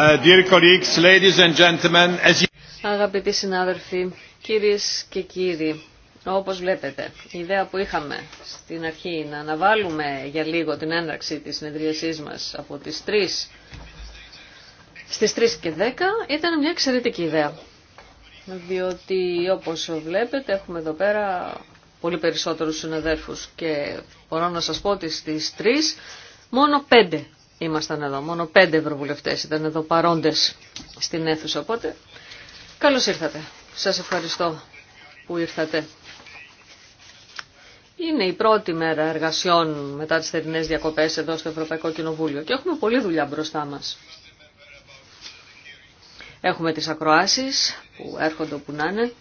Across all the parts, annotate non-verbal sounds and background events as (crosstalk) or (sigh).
Uh, Αγαπητοί συνάδελφοι, κυρίες και κύριοι, όπως βλέπετε, η ιδέα που είχαμε στην αρχή να αναβάλουμε για λίγο την έναρξη της συνεδρίασής μας από τις 3 στις 3 και 10 ήταν μια εξαιρετική ιδέα. Διότι όπως βλέπετε έχουμε εδώ πέρα πολύ περισσότερους συναδέλφους και μπορώ να σας πω ότι στις 3 μόνο 5 ήμασταν εδώ. Μόνο πέντε ευρωβουλευτέ. ήταν εδώ παρόντες στην αίθουσα. Οπότε, καλώς ήρθατε. Σας ευχαριστώ που ήρθατε. Είναι η πρώτη μέρα εργασιών μετά τις θερινές διακοπές εδώ στο Ευρωπαϊκό Κοινοβούλιο και έχουμε πολλή δουλειά μπροστά μας. Έχουμε τις ακροάσεις που έρχονται όπου να είναι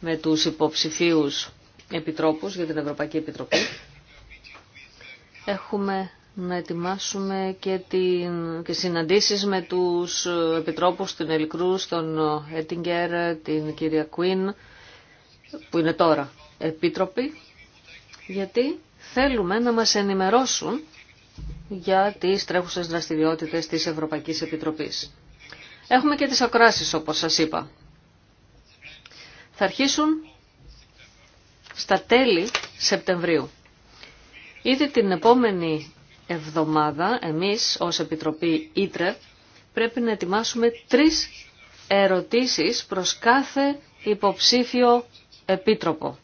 με τους υποψηφίους επιτρόπους για την Ευρωπαϊκή Επιτροπή. Έχουμε να ετοιμάσουμε και, την, και συναντήσεις με τους επιτρόπους, την Ελικρού, τον Έτιγκερ, την κυρία Κουίν, που είναι τώρα επίτροποι, γιατί θέλουμε να μας ενημερώσουν για τις τρέχουσες δραστηριότητες της Ευρωπαϊκής Επιτροπής. Έχουμε και τις ακράσεις, όπως σας είπα. Θα αρχίσουν στα τέλη Σεπτεμβρίου. Ήδη την επόμενη εβδομάδα εμείς ως Επιτροπή Ήτρε πρέπει να ετοιμάσουμε τρεις ερωτήσεις προς κάθε υποψήφιο επίτροπο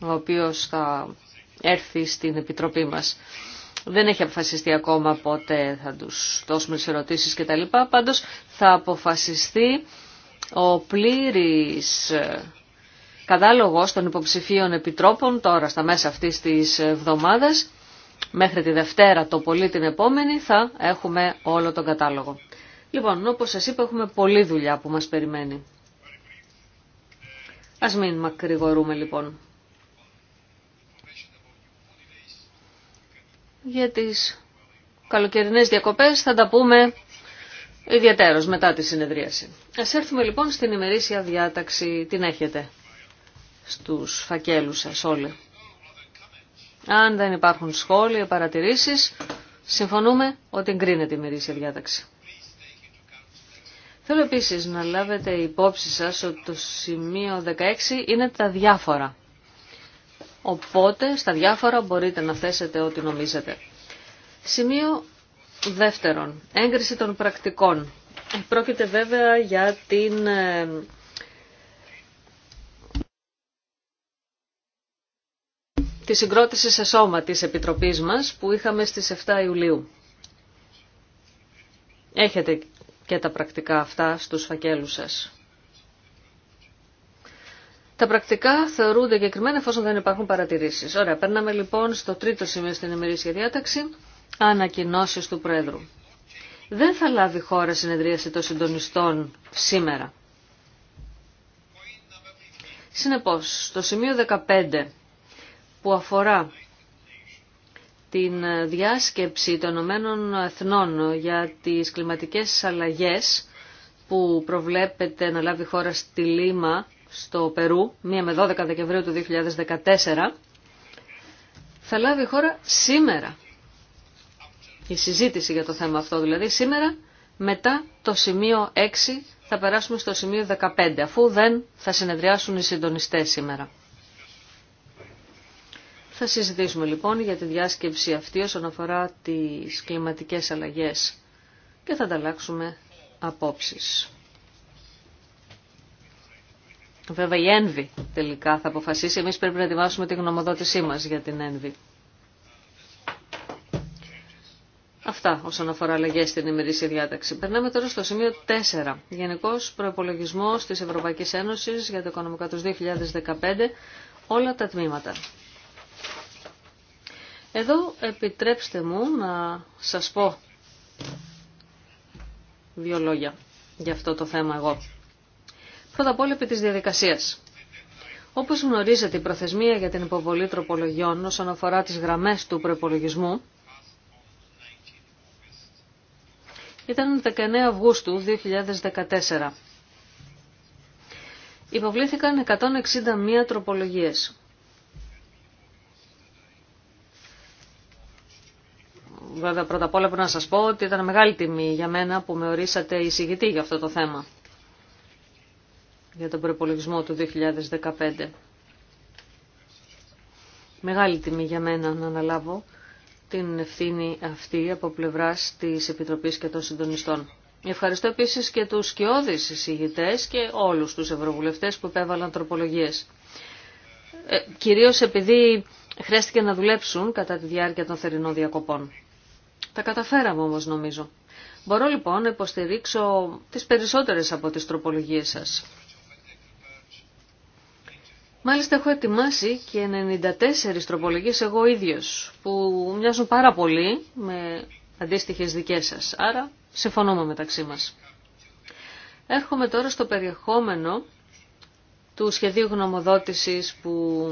ο οποίος θα έρθει στην Επιτροπή μας. Δεν έχει αποφασιστεί ακόμα πότε θα τους δώσουμε τις ερωτήσεις κτλ. Πάντως θα αποφασιστεί ο πλήρης ε, κατάλογος των υποψηφίων επιτρόπων τώρα στα μέσα αυτής της εβδομάδας Μέχρι τη Δευτέρα το πολύ την επόμενη θα έχουμε όλο τον κατάλογο. Λοιπόν, όπως σας είπα έχουμε πολλή δουλειά που μας περιμένει. Ας μην μακρηγορούμε λοιπόν. Για τις καλοκαιρινές διακοπές θα τα πούμε ιδιαίτερος μετά τη συνεδρίαση. Ας έρθουμε λοιπόν στην ημερήσια διάταξη, την έχετε στους φακέλους σας όλοι. Αν δεν υπάρχουν σχόλια, παρατηρήσεις, συμφωνούμε ότι εγκρίνεται η μερίσια διάταξη. Θέλω επίσης να λάβετε υπόψη σας ότι το σημείο 16 είναι τα διάφορα. Οπότε στα διάφορα μπορείτε να θέσετε ό,τι νομίζετε. Σημείο δεύτερον, έγκριση των πρακτικών. Πρόκειται βέβαια για την ε, τη συγκρότηση σε σώμα της Επιτροπής μας που είχαμε στις 7 Ιουλίου. Έχετε και τα πρακτικά αυτά στους φακέλους σας. Τα πρακτικά θεωρούνται εγκεκριμένα εφόσον δεν υπάρχουν παρατηρήσεις. Ωραία, περνάμε λοιπόν στο τρίτο σημείο στην ημερήσια διάταξη, ανακοινώσει του Πρόεδρου. Δεν θα λάβει χώρα συνεδρίαση των συντονιστών σήμερα. Συνεπώς, στο σημείο 15 που αφορά την διάσκεψη των Ηνωμένων Εθνών για τις κλιματικές αλλαγές που προβλέπεται να λάβει χώρα στη Λίμα στο Περού, 1 με 12 Δεκεμβρίου του 2014, θα λάβει χώρα σήμερα. Η συζήτηση για το θέμα αυτό δηλαδή σήμερα, μετά το σημείο 6 θα περάσουμε στο σημείο 15, αφού δεν θα συνεδριάσουν οι συντονιστές σήμερα. Θα συζητήσουμε λοιπόν για τη διάσκεψη αυτή όσον αφορά τις κλιματικές αλλαγές και θα ανταλλάξουμε απόψεις. Βέβαια η ένβη τελικά θα αποφασίσει. Εμείς πρέπει να ετοιμάσουμε τη γνωμοδότησή μας για την ένβη. Αυτά όσον αφορά αλλαγέ στην ημερήσια διάταξη. Περνάμε τώρα στο σημείο 4. Γενικό προπολογισμό τη Ευρωπαϊκή Ένωση για το Οικονομικό του 2015, όλα τα τμήματα. Εδώ επιτρέψτε μου να σας πω δύο λόγια για αυτό το θέμα εγώ. Πρώτα απ' όλα επί της διαδικασίας. Όπως γνωρίζετε η προθεσμία για την υποβολή τροπολογιών όσον αφορά τις γραμμές του προπολογισμού ήταν 19 Αυγούστου 2014. Υποβλήθηκαν 161 τροπολογίες. Βέβαια πρώτα απ' όλα πρέπει να σας πω ότι ήταν μεγάλη τιμή για μένα που με ορίσατε εισηγητή για αυτό το θέμα. Για τον προπολογισμό του 2015. Μεγάλη τιμή για μένα να αναλάβω την ευθύνη αυτή από πλευράς της Επιτροπής και των Συντονιστών. Ευχαριστώ επίσης και τους σκιώδεις εισηγητές και όλους τους ευρωβουλευτές που επέβαλαν τροπολογίες. Ε, κυρίως επειδή χρειάστηκε να δουλέψουν κατά τη διάρκεια των θερινών διακοπών. Τα καταφέραμε όμως νομίζω. Μπορώ λοιπόν να υποστηρίξω τις περισσότερες από τις τροπολογίες σας. Μάλιστα έχω ετοιμάσει και 94 τροπολογίες εγώ ίδιος, που μοιάζουν πάρα πολύ με αντίστοιχες δικές σας. Άρα συμφωνούμε μεταξύ μας. Έρχομαι τώρα στο περιεχόμενο του σχεδίου γνωμοδότησης που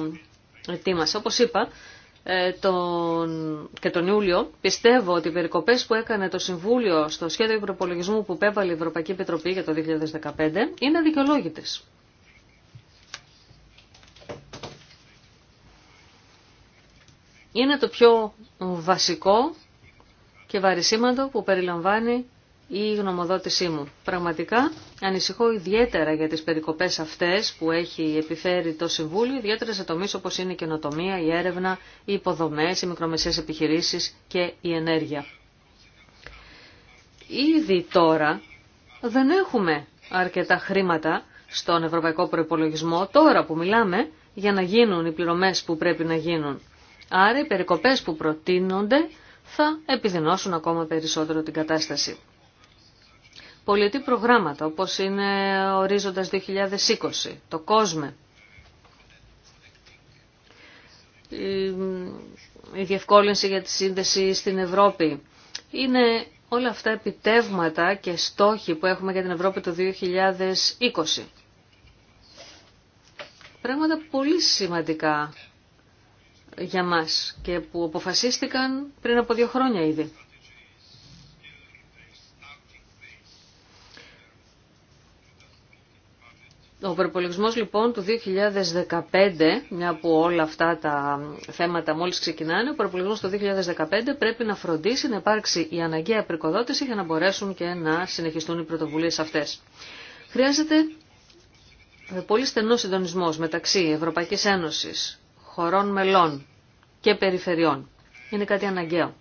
ετοίμασα. Όπως είπα, ε, τον, και τον Ιούλιο, πιστεύω ότι οι περικοπές που έκανε το Συμβούλιο στο σχέδιο προπολογισμού που πέβαλε η Ευρωπαϊκή Επιτροπή για το 2015 είναι δικαιολόγητες. Είναι το πιο βασικό και βαρισίμαντο που περιλαμβάνει η γνωμοδότησή μου. Πραγματικά ανησυχώ ιδιαίτερα για τις περικοπές αυτές που έχει επιφέρει το Συμβούλιο, ιδιαίτερα σε τομείς όπως είναι η καινοτομία, η έρευνα, οι υποδομές, οι μικρομεσαίες επιχειρήσεις και η ενέργεια. Ήδη τώρα δεν έχουμε αρκετά χρήματα στον ευρωπαϊκό Προϋπολογισμό τώρα που μιλάμε για να γίνουν οι πληρωμές που πρέπει να γίνουν. Άρα οι περικοπές που προτείνονται θα επιδεινώσουν ακόμα περισσότερο την κατάσταση πολιτή προγράμματα όπως είναι ορίζοντας 2020, το Κόσμε, η διευκόλυνση για τη σύνδεση στην Ευρώπη. Είναι όλα αυτά επιτεύγματα και στόχοι που έχουμε για την Ευρώπη το 2020. Πράγματα πολύ σημαντικά για μας και που αποφασίστηκαν πριν από δύο χρόνια ήδη. Ο προπολογισμό λοιπόν του 2015, μια που όλα αυτά τα θέματα μόλις ξεκινάνε, ο προπολογισμό του 2015 πρέπει να φροντίσει να υπάρξει η αναγκαία πρικοδότηση για να μπορέσουν και να συνεχιστούν οι πρωτοβουλίες αυτές. Χρειάζεται ε, πολύ στενό συντονισμό μεταξύ Ευρωπαϊκής Ένωσης, χωρών μελών και περιφερειών. Είναι κάτι αναγκαίο.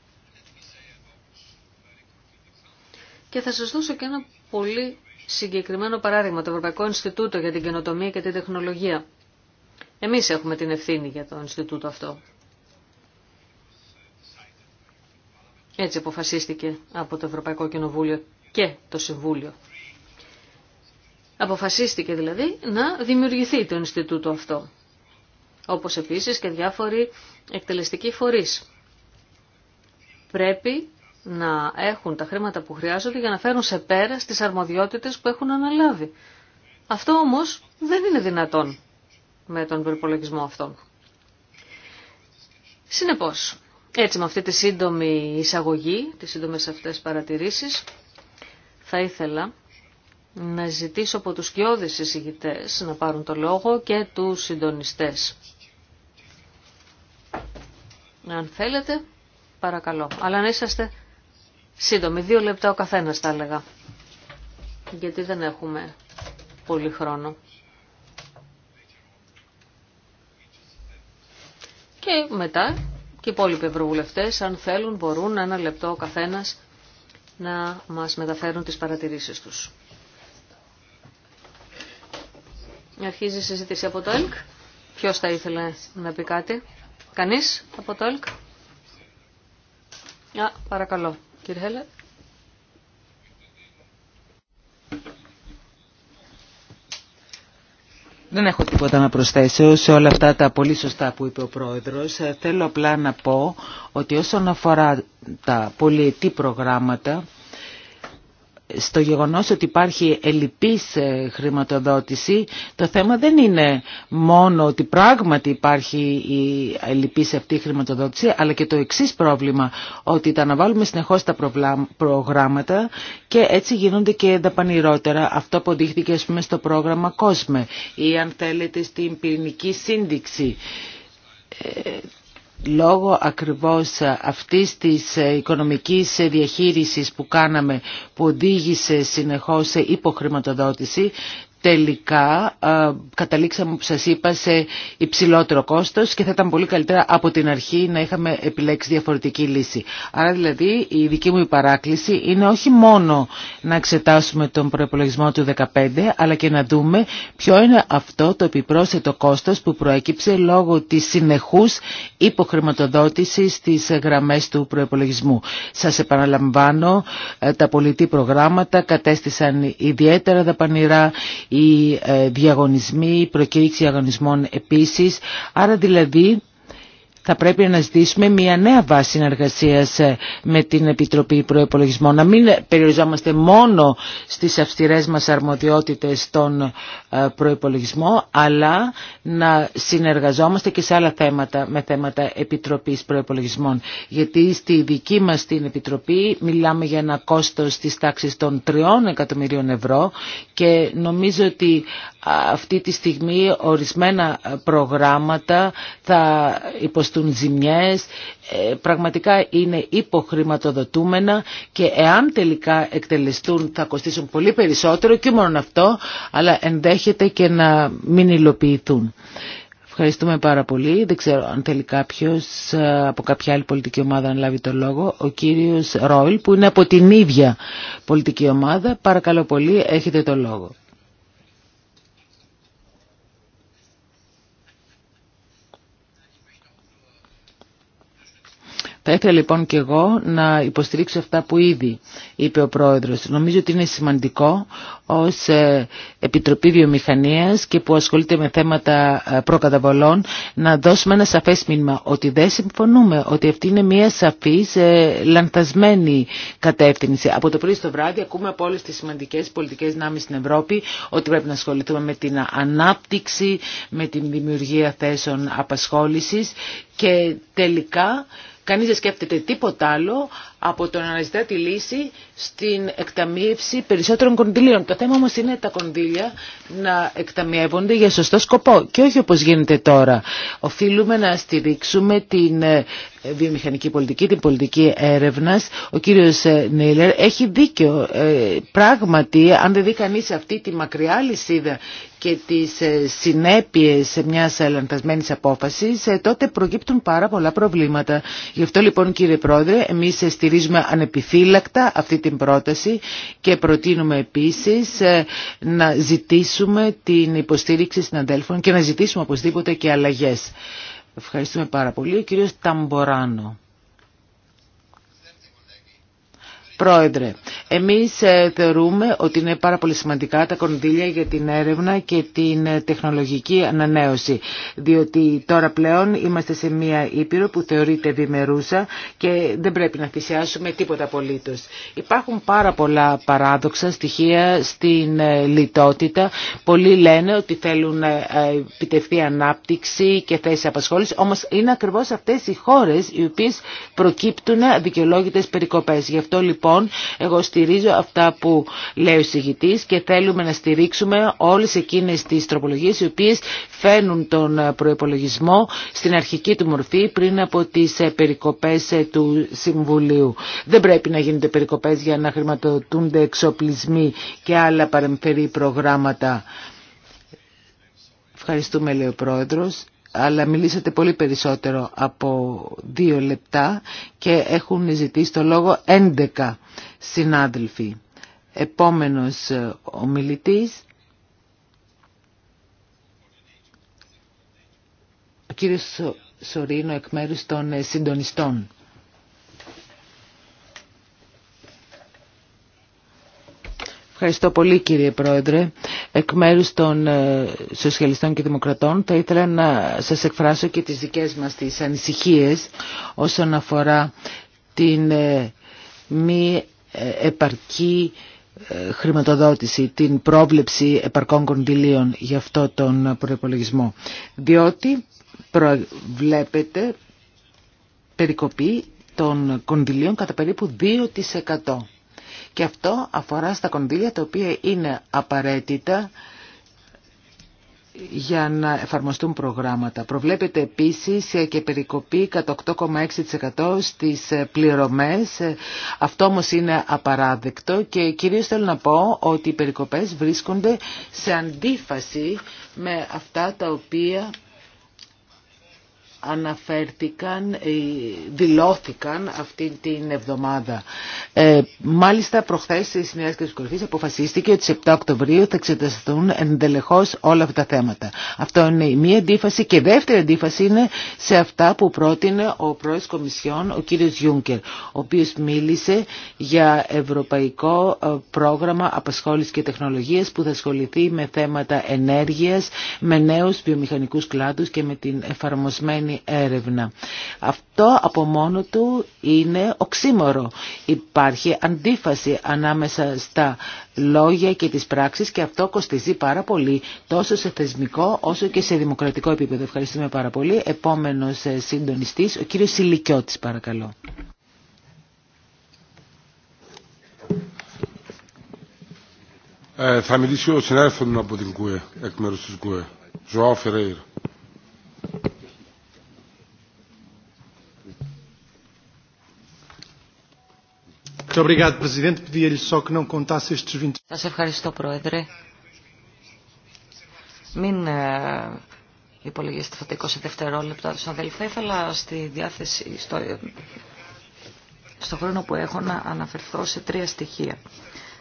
Και θα σας δώσω και ένα πολύ συγκεκριμένο παράδειγμα, το Ευρωπαϊκό Ινστιτούτο για την Καινοτομία και την Τεχνολογία. Εμείς έχουμε την ευθύνη για το Ινστιτούτο αυτό. Έτσι αποφασίστηκε από το Ευρωπαϊκό Κοινοβούλιο και το Συμβούλιο. Αποφασίστηκε δηλαδή να δημιουργηθεί το Ινστιτούτο αυτό, όπως επίσης και διάφοροι εκτελεστικοί φορείς. Πρέπει να έχουν τα χρήματα που χρειάζονται για να φέρουν σε πέρα τις αρμοδιότητες που έχουν αναλάβει. Αυτό όμως δεν είναι δυνατόν με τον προπολογισμό αυτόν. Συνεπώς, έτσι με αυτή τη σύντομη εισαγωγή, τις σύντομες αυτές παρατηρήσεις, θα ήθελα να ζητήσω από τους κοιόδης εισηγητές να πάρουν το λόγο και τους συντονιστές. Αν θέλετε, παρακαλώ. Αλλά να είσαστε Σύντομη, δύο λεπτά ο καθένας θα έλεγα. Γιατί δεν έχουμε πολύ χρόνο. Και μετά και οι υπόλοιποι ευρωβουλευτές, αν θέλουν, μπορούν ένα λεπτό ο καθένας να μας μεταφέρουν τις παρατηρήσεις τους. Αρχίζει η συζήτηση από το ΕΛΚ. Ποιος θα ήθελε να πει κάτι. Κανείς από το ΕΛΚ. Α, παρακαλώ. Κύριε Δεν έχω τίποτα να προσθέσω σε όλα αυτά τα πολύ σωστά που είπε ο Πρόεδρος. Θέλω απλά να πω ότι όσον αφορά τα πολυετή προγράμματα στο γεγονός ότι υπάρχει ελλειπής ε, χρηματοδότηση, το θέμα δεν είναι μόνο ότι πράγματι υπάρχει η ελλειπής αυτή χρηματοδότηση, αλλά και το εξής πρόβλημα, ότι τα αναβάλουμε συνεχώς τα προγράμματα και έτσι γίνονται και τα δαπανηρότερα. Αυτό αποδείχθηκε ας πούμε, στο πρόγραμμα COSME ή αν θέλετε στην πυρηνική σύνδεξη ε, Λόγω ακριβώς αυτής της ε, οικονομικής διαχείρισης που κάναμε που οδήγησε συνεχώς σε υποχρηματοδότηση τελικά καταλήξαμε, που σας είπα, σε υψηλότερο κόστος και θα ήταν πολύ καλύτερα από την αρχή να είχαμε επιλέξει διαφορετική λύση. Άρα δηλαδή η δική μου παράκληση είναι όχι μόνο να εξετάσουμε τον προπολογισμό του 2015, αλλά και να δούμε ποιο είναι αυτό το επιπρόσθετο κόστος που προέκυψε λόγω της συνεχούς υποχρηματοδότησης στις γραμμές του προπολογισμού. Σας επαναλαμβάνω, ε, τα πολιτή προγράμματα κατέστησαν ιδιαίτερα δαπανηρά, οι ε, διαγωνισμοί, η προκήρυξη αγωνισμών επίσης. Άρα δηλαδή θα πρέπει να ζητήσουμε μια νέα βάση συνεργασίας ε, με την Επιτροπή Προεπολογισμών. Να μην περιοριζόμαστε μόνο στις αυστηρές μας αρμοδιότητες των ε, προϋπολογισμό, αλλά να συνεργαζόμαστε και σε άλλα θέματα με θέματα Επιτροπής Προϋπολογισμών. Γιατί στη δική μας την Επιτροπή μιλάμε για ένα κόστος της τάξης των 3 εκατομμυρίων ευρώ και νομίζω ότι αυτή τη στιγμή ορισμένα προγράμματα θα υποστούν ζημιές, ε, πραγματικά είναι υποχρηματοδοτούμενα και εάν τελικά εκτελεστούν θα κοστίσουν πολύ περισσότερο και μόνο αυτό, αλλά ενδέχεται και να μην υλοποιηθούν. Ευχαριστούμε πάρα πολύ. Δεν ξέρω αν θέλει κάποιο ε, από κάποια άλλη πολιτική ομάδα να λάβει το λόγο. Ο κύριος Ρόιλ που είναι από την ίδια πολιτική ομάδα. Παρακαλώ πολύ, έχετε το λόγο. Θα ήθελα λοιπόν και εγώ να υποστηρίξω αυτά που ήδη είπε ο Πρόεδρος. Νομίζω ότι είναι σημαντικό ως ε, Επιτροπή Βιομηχανίας και που ασχολείται με θέματα ε, προκαταβολών να δώσουμε ένα σαφές μήνυμα ότι δεν συμφωνούμε, ότι αυτή είναι μια σαφής ε, λανθασμένη κατεύθυνση. Από το πρωί στο βράδυ ακούμε από όλες τις σημαντικές πολιτικές δυνάμεις στην Ευρώπη ότι πρέπει να ασχοληθούμε με την ανάπτυξη, με την δημιουργία θέσεων απασχόλησης και τελικά Κανείς δεν σκέφτεται τίποτα άλλο από το να αναζητά τη λύση στην εκταμείευση περισσότερων κονδυλίων. Το θέμα όμως είναι τα κονδύλια να εκταμιεύονται για σωστό σκοπό και όχι όπως γίνεται τώρα. Οφείλουμε να στηρίξουμε την ε, βιομηχανική πολιτική, την πολιτική έρευνας. Ο κύριος ε, Νίλερ έχει δίκιο. Ε, πράγματι, αν δεν δει κανείς αυτή τη μακριά λυσίδα και τις ε, συνέπειες μιας λανθασμένης απόφασης, ε, τότε προκύπτουν πάρα πολλά προβλήματα. Γι' αυτό λοιπόν κύριε Πρόεδρε, εμείς στηρίζουμε ανεπιθύλακτα αυτή την πρόταση και προτείνουμε επίσης ε, να ζητήσουμε την υποστήριξη συναντέλφων και να ζητήσουμε οπωσδήποτε και αλλαγές. Ευχαριστούμε πάρα πολύ. Ο κύριος Ταμποράνο. Πρόεδρε, εμείς ε, θεωρούμε ότι είναι πάρα πολύ σημαντικά τα κονδύλια για την έρευνα και την ε, τεχνολογική ανανέωση, διότι τώρα πλέον είμαστε σε μία ήπειρο που θεωρείται ευημερούσα και δεν πρέπει να θυσιάσουμε τίποτα απολύτως. Υπάρχουν πάρα πολλά παράδοξα στοιχεία στην ε, λιτότητα. Πολλοί λένε ότι θέλουν να ανάπτυξη και θέση απασχόληση, όμως είναι ακριβώς αυτές οι χώρες οι οποίες προκύπτουν δικαιολόγητες περικοπές. Γι' αυτό λοιπόν, λοιπόν εγώ στηρίζω αυτά που λέει ο συγητής και θέλουμε να στηρίξουμε όλες εκείνες τις τροπολογίες οι οποίες φαίνουν τον προϋπολογισμό στην αρχική του μορφή πριν από τις ε, περικοπές ε, του Συμβουλίου. Δεν πρέπει να γίνονται περικοπές για να χρηματοδοτούνται εξοπλισμοί και άλλα παρεμφερή προγράμματα. Ευχαριστούμε λέει ο Πρόεδρος αλλά μιλήσατε πολύ περισσότερο από δύο λεπτά και έχουν ζητήσει το λόγο 11 συνάδελφοι. Επόμενος ομιλητής, ο κύριος Σωρίνο εκ μέρους των συντονιστών. Ευχαριστώ πολύ κύριε Πρόεδρε. Εκ μέρους των ε, Σοσιαλιστών και Δημοκρατών θα ήθελα να σας εκφράσω και τις δικές μας τις ανησυχίες όσον αφορά την ε, μη ε, επαρκή χρηματοδότηση, την πρόβλεψη επαρκών κονδυλίων για αυτό τον προπολογισμό. Διότι προβλέπετε περικοπή των κονδυλίων κατά περίπου 2%. Και αυτό αφορά στα κονδύλια τα οποία είναι απαραίτητα για να εφαρμοστούν προγράμματα. Προβλέπεται επίσης και περικοπή κατά 8,6% στις πληρωμές. Αυτό όμως είναι απαράδεκτο και κυρίως θέλω να πω ότι οι περικοπές βρίσκονται σε αντίφαση με αυτά τα οποία αναφέρθηκαν, ε, δηλώθηκαν αυτή την εβδομάδα. Ε, μάλιστα προχθές στη συνέντευξη κορυφής αποφασίστηκε ότι στις 7 Οκτωβρίου θα εξεταστούν εντελεχώς όλα αυτά τα θέματα. Αυτό είναι η μία αντίφαση και η δεύτερη αντίφαση είναι σε αυτά που πρότεινε ο πρόεδρος Κομισιόν, ο κύριος Γιούγκερ, ο οποίος μίλησε για ευρωπαϊκό ε, πρόγραμμα απασχόλησης και τεχνολογίας που θα ασχοληθεί με θέματα ενέργειας, με νέους βιομηχανικούς κλάδους και με την εφαρμοσμένη έρευνα. Αυτό από μόνο του είναι οξύμορο. Υπάρχει αντίφαση ανάμεσα στα λόγια και τις πράξεις και αυτό κοστίζει πάρα πολύ τόσο σε θεσμικό όσο και σε δημοκρατικό επίπεδο. Ευχαριστούμε πάρα πολύ. Επόμενος ε, συντονιστής, ο κύριος Σιλικιώτης παρακαλώ. Ε, θα μιλήσει ο συνάδελφος από την ΚΟΕ, εκ μέρους της ΚΟΕ, Ζωάο Σα ευχαριστώ, Πρόεδρε. Μην ε, υπολογίσετε αυτά τα 20 δευτερόλεπτα του αδελφέ, ήθελα στη διάθεση, στο, ε, στο χρόνο που έχω να αναφερθώ σε τρία στοιχεία.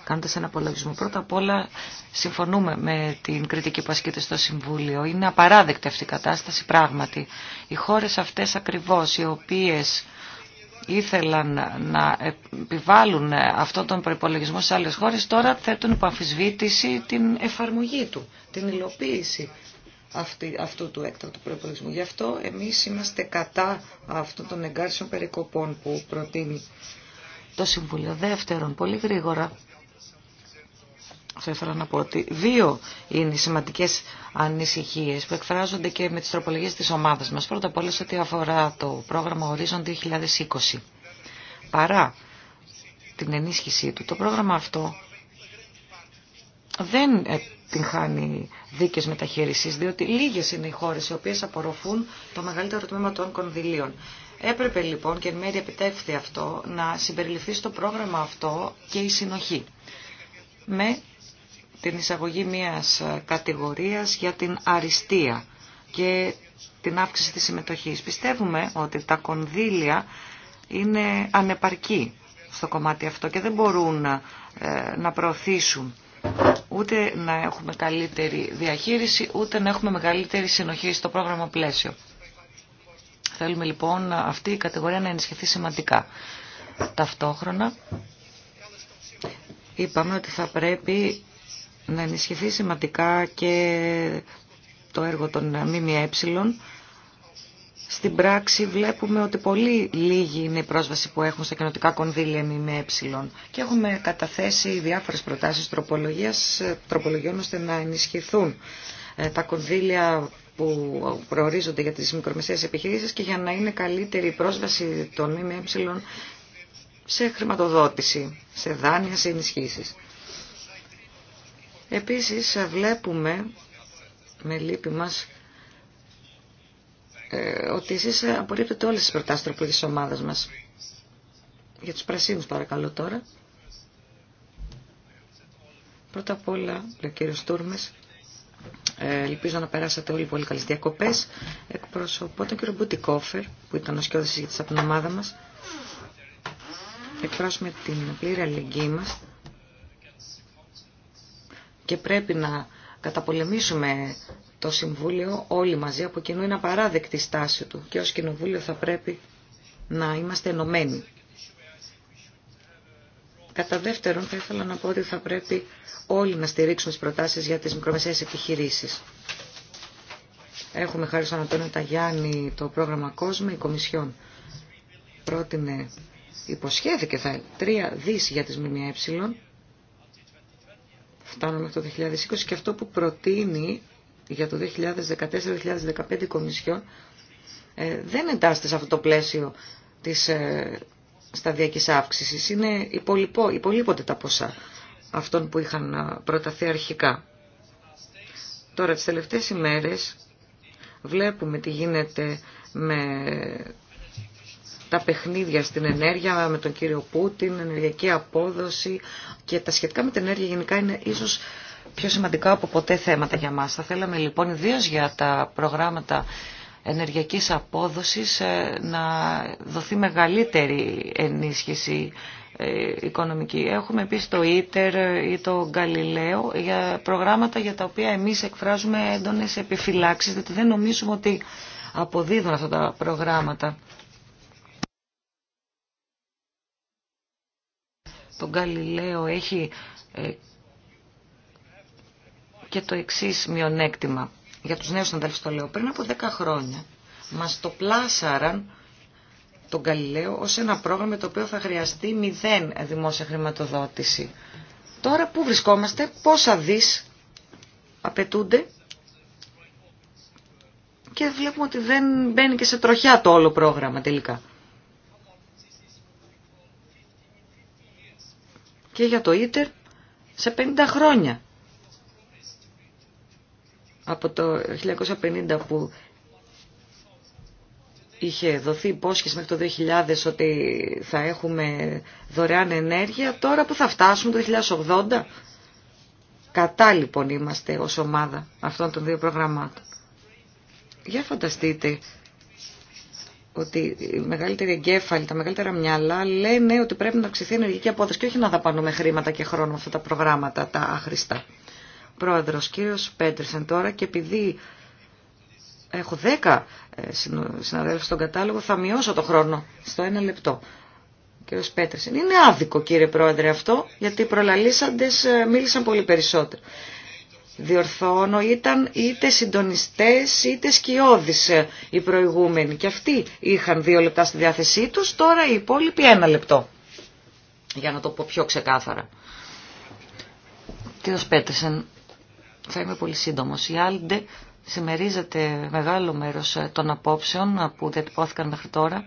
Κάντε ένα απολογισμό. Πρώτα απ' όλα, συμφωνούμε με την κριτική που ασκείται στο Συμβούλιο. Είναι απαράδεκτη αυτή η κατάσταση, πράγματι. Οι χώρε αυτέ ακριβώ οι οποίε ήθελαν να επιβάλλουν αυτόν τον προπολογισμό σε άλλες χώρες, τώρα θέτουν υπό την εφαρμογή του, την υλοποίηση αυτή, αυτού του έκτακτου προπολογισμού. Γι' αυτό εμείς είμαστε κατά αυτών των εγκάρσιων περικοπών που προτείνει το Συμβούλιο. Δεύτερον, πολύ γρήγορα, θα ήθελα να πω ότι δύο είναι οι σημαντικές ανησυχίες που εκφράζονται και με τις τροπολογίες της ομάδας μας. Πρώτα απ' όλα ό,τι αφορά το πρόγραμμα Horizon 2020. Παρά την ενίσχυσή του, το πρόγραμμα αυτό δεν ε, την χάνει δίκες μεταχείρισης, διότι λίγες είναι οι χώρες οι οποίες απορροφούν το μεγαλύτερο τμήμα των κονδυλίων. Έπρεπε λοιπόν και εν μέρει επιτεύχθη αυτό να συμπεριληφθεί στο πρόγραμμα αυτό και η συνοχή με την εισαγωγή μιας κατηγορίας για την αριστεία και την αύξηση της συμμετοχής. Πιστεύουμε ότι τα κονδύλια είναι ανεπαρκή στο κομμάτι αυτό και δεν μπορούν ε, να προωθήσουν ούτε να έχουμε καλύτερη διαχείριση, ούτε να έχουμε μεγαλύτερη συνοχή στο πρόγραμμα πλαίσιο. Θέλουμε λοιπόν αυτή η κατηγορία να ενισχυθεί σημαντικά. Ταυτόχρονα είπαμε ότι θα πρέπει να ενισχυθεί σημαντικά και το έργο των ΜΜΕ. Στην πράξη βλέπουμε ότι πολύ λίγη είναι η πρόσβαση που έχουν στα κοινοτικά κονδύλια ΜΜΕ και έχουμε καταθέσει διάφορες προτάσεις τροπολογίας, τροπολογιών ώστε να ενισχυθούν ε, τα κονδύλια που προορίζονται για τις μικρομεσαίες επιχειρήσεις και για να είναι καλύτερη η πρόσβαση των ΜΜΕ σε χρηματοδότηση, σε δάνεια, σε ενισχύσεις. Επίσης βλέπουμε με λύπη μας ε, ότι εσείς απορρίπτετε όλες τις προτάσεις τροπλής της ομάδας μας. Για τους πρασίνους παρακαλώ τώρα. Πρώτα απ' όλα, λέει ο κύριος Τούρμες, ε, ελπίζω να περάσατε όλοι πολύ καλές διακοπές. Εκπροσωπώ τον κύριο Μπουτικόφερ, που ήταν ο σκιώδης για την ομάδα μας. Εκπράσουμε την πλήρη αλληλεγγύη μας και πρέπει να καταπολεμήσουμε το Συμβούλιο όλοι μαζί από κοινού είναι απαράδεκτη στάση του και ως Κοινοβούλιο θα πρέπει να είμαστε ενωμένοι. Κατά δεύτερον, θα ήθελα να πω ότι θα πρέπει όλοι να στηρίξουμε τις προτάσεις για τις μικρομεσαίες επιχειρήσεις. Έχουμε χάρη στον Αντώνιο Ταγιάννη το πρόγραμμα COSME, η Κομισιόν πρότεινε, υποσχέθηκε θα 3 δις για τις ΜΜΕ Φτάνω μέχρι το 2020 και αυτό που προτείνει για το 2014-2015 η Κομισιόν ε, δεν εντάσσεται σε αυτό το πλαίσιο της ε, σταδιακής αύξησης. Είναι υπολοιπό, υπολείπονται τα ποσά αυτών που είχαν ε, προταθεί αρχικά. Τώρα τις τελευταίες ημέρες βλέπουμε τι γίνεται με τα παιχνίδια στην ενέργεια με τον κύριο Πούτιν, ενεργειακή απόδοση και τα σχετικά με την ενέργεια γενικά είναι ίσως πιο σημαντικά από ποτέ θέματα για μας. Θα θέλαμε λοιπόν ιδίω για τα προγράμματα ενεργειακής απόδοσης ε, να δοθεί μεγαλύτερη ενίσχυση ε, οικονομική. Έχουμε επίσης το ΙΤΕΡ ε, ή το Γκαλιλαίο για προγράμματα για τα οποία εμείς εκφράζουμε έντονες επιφυλάξεις, διότι δεν νομίζουμε ότι αποδίδουν αυτά τα προγράμματα Το Γαλιλαίο έχει ε, και το εξή μειονέκτημα για τους νέους συνάδελφους το λέω πριν από 10 χρόνια μας το πλάσαραν τον Γαλιλαίο ως ένα πρόγραμμα το οποίο θα χρειαστεί μηδέν δημόσια χρηματοδότηση τώρα που βρισκόμαστε πόσα δις απαιτούνται και βλέπουμε ότι δεν μπαίνει και σε τροχιά το όλο πρόγραμμα τελικά και για το ίτερ σε 50 χρόνια. Από το 1950 που είχε δοθεί υπόσχεση μέχρι το 2000 ότι θα έχουμε δωρεάν ενέργεια, τώρα που θα φτάσουμε το 2080. Κατά λοιπόν είμαστε ως ομάδα αυτών των δύο προγραμμάτων. Για φανταστείτε ότι οι μεγαλύτεροι εγκέφαλοι, τα μεγαλύτερα μυαλά λένε ότι πρέπει να αυξηθεί η ενεργική απόδοση και όχι να δαπανούμε χρήματα και χρόνο με αυτά τα προγράμματα, τα άχρηστα. Πρόεδρος, κύριος Πέντερσεν τώρα και επειδή έχω δέκα ε, συναδέλφου στον κατάλογο θα μειώσω το χρόνο στο ένα λεπτό. Κύριος Πέτρισεν, είναι άδικο κύριε Πρόεδρε αυτό, γιατί οι ε, μίλησαν πολύ περισσότερο διορθώνω, ήταν είτε συντονιστές είτε σκιώδεις οι προηγούμενοι. Και αυτοί είχαν δύο λεπτά στη διάθεσή τους, τώρα οι υπόλοιποι ένα λεπτό. Για να το πω πιο ξεκάθαρα. Κύριος Πέτρισεν, θα είμαι πολύ σύντομος. Η Άλντε συμμερίζεται μεγάλο μέρος των απόψεων που διατυπώθηκαν μέχρι τώρα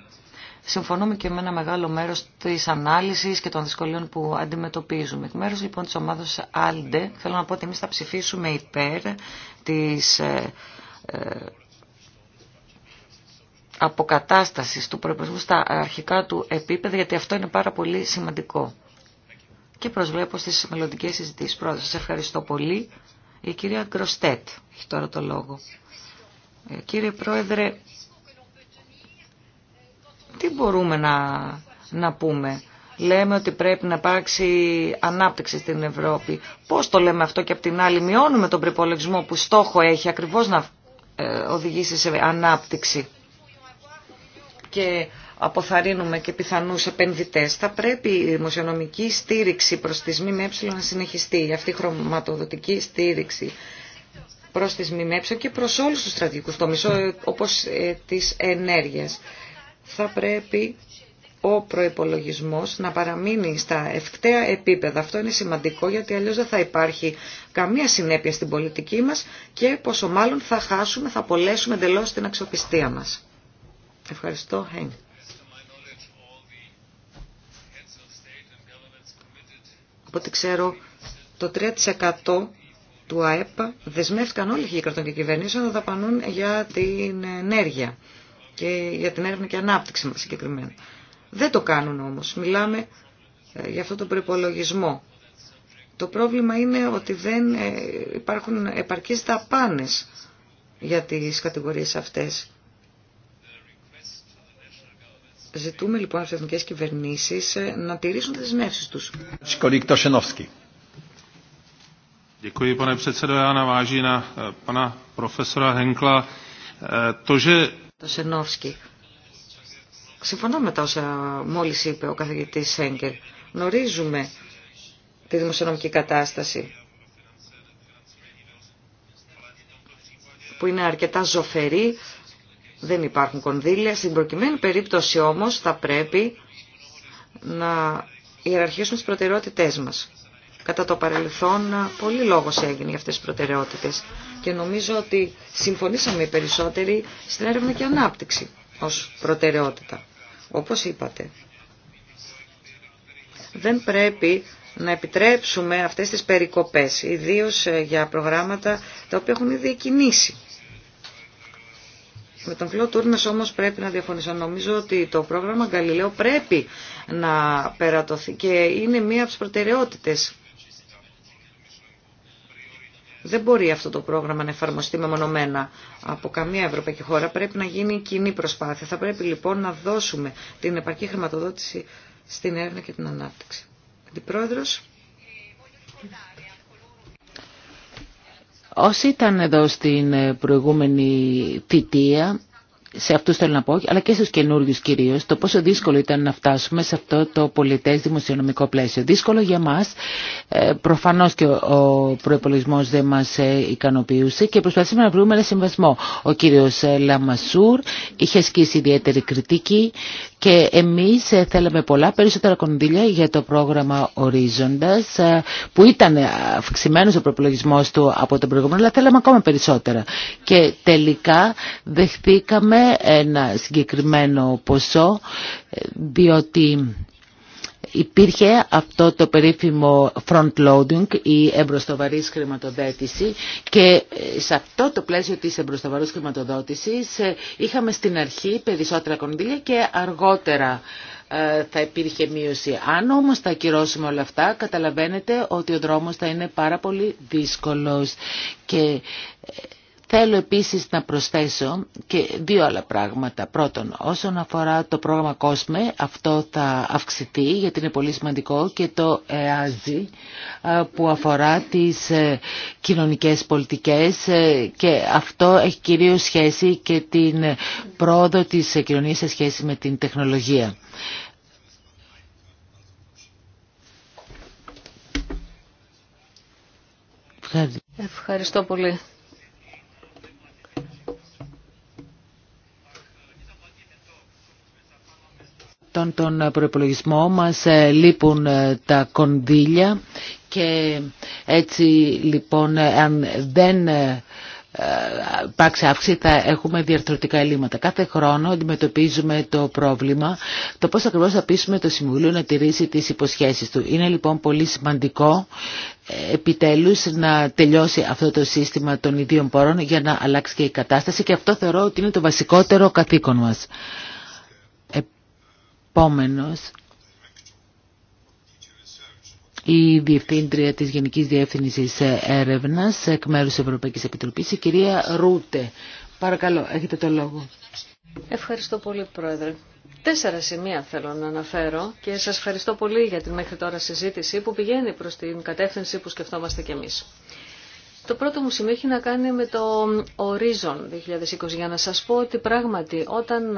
συμφωνούμε και με ένα μεγάλο μέρος της ανάλυσης και των δυσκολίων που αντιμετωπίζουμε. Εκ μέρους λοιπόν της ομάδας ALDE, θέλω να πω ότι εμείς θα ψηφίσουμε υπέρ της ε, ε αποκατάστασης του προϋποσμού στα αρχικά του επίπεδα, γιατί αυτό είναι πάρα πολύ σημαντικό. Και προσβλέπω στις μελλοντικέ συζητήσεις. Πρώτα, σας ευχαριστώ πολύ. Η κυρία Γκροστέτ έχει τώρα το λόγο. Ε, κύριε Πρόεδρε, τι μπορούμε να, να πούμε. Λέμε ότι πρέπει να υπάρξει ανάπτυξη στην Ευρώπη. Πώς το λέμε αυτό και από την άλλη μειώνουμε τον προπολογισμό που στόχο έχει ακριβώς να ε, οδηγήσει σε ανάπτυξη. Και αποθαρρύνουμε και πιθανούς επενδυτές. Θα πρέπει η δημοσιονομική στήριξη προς τις ΜΜΕ να συνεχιστεί, αυτή η χρωματοδοτική στήριξη προς τις ΜΜΕ και προς όλους τους στρατηγικούς τομείς, όπως ε, της ενέργειας θα πρέπει ο προϋπολογισμός να παραμείνει στα ευκταία επίπεδα. Αυτό είναι σημαντικό γιατί αλλιώς δεν θα υπάρχει καμία συνέπεια στην πολιτική μας και πόσο μάλλον θα χάσουμε, θα απολέσουμε εντελώ την αξιοπιστία μας. Ευχαριστώ. Από ό,τι ξέρω, το 3% του ΑΕΠ δεσμεύτηκαν όλοι οι κρατών και κυβερνήσεων να δαπανούν για την ενέργεια και για την έρευνα και ανάπτυξη μας συγκεκριμένα. Δεν το κάνουν όμως. Μιλάμε ε, για αυτό τον προπολογισμό. Το πρόβλημα είναι ότι δεν ε, υπάρχουν επαρκείς δαπάνες για τις κατηγορίες αυτές. Ζητούμε λοιπόν από τι εθνικέ κυβερνήσει ε, να τηρήσουν τι δεσμεύσει του. Děkuji, pane předsedo. Já το Συμφωνώ με τα όσα μόλις είπε ο καθηγητής Σέγκελ. Γνωρίζουμε τη δημοσιονομική κατάσταση που είναι αρκετά ζωφερή, δεν υπάρχουν κονδύλια. Στην προκειμένη περίπτωση όμως θα πρέπει να ιεραρχήσουμε τις προτεραιότητές μας. Κατά το παρελθόν πολύ λόγος έγινε για αυτές τις προτεραιότητες και νομίζω ότι συμφωνήσαμε οι περισσότεροι στην έρευνα και ανάπτυξη ως προτεραιότητα. Όπως είπατε, δεν πρέπει να επιτρέψουμε αυτές τις περικοπές, ιδίως ε, για προγράμματα τα οποία έχουν ήδη εκκινήσει. Με τον Κλό όμως πρέπει να διαφωνήσω. Νομίζω ότι το πρόγραμμα Γκαλιλαίο πρέπει να περατωθεί και είναι μία από τις προτεραιότητες δεν μπορεί αυτό το πρόγραμμα να εφαρμοστεί μεμονωμένα από καμία ευρωπαϊκή χώρα. Πρέπει να γίνει κοινή προσπάθεια. Θα πρέπει λοιπόν να δώσουμε την επαρκή χρηματοδότηση στην έρευνα και την ανάπτυξη. Αντιπρόεδρος. Όσοι ήταν εδώ στην προηγούμενη θητεία, σε αυτούς θέλω να πω, αλλά και στους καινούριου κυρίως, το πόσο δύσκολο ήταν να φτάσουμε σε αυτό το πολιτές δημοσιονομικό πλαίσιο. Δύσκολο για μας, ε, προφανώς και ο προϋπολογισμός δεν μας ε, ικανοποιούσε και προσπαθήσαμε να βρούμε ένα συμβασμό. Ο κύριος ε, Λαμασούρ είχε ασκήσει ιδιαίτερη κριτική και εμείς θέλαμε πολλά περισσότερα κονδύλια για το πρόγραμμα Ορίζοντας που ήταν αυξημένο ο προπολογισμό του από τον προηγούμενο αλλά θέλαμε ακόμα περισσότερα. Και τελικά δεχθήκαμε ένα συγκεκριμένο ποσό διότι υπήρχε αυτό το περίφημο front loading ή εμπροστοβαρής χρηματοδότηση και ε, σε αυτό το πλαίσιο της εμπροστοβαρής χρηματοδότησης ε, είχαμε στην αρχή περισσότερα κονδύλια και αργότερα ε, θα υπήρχε μείωση. Αν όμως τα ακυρώσουμε όλα αυτά, καταλαβαίνετε ότι ο δρόμος θα είναι πάρα πολύ δύσκολος και Θέλω επίσης να προσθέσω και δύο άλλα πράγματα. Πρώτον, όσον αφορά το πρόγραμμα COSME, αυτό θα αυξηθεί γιατί είναι πολύ σημαντικό και το ΕΑΖΙ που αφορά τις ε, κοινωνικές πολιτικές ε, και αυτό έχει κυρίως σχέση και την πρόοδο της κοινωνίας σε σχέση με την τεχνολογία. Ευχαριστώ πολύ. αυτόν τον προπολογισμό μας ε, λείπουν ε, τα κονδύλια και έτσι λοιπόν ε, αν δεν υπάρξει αύξηση θα έχουμε διαρθρωτικά ελλείμματα. Κάθε χρόνο αντιμετωπίζουμε το πρόβλημα το πώς ακριβώς θα πείσουμε το Συμβουλίο να τηρήσει τις υποσχέσεις του. Είναι λοιπόν πολύ σημαντικό επιτέλους να τελειώσει αυτό το σύστημα των ιδίων πόρων για να αλλάξει και η κατάσταση και αυτό θεωρώ ότι είναι το βασικότερο καθήκον μας επόμενος η Διευθύντρια της Γενικής Διεύθυνσης Έρευνας εκ μέρους της Ευρωπαϊκής Επιτροπής, η κυρία Ρούτε. Παρακαλώ, έχετε το λόγο. Ευχαριστώ πολύ, Πρόεδρε. Τέσσερα σημεία θέλω να αναφέρω και σας ευχαριστώ πολύ για την μέχρι τώρα συζήτηση που πηγαίνει προς την κατεύθυνση που σκεφτόμαστε κι εμείς. Το πρώτο μου σημείο έχει να κάνει με το Horizon 2020 για να σας πω ότι πράγματι όταν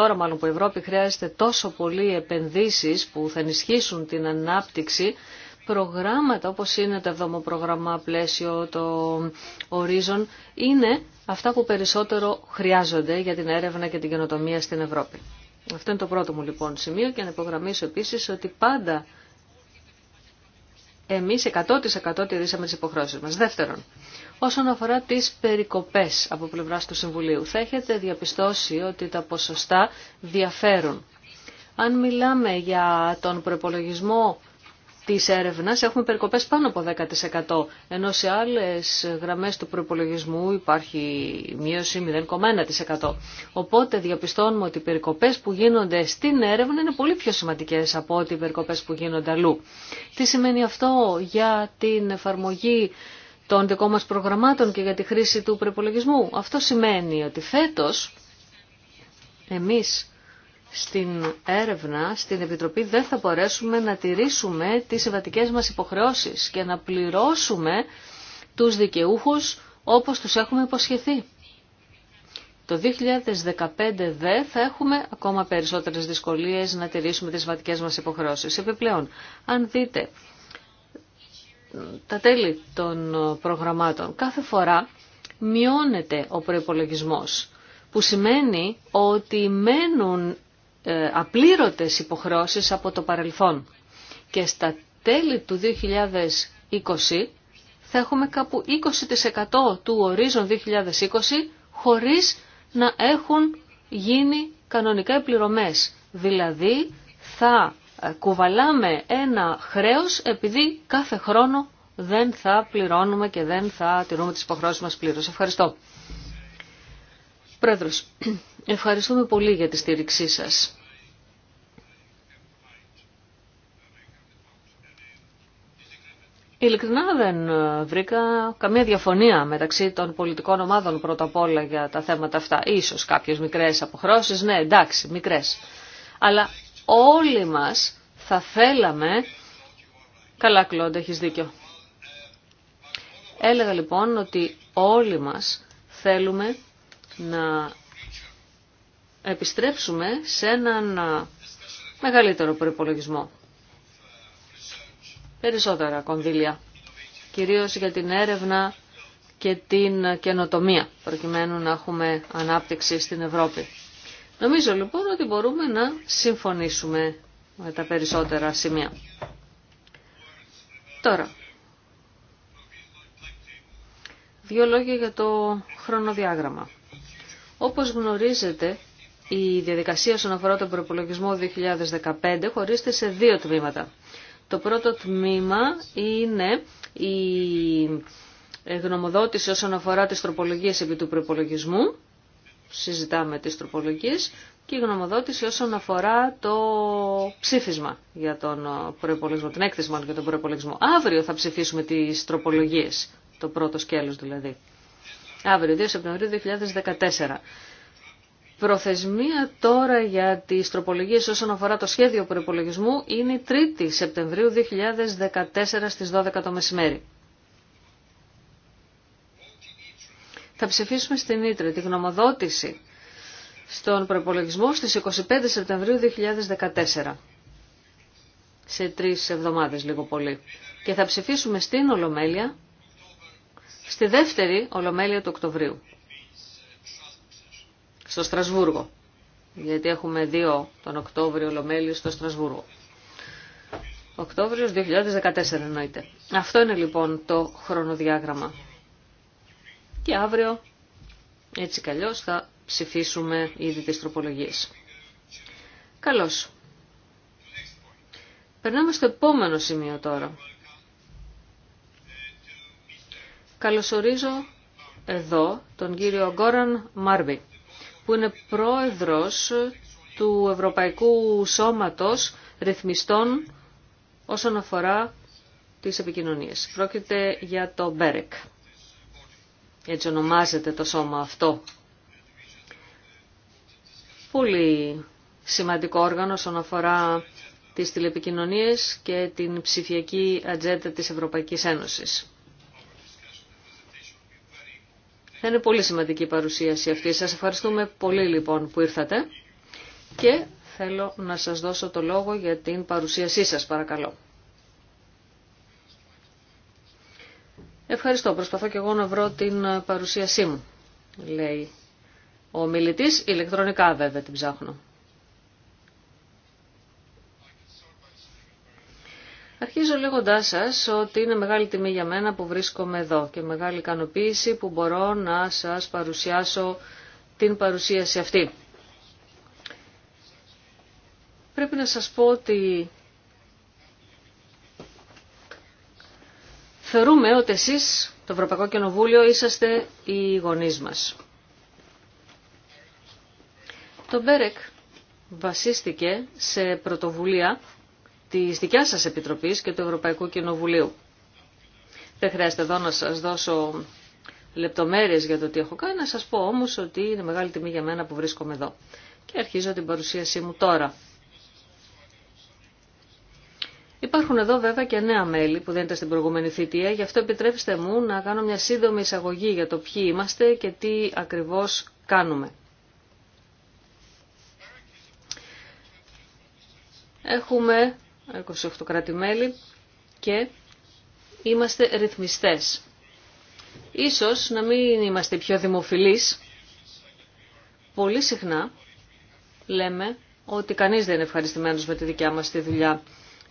τώρα μάλλον που η Ευρώπη χρειάζεται τόσο πολύ επενδύσεις που θα ενισχύσουν την ανάπτυξη, προγράμματα όπως είναι το Προγραμμά πλαίσιο, το Horizon, είναι αυτά που περισσότερο χρειάζονται για την έρευνα και την καινοτομία στην Ευρώπη. Αυτό είναι το πρώτο μου λοιπόν σημείο και να υπογραμμίσω επίσης ότι πάντα εμείς 100% τηρήσαμε τις υποχρώσεις μας. Δεύτερον, Όσον αφορά τις περικοπές από πλευράς του Συμβουλίου, θα έχετε διαπιστώσει ότι τα ποσοστά διαφέρουν. Αν μιλάμε για τον προπολογισμό της έρευνας, έχουμε περικοπές πάνω από 10%, ενώ σε άλλες γραμμές του προπολογισμού υπάρχει μείωση 0,1%. Οπότε διαπιστώνουμε ότι οι περικοπές που γίνονται στην έρευνα είναι πολύ πιο σημαντικές από ό,τι οι περικοπές που γίνονται αλλού. Τι σημαίνει αυτό για την εφαρμογή των δικών μας προγραμμάτων και για τη χρήση του προπολογισμού. Αυτό σημαίνει ότι φέτος εμείς στην έρευνα, στην Επιτροπή δεν θα μπορέσουμε να τηρήσουμε τις ευατικές μας υποχρεώσεις και να πληρώσουμε τους δικαιούχους όπως τους έχουμε υποσχεθεί. Το 2015 δεν θα έχουμε ακόμα περισσότερες δυσκολίες να τηρήσουμε τις βατικές μας υποχρεώσεις. Επιπλέον, αν δείτε τα τέλη των προγραμμάτων. Κάθε φορά μειώνεται ο προϋπολογισμός, που σημαίνει ότι μένουν ε, απλήρωτες υποχρεώσεις από το παρελθόν. Και στα τέλη του 2020 θα έχουμε κάπου 20% του ορίζον 2020 χωρίς να έχουν γίνει κανονικά οι Δηλαδή θα κουβαλάμε ένα χρέος επειδή κάθε χρόνο δεν θα πληρώνουμε και δεν θα τηρούμε τις υποχρεώσεις μας πλήρως. Ευχαριστώ. Πρόεδρος, (clears throat) ευχαριστούμε πολύ για τη στήριξή σας. Ειλικρινά δεν ε, βρήκα καμία διαφωνία μεταξύ των πολιτικών ομάδων πρώτα απ' όλα για τα θέματα αυτά. Ίσως κάποιες μικρές αποχρώσεις, ναι εντάξει, μικρές. Αλλά όλοι μας θα θέλαμε... Καλά Κλόντ, έχεις δίκιο. Έλεγα λοιπόν ότι όλοι μας θέλουμε να επιστρέψουμε σε έναν μεγαλύτερο προϋπολογισμό. Περισσότερα κονδύλια, κυρίως για την έρευνα και την καινοτομία, προκειμένου να έχουμε ανάπτυξη στην Ευρώπη. Νομίζω λοιπόν ότι μπορούμε να συμφωνήσουμε με τα περισσότερα σημεία. Τώρα, δύο λόγια για το χρονοδιάγραμμα. Όπως γνωρίζετε, η διαδικασία όσον αφορά τον προπολογισμό 2015 χωρίζεται σε δύο τμήματα. Το πρώτο τμήμα είναι η γνωμοδότηση όσον αφορά τις τροπολογίες επί του προπολογισμού συζητάμε τις τροπολογίες και η γνωμοδότηση όσον αφορά το ψήφισμα για τον ε, προπολογισμό, την έκθεση μάλλον για τον προπολογισμό. Αύριο θα ψηφίσουμε τις τροπολογίες, το πρώτο σκέλος δηλαδή. Αύριο, 2 Σεπτεμβρίου 2014. Προθεσμία τώρα για τις τροπολογίες όσον αφορά το σχέδιο προπολογισμού είναι 3η Σεπτεμβρίου 2014 στις 12 το μεσημέρι. θα ψηφίσουμε στην Ήτρε τη γνωμοδότηση στον προπολογισμό στις 25 Σεπτεμβρίου 2014. Σε τρεις εβδομάδες λίγο πολύ. Και θα ψηφίσουμε στην Ολομέλεια, στη δεύτερη Ολομέλεια του Οκτωβρίου. Στο Στρασβούργο. Γιατί έχουμε δύο τον Οκτώβριο Ολομέλεια στο Στρασβούργο. Οκτώβριος 2014 εννοείται. Αυτό είναι λοιπόν το χρονοδιάγραμμα και αύριο έτσι καλώς θα ψηφίσουμε ήδη τις τροπολογίες. Καλώς. Περνάμε στο επόμενο σημείο τώρα. Καλωσορίζω εδώ τον κύριο Γκόραν Μάρμπι, που είναι πρόεδρος του Ευρωπαϊκού Σώματος Ρυθμιστών όσον αφορά τις επικοινωνίες. Πρόκειται για το BEREC έτσι ονομάζεται το σώμα αυτό. Πολύ σημαντικό όργανο όσον αφορά τις τηλεπικοινωνίες και την ψηφιακή ατζέντα της Ευρωπαϊκής Ένωσης. Θα είναι πολύ σημαντική η παρουσίαση αυτή. Σας ευχαριστούμε πολύ λοιπόν που ήρθατε και θέλω να σας δώσω το λόγο για την παρουσίασή σας παρακαλώ. Ευχαριστώ. Προσπαθώ και εγώ να βρω την παρουσίασή μου, λέει ο μιλητής. Ηλεκτρονικά βέβαια την ψάχνω. Αρχίζω λέγοντά σα ότι είναι μεγάλη τιμή για μένα που βρίσκομαι εδώ και μεγάλη ικανοποίηση που μπορώ να σας παρουσιάσω την παρουσίαση αυτή. Πρέπει να σας πω ότι Θεωρούμε ότι εσείς, το Ευρωπαϊκό Κοινοβούλιο, είσαστε οι γονείς μας. Το Μπέρεκ βασίστηκε σε πρωτοβουλία της δικιάς σας Επιτροπής και του Ευρωπαϊκού Κοινοβουλίου. Δεν χρειάζεται εδώ να σας δώσω λεπτομέρειες για το τι έχω κάνει, να σας πω όμως ότι είναι μεγάλη τιμή για μένα που βρίσκομαι εδώ. Και αρχίζω την παρουσίασή μου τώρα. Υπάρχουν εδώ βέβαια και νέα μέλη που δεν ήταν στην προηγούμενη θητεία, γι' αυτό επιτρέψτε μου να κάνω μια σύντομη εισαγωγή για το ποιοι είμαστε και τι ακριβώς κάνουμε. Έχουμε 28 κρατη και είμαστε ρυθμιστές. Ίσως να μην είμαστε πιο δημοφιλείς. Πολύ συχνά λέμε ότι κανείς δεν είναι ευχαριστημένος με τη δικιά μας τη δουλειά.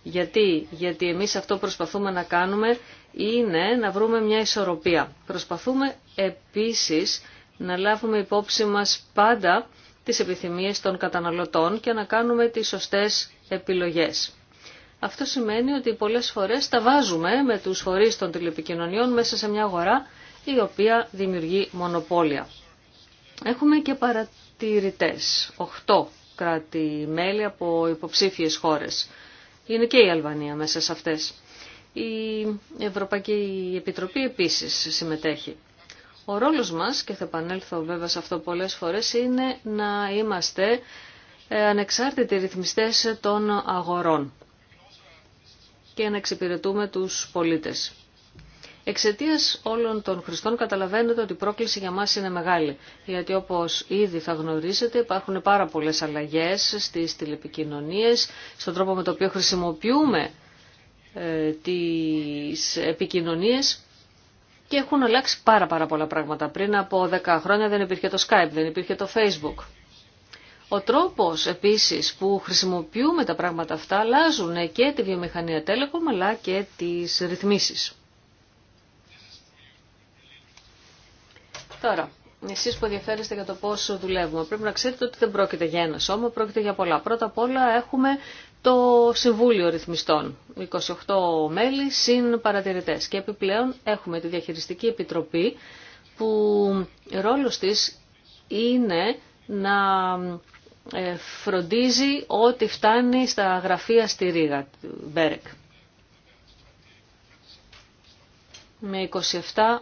Γιατί, Γιατί εμείς αυτό προσπαθούμε να κάνουμε είναι να βρούμε μια ισορροπία. Προσπαθούμε επίσης να λάβουμε υπόψη μας πάντα τις επιθυμίες των καταναλωτών και να κάνουμε τις σωστές επιλογές. Αυτό σημαίνει ότι πολλές φορές τα βάζουμε με τους φορείς των τηλεπικοινωνιών μέσα σε μια αγορά η οποία δημιουργεί μονοπόλια. Έχουμε και παρατηρητές, 8 κράτη-μέλη από υποψήφιες χώρες είναι και η Αλβανία μέσα σε αυτές. Η Ευρωπαϊκή Επιτροπή επίσης συμμετέχει. Ο ρόλος μας, και θα επανέλθω βέβαια σε αυτό πολλές φορές, είναι να είμαστε ε, ανεξάρτητοι ρυθμιστές των αγορών και να εξυπηρετούμε τους πολίτες. Εξαιτία όλων των χρηστών καταλαβαίνετε ότι η πρόκληση για μας είναι μεγάλη, γιατί όπως ήδη θα γνωρίζετε υπάρχουν πάρα πολλές αλλαγές στις τηλεπικοινωνίες, στον τρόπο με τον οποίο χρησιμοποιούμε ε, τις επικοινωνίες και έχουν αλλάξει πάρα πάρα πολλά πράγματα. Πριν από 10 χρόνια δεν υπήρχε το Skype, δεν υπήρχε το Facebook. Ο τρόπος επίσης που χρησιμοποιούμε τα πράγματα αυτά αλλάζουν και τη βιομηχανία Telecom αλλά και τις ρυθμίσεις. Τώρα, εσεί που ενδιαφέρεστε για το πώς δουλεύουμε, πρέπει να ξέρετε ότι δεν πρόκειται για ένα σώμα, πρόκειται για πολλά. Πρώτα απ' όλα έχουμε το Συμβούλιο Ρυθμιστών, 28 μέλη συν παρατηρητέ. Και επιπλέον έχουμε τη Διαχειριστική Επιτροπή, που ρόλος της είναι να ε, φροντίζει ότι φτάνει στα γραφεία στη Ρήγα, Μπέρεκ. Με 27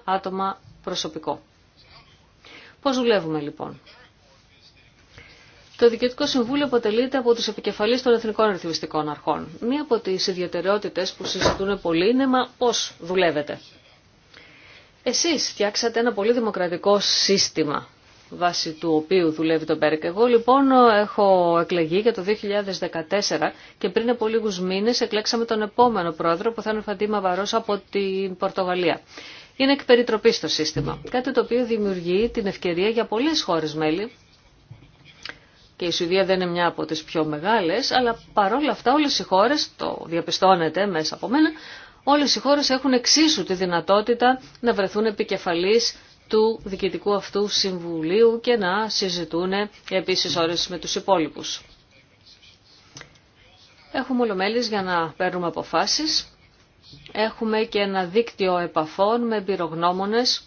άτομα προσωπικό. Πώς δουλεύουμε λοιπόν. Το Διοικητικό Συμβούλιο αποτελείται από τους επικεφαλείς των Εθνικών Ρυθμιστικών Αρχών. Μία από τις ιδιαιτερότητες που συζητούν πολύ είναι μα πώς δουλεύετε. Εσείς φτιάξατε ένα πολύ δημοκρατικό σύστημα βάσει του οποίου δουλεύει το ΠΕΡΚ. Εγώ λοιπόν έχω εκλεγεί για το 2014 και πριν από λίγους μήνες εκλέξαμε τον επόμενο πρόεδρο που θα είναι ο Φαντίμα Βαρός από την Πορτογαλία. Είναι εκ περιτροπής το σύστημα. Κάτι το οποίο δημιουργεί την ευκαιρία για πολλέ χώρε μέλη και η Σουηδία δεν είναι μια από τις πιο μεγάλες, αλλά παρόλα αυτά όλες οι χώρες, το διαπιστώνεται μέσα από μένα, όλες οι χώρες έχουν εξίσου τη δυνατότητα να βρεθούν επικεφαλής του διοικητικού αυτού συμβουλίου και να συζητούν επίσης ώρες με τους υπόλοιπους. Έχουμε ολομέλειες για να παίρνουμε αποφάσεις έχουμε και ένα δίκτυο επαφών με εμπειρογνώμονες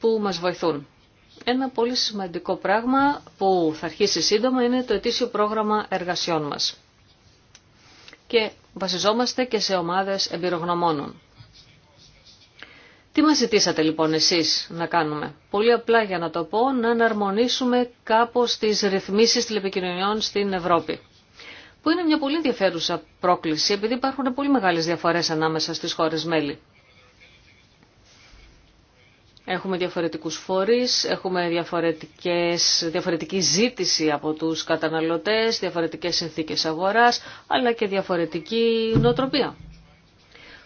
που μας βοηθούν. Ένα πολύ σημαντικό πράγμα που θα αρχίσει σύντομα είναι το ετήσιο πρόγραμμα εργασιών μας. Και βασιζόμαστε και σε ομάδες εμπειρογνωμόνων. Τι μας ζητήσατε λοιπόν εσείς να κάνουμε. Πολύ απλά για να το πω, να αναρμονίσουμε κάπως τις ρυθμίσεις τηλεπικοινωνιών στην Ευρώπη που είναι μια πολύ ενδιαφέρουσα πρόκληση, επειδή υπάρχουν πολύ μεγάλες διαφορές ανάμεσα στις χώρες μέλη. Έχουμε διαφορετικούς φορείς, έχουμε διαφορετικές, διαφορετική ζήτηση από τους καταναλωτές, διαφορετικές συνθήκες αγοράς, αλλά και διαφορετική νοοτροπία.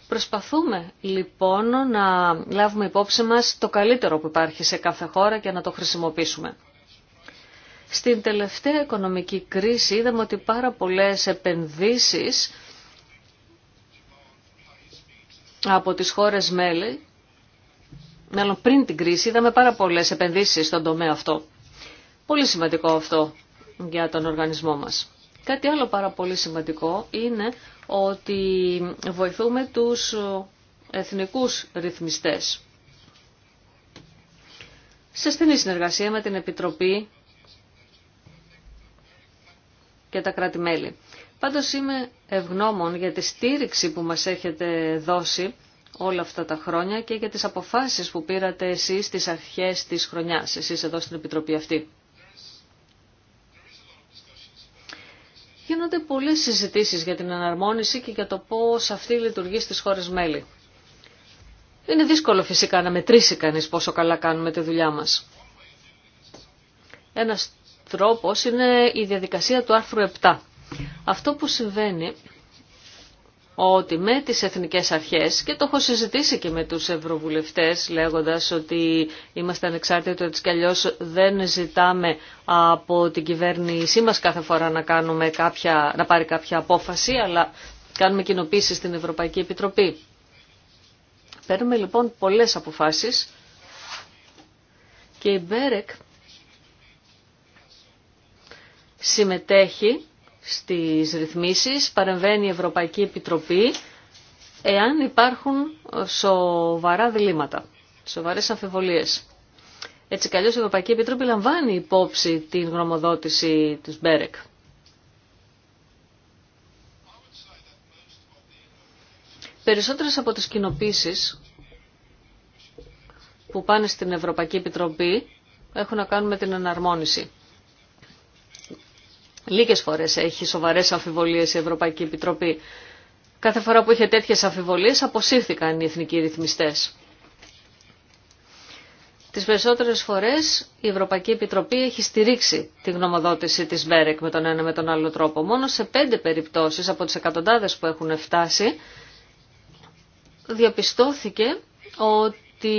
Προσπαθούμε λοιπόν να λάβουμε υπόψη μας το καλύτερο που υπάρχει σε κάθε χώρα και να το χρησιμοποιήσουμε. Στην τελευταία οικονομική κρίση είδαμε ότι πάρα πολλές επενδύσεις από τις χώρες μέλη, μάλλον πριν την κρίση, είδαμε πάρα πολλές επενδύσεις στον τομέα αυτό. Πολύ σημαντικό αυτό για τον οργανισμό μας. Κάτι άλλο πάρα πολύ σημαντικό είναι ότι βοηθούμε τους εθνικούς ρυθμιστές. Σε στενή συνεργασία με την Επιτροπή και τα κράτη-μέλη. Πάντως είμαι ευγνώμων για τη στήριξη που μας έχετε δώσει όλα αυτά τα χρόνια και για τις αποφάσεις που πήρατε εσείς στις αρχές της χρονιάς, εσείς εδώ στην Επιτροπή αυτή. Γίνονται πολλές συζητήσεις για την αναρμόνιση και για το πώς αυτή λειτουργεί στις χώρες μέλη. Είναι δύσκολο φυσικά να μετρήσει κανείς πόσο καλά κάνουμε τη δουλειά μας. Ένας τρόπος είναι η διαδικασία του άρθρου 7. Αυτό που συμβαίνει ότι με τις εθνικές αρχές και το έχω συζητήσει και με τους ευρωβουλευτές λέγοντας ότι είμαστε ανεξάρτητοι έτσι κι αλλιώς δεν ζητάμε από την κυβέρνησή μας κάθε φορά να, κάνουμε να πάρει κάποια απόφαση αλλά κάνουμε κοινοποίηση στην Ευρωπαϊκή Επιτροπή. Παίρνουμε λοιπόν πολλές αποφάσεις και η Μπέρεκ συμμετέχει στις ρυθμίσεις, παρεμβαίνει η Ευρωπαϊκή Επιτροπή εάν υπάρχουν σοβαρά διλήμματα, σοβαρές αμφιβολίες. Έτσι κι η Ευρωπαϊκή Επιτροπή λαμβάνει υπόψη την γνωμοδότηση της Μπέρεκ. Περισσότερες από τις κοινοποίησεις που πάνε στην Ευρωπαϊκή Επιτροπή έχουν να κάνουν με την εναρμόνιση. Λίγες φορές έχει σοβαρές αμφιβολίες η Ευρωπαϊκή Επιτροπή. Κάθε φορά που είχε τέτοιες αμφιβολίες αποσύρθηκαν οι εθνικοί ρυθμιστές. Τις περισσότερες φορές η Ευρωπαϊκή Επιτροπή έχει στηρίξει τη γνωμοδότηση της ΜΠΕΡΕΚ με τον ένα με τον άλλο τρόπο. Μόνο σε πέντε περιπτώσεις από τις εκατοντάδες που έχουν φτάσει διαπιστώθηκε ότι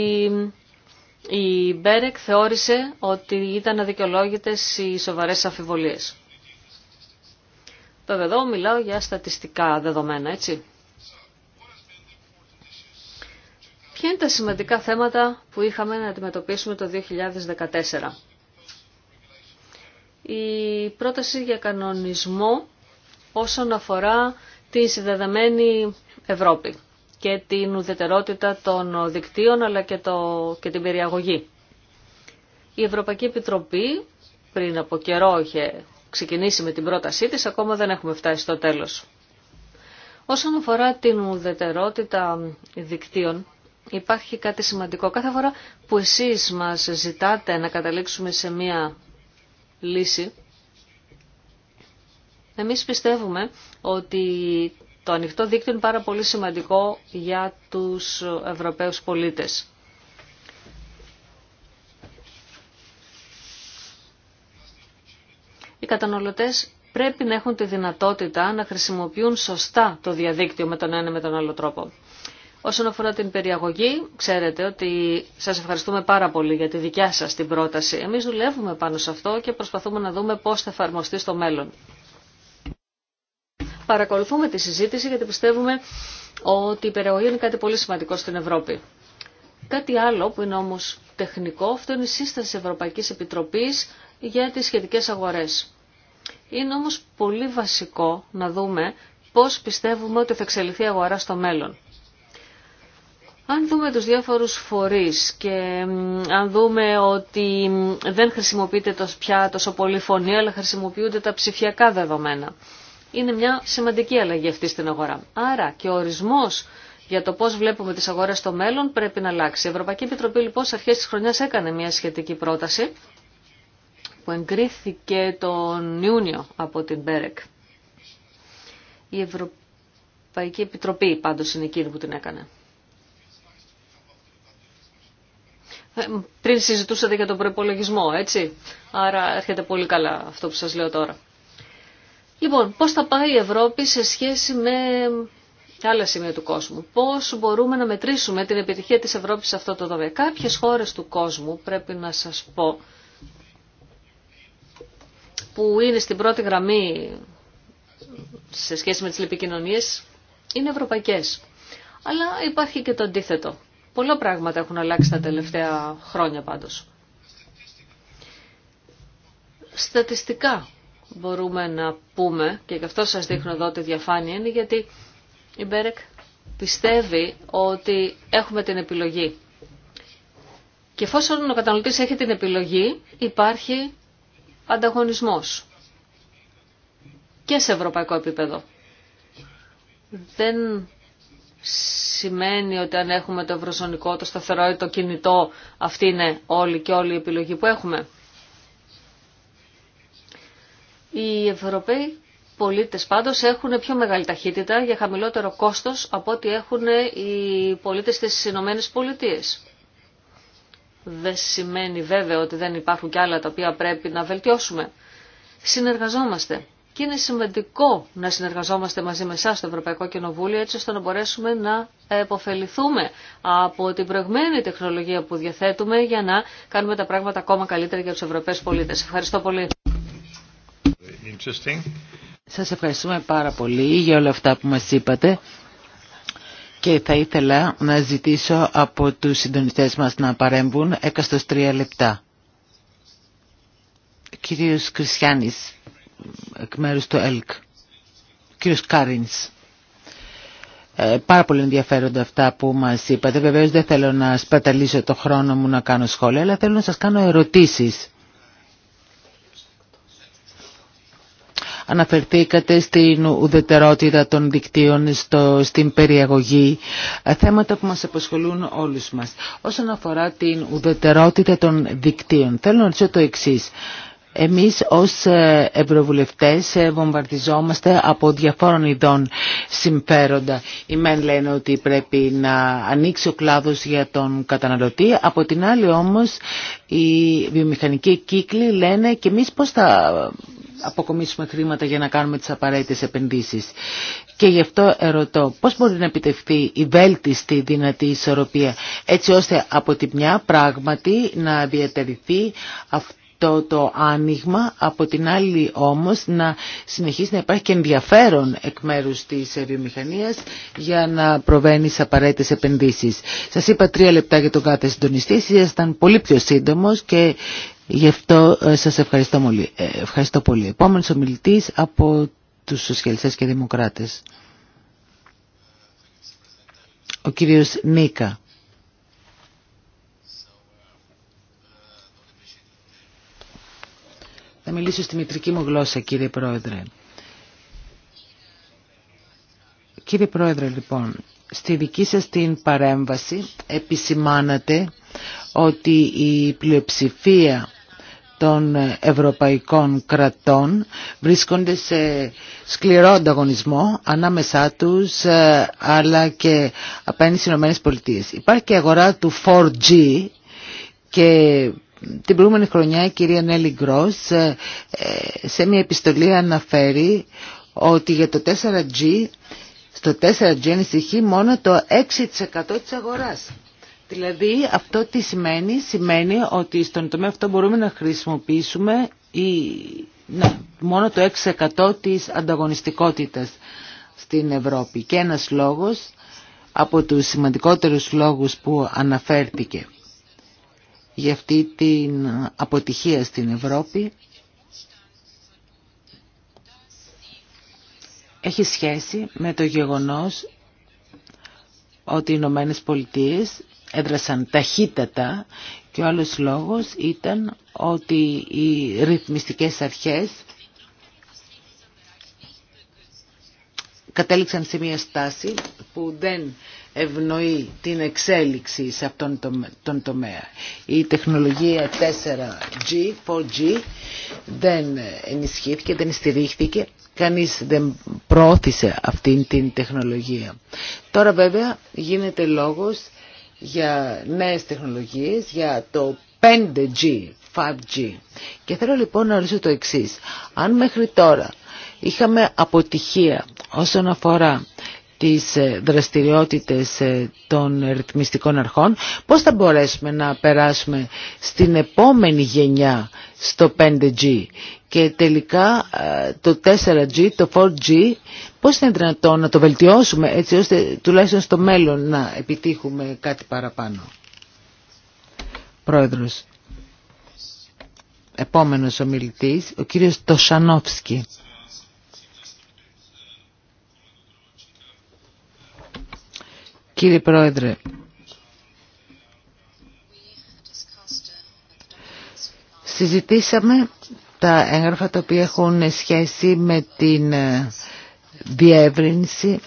η ΜΠΕΡΕΚ θεώρησε ότι ήταν αδικαιολόγητες οι σοβαρές αφιβολίες. Βέβαια εδώ μιλάω για στατιστικά δεδομένα, έτσι. Ποια είναι τα σημαντικά θέματα που είχαμε να αντιμετωπίσουμε το 2014. Η πρόταση για κανονισμό όσον αφορά τη συνδεδεμένη Ευρώπη και την ουδετερότητα των δικτύων αλλά και, και την περιαγωγή. Η Ευρωπαϊκή Επιτροπή πριν από καιρό είχε ξεκινήσει με την πρότασή της, ακόμα δεν έχουμε φτάσει στο τέλος. Όσον αφορά την ουδετερότητα δικτύων, υπάρχει κάτι σημαντικό. Κάθε φορά που εσείς μας ζητάτε να καταλήξουμε σε μία λύση, εμείς πιστεύουμε ότι το ανοιχτό δίκτυο είναι πάρα πολύ σημαντικό για τους Ευρωπαίους πολίτες. οι καταναλωτές πρέπει να έχουν τη δυνατότητα να χρησιμοποιούν σωστά το διαδίκτυο με τον ένα με τον άλλο τρόπο. Όσον αφορά την περιαγωγή, ξέρετε ότι σας ευχαριστούμε πάρα πολύ για τη δικιά σας την πρόταση. Εμείς δουλεύουμε πάνω σε αυτό και προσπαθούμε να δούμε πώς θα εφαρμοστεί στο μέλλον. Παρακολουθούμε τη συζήτηση γιατί πιστεύουμε ότι η περιαγωγή είναι κάτι πολύ σημαντικό στην Ευρώπη. Κάτι άλλο που είναι όμως τεχνικό, αυτό είναι η σύσταση Ευρωπαϊκής Επιτροπής για τις σχετικές αγορές. Είναι όμως πολύ βασικό να δούμε πώς πιστεύουμε ότι θα εξελιχθεί η αγορά στο μέλλον. Αν δούμε τους διάφορους φορείς και αν δούμε ότι δεν χρησιμοποιείται πια τόσο πολύ φωνή, αλλά χρησιμοποιούνται τα ψηφιακά δεδομένα. Είναι μια σημαντική αλλαγή αυτή στην αγορά. Άρα και ο ορισμός για το πώς βλέπουμε τις αγορές στο μέλλον πρέπει να αλλάξει. Η Ευρωπαϊκή Επιτροπή λοιπόν σε αρχές της χρονιάς έκανε μια σχετική πρόταση που εγκρίθηκε τον Ιούνιο από την Πέρεκ Η Ευρωπαϊκή Επιτροπή πάντως είναι εκείνη που την έκανε. Ε, πριν συζητούσατε για τον προπολογισμό, έτσι. Άρα έρχεται πολύ καλά αυτό που σας λέω τώρα. Λοιπόν, πώς θα πάει η Ευρώπη σε σχέση με άλλα σημεία του κόσμου. Πώς μπορούμε να μετρήσουμε την επιτυχία της Ευρώπης σε αυτό το τομέα. Κάποιες χώρες του κόσμου, πρέπει να σας πω, που είναι στην πρώτη γραμμή σε σχέση με τις λιπικοινωνίες είναι ευρωπαϊκές. Αλλά υπάρχει και το αντίθετο. Πολλά πράγματα έχουν αλλάξει τα τελευταία χρόνια πάντως. Στατιστικά μπορούμε να πούμε, και γι' αυτό σας δείχνω εδώ τη διαφάνεια, είναι γιατί η Μπέρεκ πιστεύει ότι έχουμε την επιλογή. Και εφόσον ο καταναλωτής έχει την επιλογή, υπάρχει ανταγωνισμός και σε ευρωπαϊκό επίπεδο. Δεν σημαίνει ότι αν έχουμε το ευρωζωνικό, το σταθερό ή το κινητό, αυτή είναι όλη και όλη η επιλογή που έχουμε. Οι Ευρωπαίοι πολίτες πάντως έχουν πιο μεγάλη ταχύτητα για χαμηλότερο κόστος από ό,τι έχουν οι πολίτες της Ηνωμένες Πολιτείες δεν σημαίνει βέβαια ότι δεν υπάρχουν και άλλα τα οποία πρέπει να βελτιώσουμε. Συνεργαζόμαστε. Και είναι σημαντικό να συνεργαζόμαστε μαζί με εσά στο Ευρωπαϊκό Κοινοβούλιο έτσι ώστε να μπορέσουμε να επωφεληθούμε από την προηγμένη τεχνολογία που διαθέτουμε για να κάνουμε τα πράγματα ακόμα καλύτερα για τους Ευρωπαίου πολίτε. Ευχαριστώ πολύ. Σα ευχαριστούμε πάρα πολύ για όλα αυτά που μα είπατε και θα ήθελα να ζητήσω από τους συντονιστές μας να παρέμβουν έκαστος τρία λεπτά. Κύριος Κρισιάνης, εκ μέρους του ΕΛΚ. Κύριος Κάρινς. Ε, πάρα πολύ ενδιαφέροντα αυτά που μας είπατε. Βεβαίως δεν θέλω να σπαταλίσω το χρόνο μου να κάνω σχόλια, αλλά θέλω να σας κάνω ερωτήσεις. Αναφερθήκατε στην ουδετερότητα των δικτύων στο, στην περιαγωγή, ε, θέματα που μας απασχολούν όλους μας. Όσον αφορά την ουδετερότητα των δικτύων, θέλω να ρωτήσω το εξής. Εμείς ως ε, ευρωβουλευτές ε, βομβαρδιζόμαστε από διαφόρων ειδών συμφέροντα. Οι μεν λένε ότι πρέπει να ανοίξει ο κλάδος για τον καταναλωτή, από την άλλη όμως οι βιομηχανικοί κύκλοι λένε και εμείς πώς θα αποκομίσουμε χρήματα για να κάνουμε τις απαραίτητες επενδύσεις. Και γι' αυτό ερωτώ πώς μπορεί να επιτευχθεί η βέλτιστη δυνατή ισορροπία έτσι ώστε από τη μια πράγματι να διατηρηθεί αυτό το άνοιγμα, από την άλλη όμως να συνεχίσει να υπάρχει και ενδιαφέρον εκ μέρους της βιομηχανίας για να προβαίνει σε απαραίτητες επενδύσεις. Σας είπα τρία λεπτά για τον κάθε συντονιστή, Ήταν πολύ πιο σύντομος και Γι' αυτό ε, σας ευχαριστώ πολύ. Ε, ευχαριστώ πολύ. Επόμενος από τους Σοσιαλιστές και Δημοκράτες. Ο κύριος Νίκα. Θα μιλήσω στη μητρική μου γλώσσα, κύριε Πρόεδρε. Κύριε Πρόεδρε, λοιπόν, στη δική σας την παρέμβαση επισημάνατε ότι η πλειοψηφία των ευρωπαϊκών κρατών βρίσκονται σε σκληρό ανταγωνισμό ανάμεσά τους ε, αλλά και απέναντι στις Ηνωμένες Πολιτείες. Υπάρχει και αγορά του 4G και την προηγούμενη χρονιά η κυρία Νέλη Γκρός ε, ε, σε μια επιστολή αναφέρει ότι για το 4G στο 4G ανησυχεί μόνο το 6% της αγοράς. Δηλαδή αυτό τι σημαίνει, σημαίνει ότι στον τομέα αυτό μπορούμε να χρησιμοποιήσουμε ή, μόνο το 6% της ανταγωνιστικότητας στην Ευρώπη. Και ένας λόγος από τους σημαντικότερους λόγους που αναφέρθηκε για αυτή την αποτυχία στην Ευρώπη έχει σχέση με το γεγονός ότι οι Ηνωμένε Πολιτείες έδρασαν ταχύτατα και ο άλλος λόγος ήταν ότι οι ρυθμιστικές αρχές κατέληξαν σε μια στάση που δεν ευνοεί την εξέλιξη σε αυτόν τον τομέα. Η τεχνολογία 4G, 4G δεν ενισχύθηκε, δεν στηρίχθηκε, κανείς δεν προώθησε αυτήν την τεχνολογία. Τώρα βέβαια γίνεται λόγος για νέες τεχνολογίες, για το 5G, 5G. Και θέλω λοιπόν να ρωτήσω το εξής. Αν μέχρι τώρα είχαμε αποτυχία όσον αφορά τις ε, δραστηριότητες ε, των ρυθμιστικών αρχών, πώς θα μπορέσουμε να περάσουμε στην επόμενη γενιά στο 5G και τελικά ε, το 4G, το 4G, πώς είναι δυνατόν να το βελτιώσουμε έτσι ώστε τουλάχιστον στο μέλλον να επιτύχουμε κάτι παραπάνω. Πρόεδρος, επόμενος ομιλητής, ο κύριος Τοσανόφσκι. κύριε Πρόεδρε. Συζητήσαμε τα έγγραφα τα οποία έχουν σχέση με την ε, διεύρυνση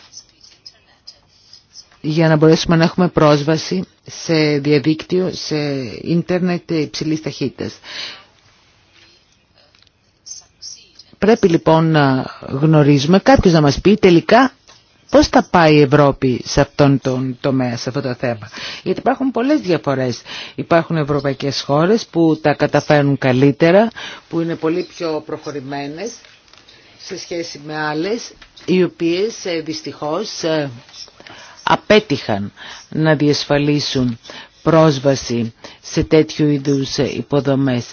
για να μπορέσουμε να έχουμε πρόσβαση σε διαδίκτυο, σε ίντερνετ υψηλής ταχύτητας. Πρέπει λοιπόν να γνωρίζουμε, κάποιος να μας πει τελικά Πώς θα πάει η Ευρώπη σε αυτόν τον τομέα, σε αυτό το θέμα. Γιατί υπάρχουν πολλές διαφορές. Υπάρχουν ευρωπαϊκές χώρες που τα καταφέρνουν καλύτερα, που είναι πολύ πιο προχωρημένες σε σχέση με άλλες, οι οποίες ε, δυστυχώς ε, απέτυχαν να διασφαλίσουν πρόσβαση σε τέτοιου είδους υποδομές.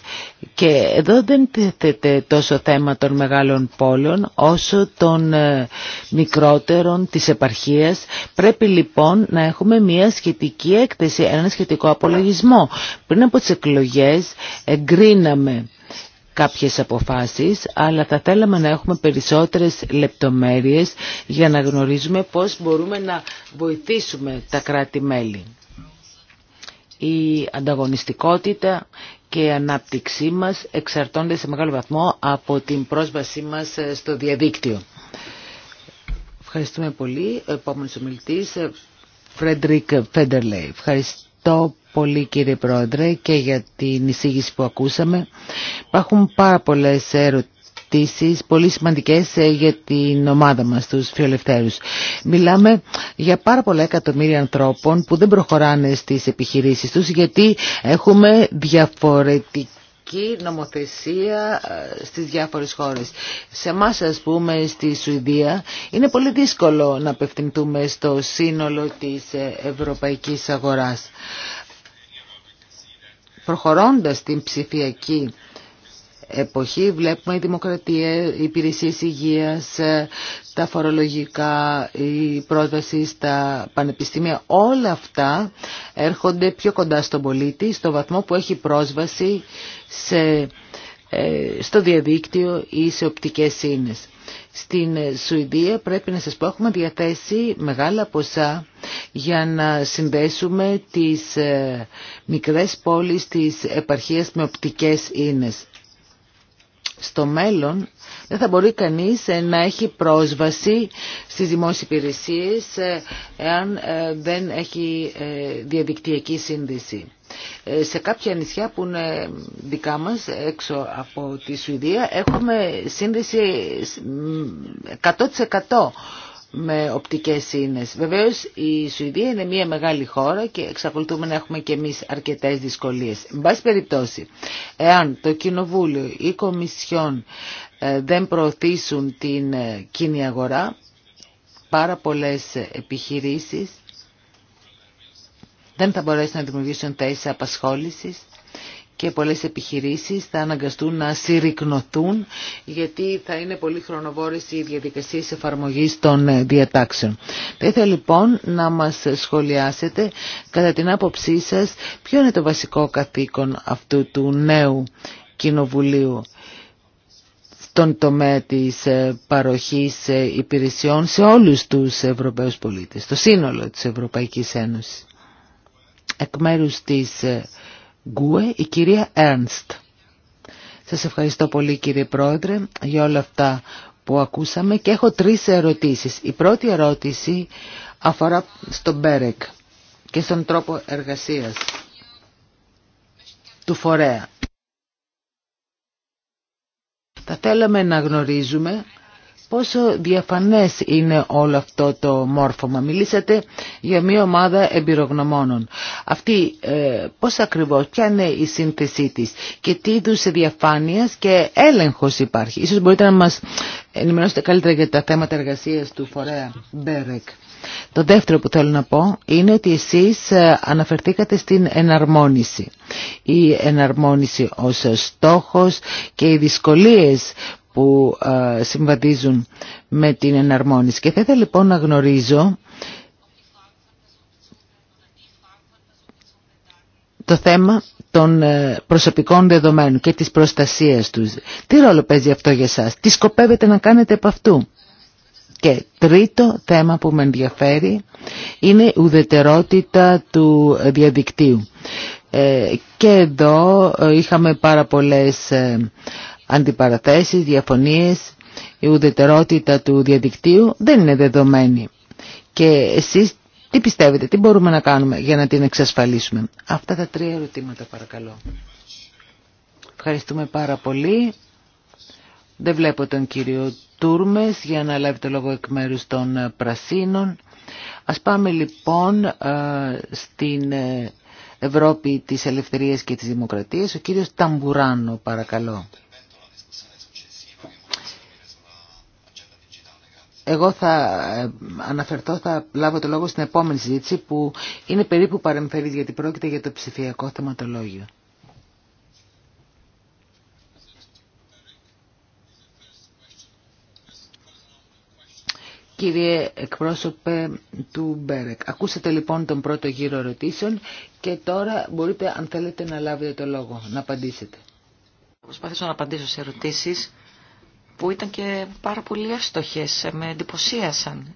Και εδώ δεν τίθεται τόσο θέμα των μεγάλων πόλων όσο των ε, μικρότερων της επαρχίας. Πρέπει λοιπόν να έχουμε μια σχετική έκθεση, ένα σχετικό απολογισμό. Πριν από τις εκλογές εγκρίναμε κάποιες αποφάσεις, αλλά θα θέλαμε να έχουμε περισσότερες λεπτομέρειες για να γνωρίζουμε πώς μπορούμε να βοηθήσουμε τα κράτη-μέλη η ανταγωνιστικότητα και η ανάπτυξή μας εξαρτώνται σε μεγάλο βαθμό από την πρόσβασή μας στο διαδίκτυο. Ευχαριστούμε πολύ. Επόμενος ομιλητής, Φρέντρικ Φέντερλεϊ. Ευχαριστώ πολύ κύριε Πρόεδρε και για την εισήγηση που ακούσαμε. Υπάρχουν πάρα πολλές ερωτήσεις πολύ σημαντικές ε, για την ομάδα μας, τους φιλελευθέρου. Μιλάμε για πάρα πολλά εκατομμύρια ανθρώπων που δεν προχωράνε στις επιχειρήσεις τους γιατί έχουμε διαφορετική νομοθεσία ε, στις διάφορες χώρες. Σε εμά ας πούμε στη Σουηδία είναι πολύ δύσκολο να απευθυνθούμε στο σύνολο της ε, ευρωπαϊκής αγοράς. Προχωρώντας την ψηφιακή εποχή βλέπουμε η δημοκρατία, οι υπηρεσίες υγείας, ε, τα φορολογικά, η πρόσβαση στα πανεπιστήμια, όλα αυτά έρχονται πιο κοντά στον πολίτη, στο βαθμό που έχει πρόσβαση ε, στο διαδίκτυο ή σε οπτικές σύνες. Στην Σουηδία πρέπει να σας πω έχουμε διαθέσει μεγάλα ποσά για να συνδέσουμε τις ε, μικρές πόλεις της επαρχίας με οπτικές ίνες στο μέλλον δεν θα μπορεί κανείς ε, να έχει πρόσβαση στις δημόσιες υπηρεσίες ε, εάν ε, δεν έχει διαδικτυακή σύνδεση. Σε κάποια νησιά που είναι δικά μας, έξω από τη Σουηδία, έχουμε σύνδεση 100% με οπτικές σύνες. Βεβαίως η Σουηδία είναι μια μεγάλη χώρα και εξακολουθούμε να έχουμε και εμείς αρκετές δυσκολίες. Εν πάση περιπτώσει, εάν το Κοινοβούλιο ή η Κομισιόν ε, δεν προωθήσουν την ε, κοινή αγορά, πάρα πολλές επιχειρήσεις δεν θα μπορέσουν να δημιουργήσουν θέσεις απασχόλησης και πολλές επιχειρήσεις θα αναγκαστούν να συρρυκνωθούν γιατί θα είναι πολύ χρονοβόρες οι διαδικασίες εφαρμογής των ε, διατάξεων. Θα ήθελα λοιπόν να μας σχολιάσετε κατά την άποψή σας ποιο είναι το βασικό καθήκον αυτού του νέου κοινοβουλίου στον τομέα της ε, παροχής ε, υπηρεσιών σε όλους τους Ευρωπαίους πολίτες, στο σύνολο της Ευρωπαϊκής Ένωσης. Εκ μέρους της Γκουε, η κυρία Έρνστ. Σας ευχαριστώ πολύ κύριε Πρόεδρε για όλα αυτά που ακούσαμε και έχω τρεις ερωτήσεις. Η πρώτη ερώτηση αφορά στον Μπέρεκ και στον τρόπο εργασίας του φορέα. Θα θέλαμε να γνωρίζουμε πόσο διαφανές είναι όλο αυτό το μόρφωμα. Μιλήσατε για μια ομάδα εμπειρογνωμόνων. Αυτή ε, πώς ακριβώς, ποια είναι η σύνθεσή της και τι είδου διαφάνειας και έλεγχος υπάρχει. Ίσως μπορείτε να μας ενημερώσετε καλύτερα για τα θέματα εργασίας του φορέα Μπέρεκ. Το δεύτερο που θέλω να πω είναι ότι εσείς ε, αναφερθήκατε στην εναρμόνιση. Η εναρμόνιση ως στόχος και οι δυσκολίες που συμβαδίζουν με την εναρμόνιση. Και θα ήθελα λοιπόν να γνωρίζω το θέμα των ε, προσωπικών δεδομένων και της προστασίας τους. Τι ρόλο παίζει αυτό για σας, τι σκοπεύετε να κάνετε από αυτού. Και τρίτο θέμα που με ενδιαφέρει είναι η ουδετερότητα του διαδικτύου. Ε, και εδώ ε, είχαμε πάρα πολλές αντιπαραθέσεις, διαφωνίες, η ουδετερότητα του διαδικτύου δεν είναι δεδομένη. Και εσείς τι πιστεύετε, τι μπορούμε να κάνουμε για να την εξασφαλίσουμε. Αυτά τα τρία ερωτήματα παρακαλώ. Ευχαριστούμε πάρα πολύ. Δεν βλέπω τον κύριο Τούρμες για να λάβει το λόγο εκ μέρου των ε, Πρασίνων. Ας πάμε λοιπόν ε, στην ε, Ευρώπη της Ελευθερίας και της Δημοκρατίας. Ο κύριος Ταμπουράνο παρακαλώ. Εγώ θα ε, αναφερθώ, θα λάβω το λόγο στην επόμενη συζήτηση που είναι περίπου παρεμφερής γιατί πρόκειται για το ψηφιακό θεματολόγιο. Κύριε εκπρόσωπε του Μπέρεκ, ακούσατε λοιπόν τον πρώτο γύρο ερωτήσεων και τώρα μπορείτε αν θέλετε να λάβετε το λόγο, να απαντήσετε. προσπαθήσω να απαντήσω σε ερωτήσεις που ήταν και πάρα πολύ εύστοχες, με εντυπωσίασαν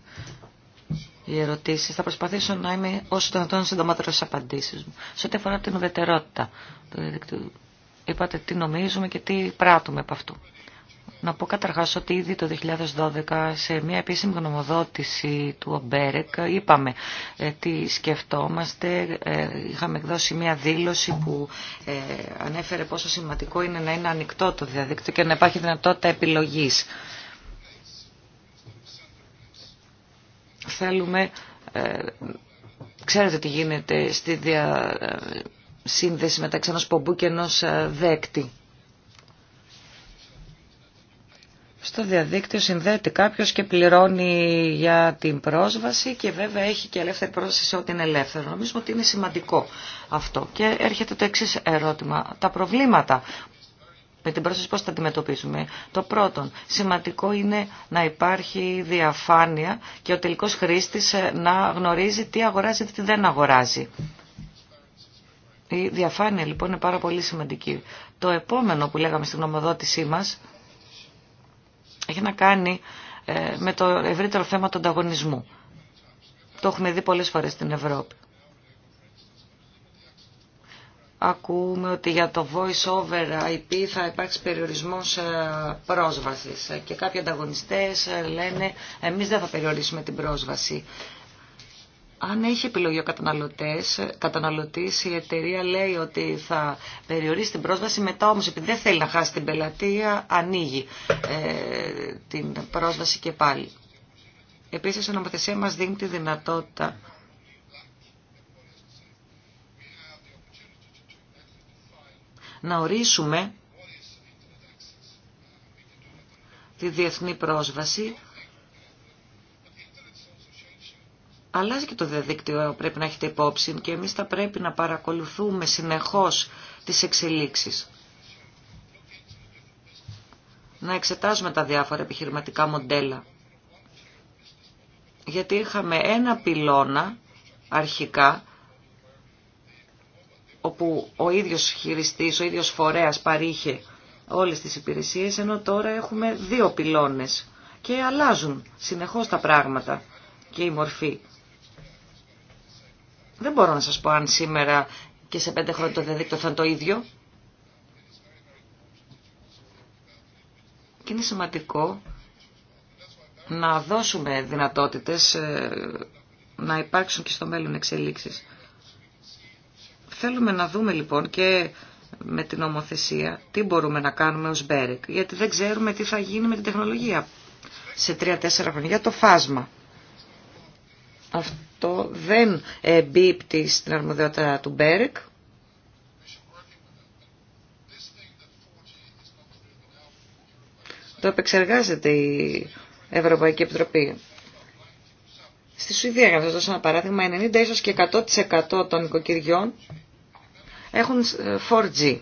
οι ερωτήσεις. Θα προσπαθήσω να είμαι όσο το δυνατόν συντομότερο στις απαντήσεις μου. Σε ό,τι αφορά την ουδετερότητα του είπατε τι νομίζουμε και τι πράττουμε από αυτού. Να πω καταρχάς ότι ήδη το 2012 σε μια επίσημη γνωμοδότηση του Ομπέρεκ είπαμε ε, τι σκεφτόμαστε. Ε, είχαμε εκδώσει μια δήλωση που ε, ανέφερε πόσο σημαντικό είναι να είναι ανοιχτό το διαδίκτυο και να υπάρχει δυνατότητα επιλογής. Θέλουμε, ξέρετε τι γίνεται στη διασύνδεση μεταξύ ενός πομπού και ενός δέκτη. στο διαδίκτυο συνδέεται κάποιος και πληρώνει για την πρόσβαση και βέβαια έχει και ελεύθερη πρόσβαση σε ό,τι είναι ελεύθερο. Νομίζω ότι είναι σημαντικό αυτό. Και έρχεται το εξής ερώτημα. Τα προβλήματα με την πρόσβαση πώς θα αντιμετωπίσουμε. Το πρώτο, σημαντικό είναι να υπάρχει διαφάνεια και ο τελικός χρήστης ε, να γνωρίζει τι αγοράζει και τι δεν αγοράζει. Η διαφάνεια λοιπόν είναι πάρα πολύ σημαντική. Το επόμενο που λέγαμε στην γνωμοδότησή μας έχει να κάνει ε, με το ευρύτερο θέμα του ανταγωνισμού. Το έχουμε δει πολλές φορές στην Ευρώπη. Ακούμε ότι για το voice over IP θα υπάρξει περιορισμός ε, πρόσβασης και κάποιοι ανταγωνιστές ε, λένε εμείς δεν θα περιορίσουμε την πρόσβαση αν έχει επιλογή ο καταναλωτές, καταναλωτής, η εταιρεία λέει ότι θα περιορίσει την πρόσβαση, μετά όμως επειδή δεν θέλει να χάσει την πελατεία, ανοίγει ε, την πρόσβαση και πάλι. Επίσης, η νομοθεσία μας δίνει τη δυνατότητα να ορίσουμε τη διεθνή πρόσβαση αλλάζει και το διαδίκτυο, πρέπει να έχετε υπόψη και εμείς θα πρέπει να παρακολουθούμε συνεχώς τις εξελίξεις. Να εξετάζουμε τα διάφορα επιχειρηματικά μοντέλα. Γιατί είχαμε ένα πυλώνα αρχικά, όπου ο ίδιος χειριστής, ο ίδιος φορέας παρήχε όλες τις υπηρεσίες, ενώ τώρα έχουμε δύο πυλώνες και αλλάζουν συνεχώς τα πράγματα και η μορφή. Δεν μπορώ να σας πω αν σήμερα και σε πέντε χρόνια το διαδίκτυο θα είναι το ίδιο. Και είναι σημαντικό να δώσουμε δυνατότητες ε, να υπάρξουν και στο μέλλον εξελίξεις. Θέλουμε να δούμε λοιπόν και με την ομοθεσία τι μπορούμε να κάνουμε ως Μπέρεκ, γιατί δεν ξέρουμε τι θα γίνει με την τεχνολογία σε τρία-τέσσερα χρόνια, για το φάσμα. Αυτό το δεν εμπίπτει στην αρμοδιότητα του Μπέρεκ. Το επεξεργάζεται η Ευρωπαϊκή Επιτροπή. Στη Σουηδία, για να δώσω ένα παράδειγμα, 90 ίσως και 100% των οικοκυριών έχουν 4G. Ε,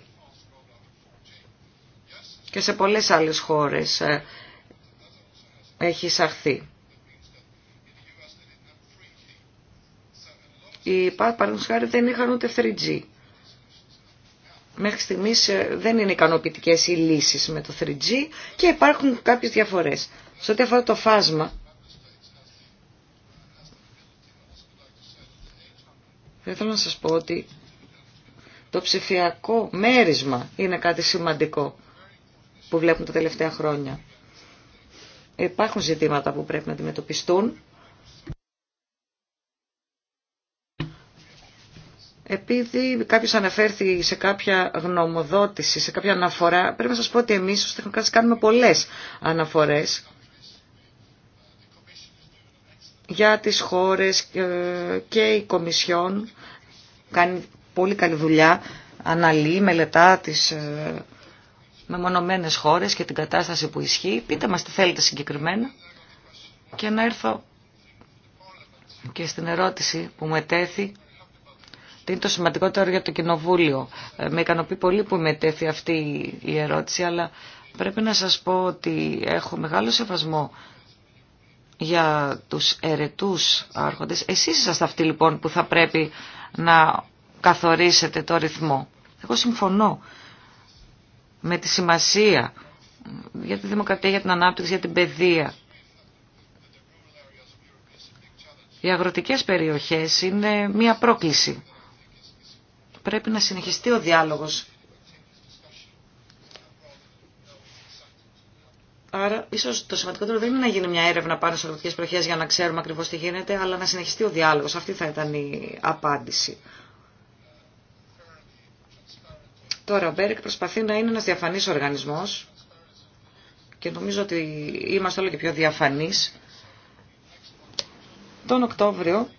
και σε πολλές άλλες χώρες ε, έχει εισαχθεί. Οι παραδείγματος χάρη δεν είχαν ούτε 3G. Μέχρι στιγμής ε, δεν είναι ικανοποιητικέ οι λύσεις με το 3G και υπάρχουν κάποιες διαφορές. Σε ό,τι αφορά το φάσμα, θέλω να σας πω ότι το ψηφιακό μέρισμα είναι κάτι σημαντικό που βλέπουμε τα τελευταία χρόνια. Υπάρχουν ζητήματα που πρέπει να αντιμετωπιστούν Επειδή κάποιος αναφέρθηκε σε κάποια γνωμοδότηση, σε κάποια αναφορά, πρέπει να σας πω ότι εμείς ως τεχνοκράτες κάνουμε πολλές αναφορές για τις χώρες ε, και η Κομισιόν κάνει πολύ καλή δουλειά, αναλύει, μελετά τις ε, μεμονωμένες χώρες και την κατάσταση που ισχύει. Πείτε μας τι θέλετε συγκεκριμένα και να έρθω και στην ερώτηση που μετέθη. Τι είναι το σημαντικότερο για το Κοινοβούλιο. Ε, με ικανοποιεί πολύ που τέθη αυτή η ερώτηση, αλλά πρέπει να σας πω ότι έχω μεγάλο σεβασμό για τους ερετούς άρχοντες. Εσείς είσαστε αυτοί λοιπόν που θα πρέπει να καθορίσετε το ρυθμό. Εγώ συμφωνώ με τη σημασία για τη δημοκρατία, για την ανάπτυξη, για την παιδεία. Οι αγροτικές περιοχές είναι μία πρόκληση πρέπει να συνεχιστεί ο διάλογος. Άρα, ίσω το σημαντικότερο δεν είναι να γίνει μια έρευνα πάνω σε αγροτικέ προχέ για να ξέρουμε ακριβώ τι γίνεται, αλλά να συνεχιστεί ο διάλογο. Αυτή θα ήταν η απάντηση. Τώρα, ο Μπέρικ προσπαθεί να είναι ένα διαφανή οργανισμό και νομίζω ότι είμαστε όλο και πιο διαφανεί. Τον Οκτώβριο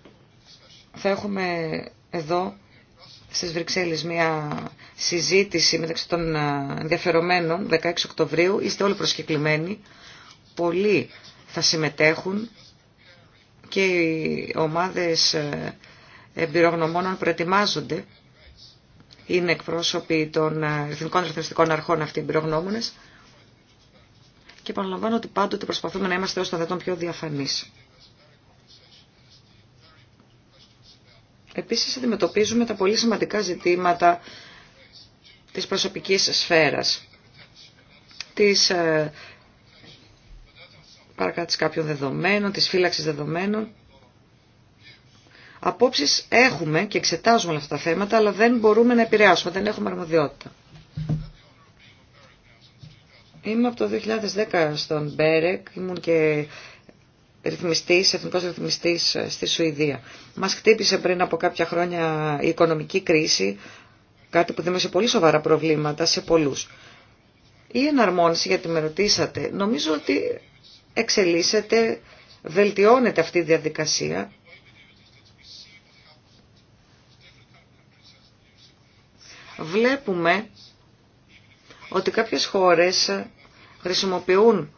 θα έχουμε εδώ στις Βρυξέλλες μια συζήτηση μεταξύ των ε, ενδιαφερομένων 16 Οκτωβρίου. Είστε όλοι προσκεκλημένοι. Πολλοί θα συμμετέχουν και οι ομάδες ε, εμπειρογνωμόνων προετοιμάζονται. Είναι εκπρόσωποι των ε, εθνικών ρυθμιστικών αρχών αυτοί οι εμπειρογνώμονες. Και παραλαμβάνω ότι πάντοτε προσπαθούμε να είμαστε όσο το δυνατόν πιο διαφανείς. Επίσης αντιμετωπίζουμε τα πολύ σημαντικά ζητήματα της προσωπικής σφαίρας, της ε, παρακάτης κάποιων δεδομένων, της φύλαξης δεδομένων. Απόψεις έχουμε και εξετάζουμε όλα αυτά τα θέματα, αλλά δεν μπορούμε να επηρεάσουμε, δεν έχουμε αρμοδιότητα. Είμαι από το 2010 στον Μπέρεκ, ήμουν και ρυθμιστής, εθνικός ρυθμιστής ε, στη Σουηδία. Μας χτύπησε πριν από κάποια χρόνια η οικονομική κρίση, κάτι που σε πολύ σοβαρά προβλήματα σε πολλούς. Η εναρμόνιση, γιατί με ρωτήσατε, νομίζω ότι εξελίσσεται, βελτιώνεται αυτή η διαδικασία. Βλέπουμε ότι κάποιες χώρες χρησιμοποιούν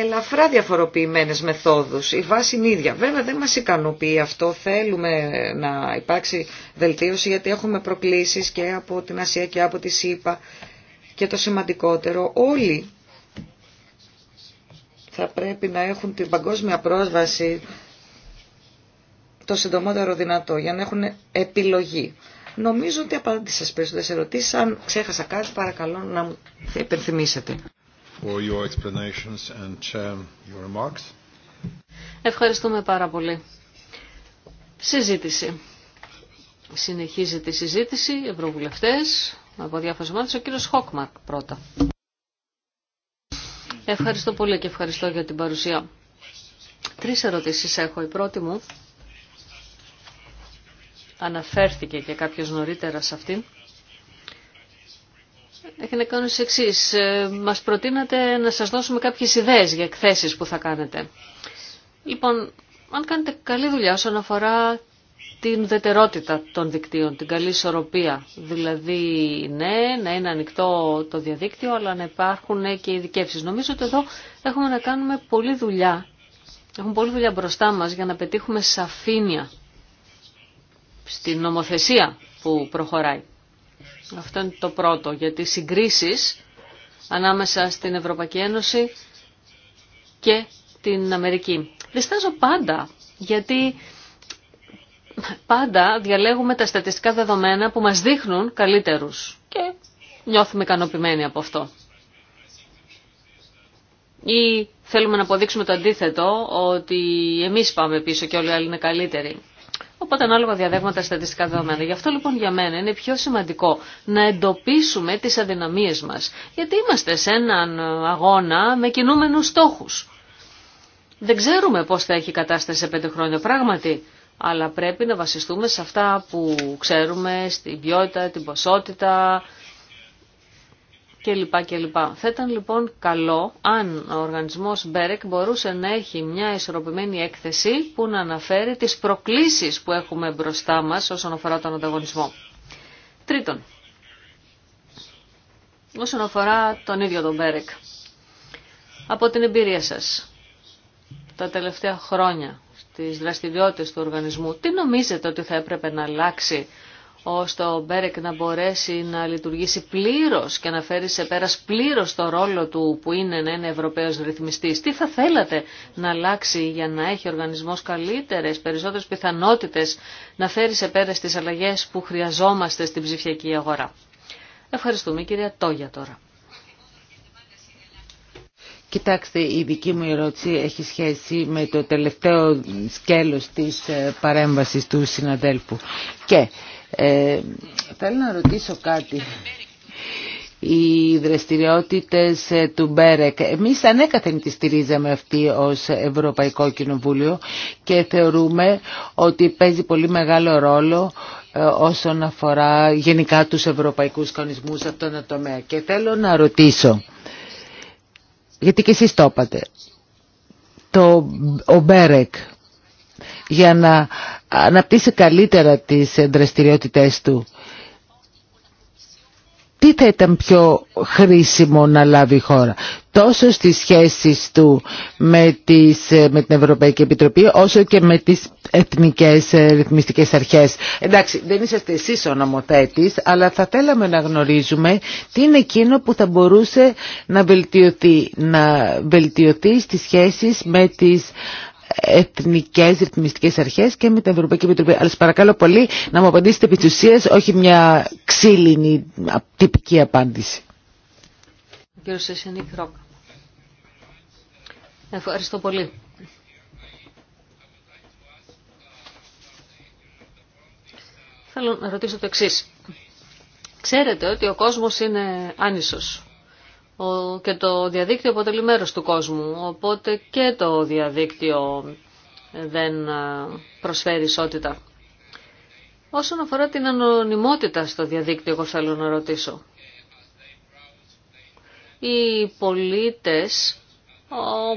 ελαφρά διαφοροποιημένες μεθόδους. Η βάση είναι ίδια. Βέβαια δεν μας ικανοποιεί αυτό. Θέλουμε να υπάρξει βελτίωση γιατί έχουμε προκλήσεις και από την Ασία και από τη ΣΥΠΑ. Και το σημαντικότερο, όλοι θα πρέπει να έχουν την παγκόσμια πρόσβαση το συντομότερο δυνατό για να έχουν επιλογή. Νομίζω ότι απάντησα στις περισσότερες ερωτήσεις. Αν ξέχασα κάτι παρακαλώ να μου υπενθυμίσετε for your explanations and um, your remarks. Ευχαριστούμε πάρα πολύ. Συζήτηση. Συνεχίζεται η συζήτηση, ευρωβουλευτές, από διάφορα ομάδες, ο κύριος Χόκμαρκ πρώτα. Ευχαριστώ πολύ και ευχαριστώ για την παρουσία. Τρεις ερωτήσεις έχω. Η πρώτη μου αναφέρθηκε και κάποιος νωρίτερα σε αυτήν έχει να κάνει ως εξής. Ε, μας προτείνατε να σας δώσουμε κάποιες ιδέες για εκθέσεις που θα κάνετε. Λοιπόν, αν κάνετε καλή δουλειά όσον αφορά την δετερότητα των δικτύων, την καλή ισορροπία. Δηλαδή, ναι, να είναι ανοιχτό το διαδίκτυο, αλλά να υπάρχουν και ειδικεύσει. Νομίζω ότι εδώ έχουμε να κάνουμε πολλή δουλειά. Έχουμε πολλή δουλειά μπροστά μας για να πετύχουμε σαφήνεια στην νομοθεσία που προχωράει. Αυτό είναι το πρώτο, γιατί συγκρίσεις ανάμεσα στην Ευρωπαϊκή Ένωση και την Αμερική. Διστάζω πάντα, γιατί πάντα διαλέγουμε τα στατιστικά δεδομένα που μας δείχνουν καλύτερους και νιώθουμε ικανοποιημένοι από αυτό. Ή θέλουμε να αποδείξουμε το αντίθετο, ότι εμείς πάμε πίσω και όλοι οι άλλοι είναι καλύτεροι. Οπότε ανάλογα διαδεύουμε στατιστικά δεδομένα. Γι' αυτό λοιπόν για μένα είναι πιο σημαντικό να εντοπίσουμε τις αδυναμίες μας. Γιατί είμαστε σε έναν αγώνα με κινούμενους στόχους. Δεν ξέρουμε πώς θα έχει η κατάσταση σε πέντε χρόνια πράγματι. Αλλά πρέπει να βασιστούμε σε αυτά που ξέρουμε, στην ποιότητα, την ποσότητα, κλπ. κλπ. Θα ήταν λοιπόν καλό αν ο οργανισμός Μπέρεκ μπορούσε να έχει μια ισορροπημένη έκθεση που να αναφέρει τις προκλήσεις που έχουμε μπροστά μας όσον αφορά τον ανταγωνισμό. Τρίτον, όσον αφορά τον ίδιο τον Μπέρεκ. Από την εμπειρία σας, τα τελευταία χρόνια, στις δραστηριότητες του οργανισμού, τι νομίζετε ότι θα έπρεπε να αλλάξει ώστε ο Μπέρεκ να μπορέσει να λειτουργήσει πλήρως και να φέρει σε πέρας πλήρως το ρόλο του που είναι ένα ευρωπαίο Ευρωπαίος ρυθμιστής. Τι θα θέλατε να αλλάξει για να έχει ο οργανισμός καλύτερες, περισσότερες πιθανότητες να φέρει σε πέρας τις αλλαγές που χρειαζόμαστε στην ψηφιακή αγορά. Ευχαριστούμε κυρία Τόγια τώρα. Κοιτάξτε, η δική μου ερώτηση έχει σχέση με το τελευταίο σκέλος της ε, παρέμβασης του συναδέλφου. Και ε, θέλω να ρωτήσω κάτι οι δραστηριότητες ε, του Μπέρεκ. Εμείς ανέκαθεν τη στηρίζαμε αυτή ως Ευρωπαϊκό Κοινοβούλιο και θεωρούμε ότι παίζει πολύ μεγάλο ρόλο ε, όσον αφορά γενικά τους ευρωπαϊκούς κανονισμούς σε αυτόν τον τομέα. Και θέλω να ρωτήσω, γιατί και εσείς το είπατε, το, ο Μπέρεκ για να αναπτύσσει καλύτερα τις δραστηριότητές του. Τι θα ήταν πιο χρήσιμο να λάβει η χώρα, τόσο στις σχέσεις του με, τις, με την Ευρωπαϊκή Επιτροπή, όσο και με τις εθνικές ε, ρυθμιστικές αρχές. Εντάξει, δεν είσαστε εσείς ο νομοθέτης, αλλά θα θέλαμε να γνωρίζουμε τι είναι εκείνο που θα μπορούσε να βελτιωθεί, να βελτιωθεί στις σχέσεις με τις εθνικές ρυθμιστικές αρχές και με την Ευρωπαϊκή Επιτροπή. Αλλά σας παρακαλώ πολύ να μου απαντήσετε επί όχι μια ξύλινη τυπική απάντηση. Ευχαριστώ πολύ. Θέλω να ρωτήσω το εξής. Ξέρετε ότι ο κόσμος είναι άνισος και το διαδίκτυο αποτελεί μέρος του κόσμου, οπότε και το διαδίκτυο δεν ε, προσφέρει ισότητα. Όσον αφορά την ανωνυμότητα στο διαδίκτυο, εγώ θέλω να ρωτήσω. Οι πολίτες,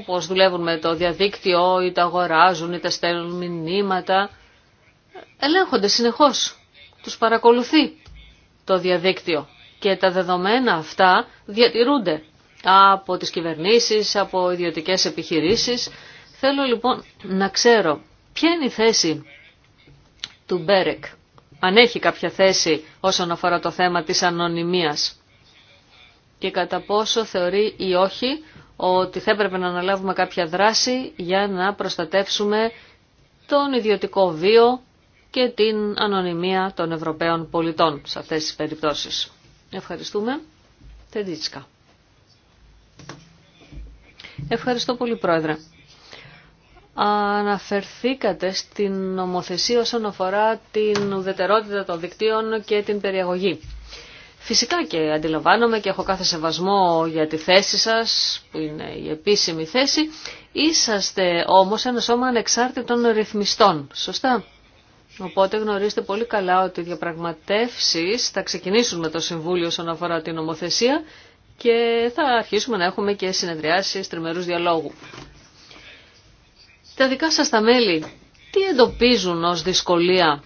όπως δουλεύουν με το διαδίκτυο, είτε αγοράζουν, είτε στέλνουν μηνύματα, ελέγχονται συνεχώς. Τους παρακολουθεί το διαδίκτυο και τα δεδομένα αυτά διατηρούνται από τις κυβερνήσεις, από ιδιωτικές επιχειρήσεις. Θέλω λοιπόν να ξέρω ποια είναι η θέση του Μπέρεκ, αν έχει κάποια θέση όσον αφορά το θέμα της ανωνυμίας και κατά πόσο θεωρεί ή όχι ότι θα έπρεπε να αναλάβουμε κάποια δράση για να προστατεύσουμε τον ιδιωτικό βίο και την ανωνυμία των Ευρωπαίων πολιτών σε αυτές τις περιπτώσεις. Ευχαριστούμε. Τεντίτσκα. Ευχαριστώ πολύ, Πρόεδρε. Αναφερθήκατε στην νομοθεσία όσον αφορά την ουδετερότητα των δικτύων και την περιαγωγή. Φυσικά και αντιλαμβάνομαι και έχω κάθε σεβασμό για τη θέση σας, που είναι η επίσημη θέση. Είσαστε όμως ένα σώμα ανεξάρτητων ρυθμιστών, σωστά. Οπότε γνωρίζετε πολύ καλά ότι οι διαπραγματεύσεις θα ξεκινήσουν με το Συμβούλιο όσον αφορά την νομοθεσία και θα αρχίσουμε να έχουμε και συνεδριάσεις τριμερούς διαλόγου. Τα δικά σας τα μέλη, τι εντοπίζουν ως δυσκολία,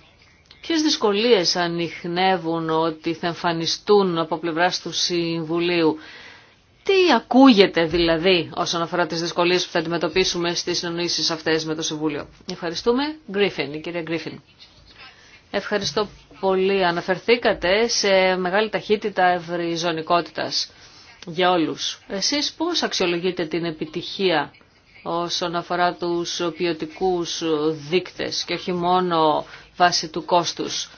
ποιες δυσκολίες ανοιχνεύουν ότι θα εμφανιστούν από πλευράς του Συμβουλίου, τι ακούγεται δηλαδή όσον αφορά τις δυσκολίες που θα αντιμετωπίσουμε στις συνονίσεις αυτές με το Συμβούλιο. Ευχαριστούμε. Γκρίφιν, η κυρία Γκρίφιν. Ευχαριστώ πολύ. Αναφερθήκατε σε μεγάλη ταχύτητα ευρυζωνικότητας για όλους. Εσείς πώς αξιολογείτε την επιτυχία όσον αφορά τους ποιοτικού δείκτες και όχι μόνο βάσει του κόστους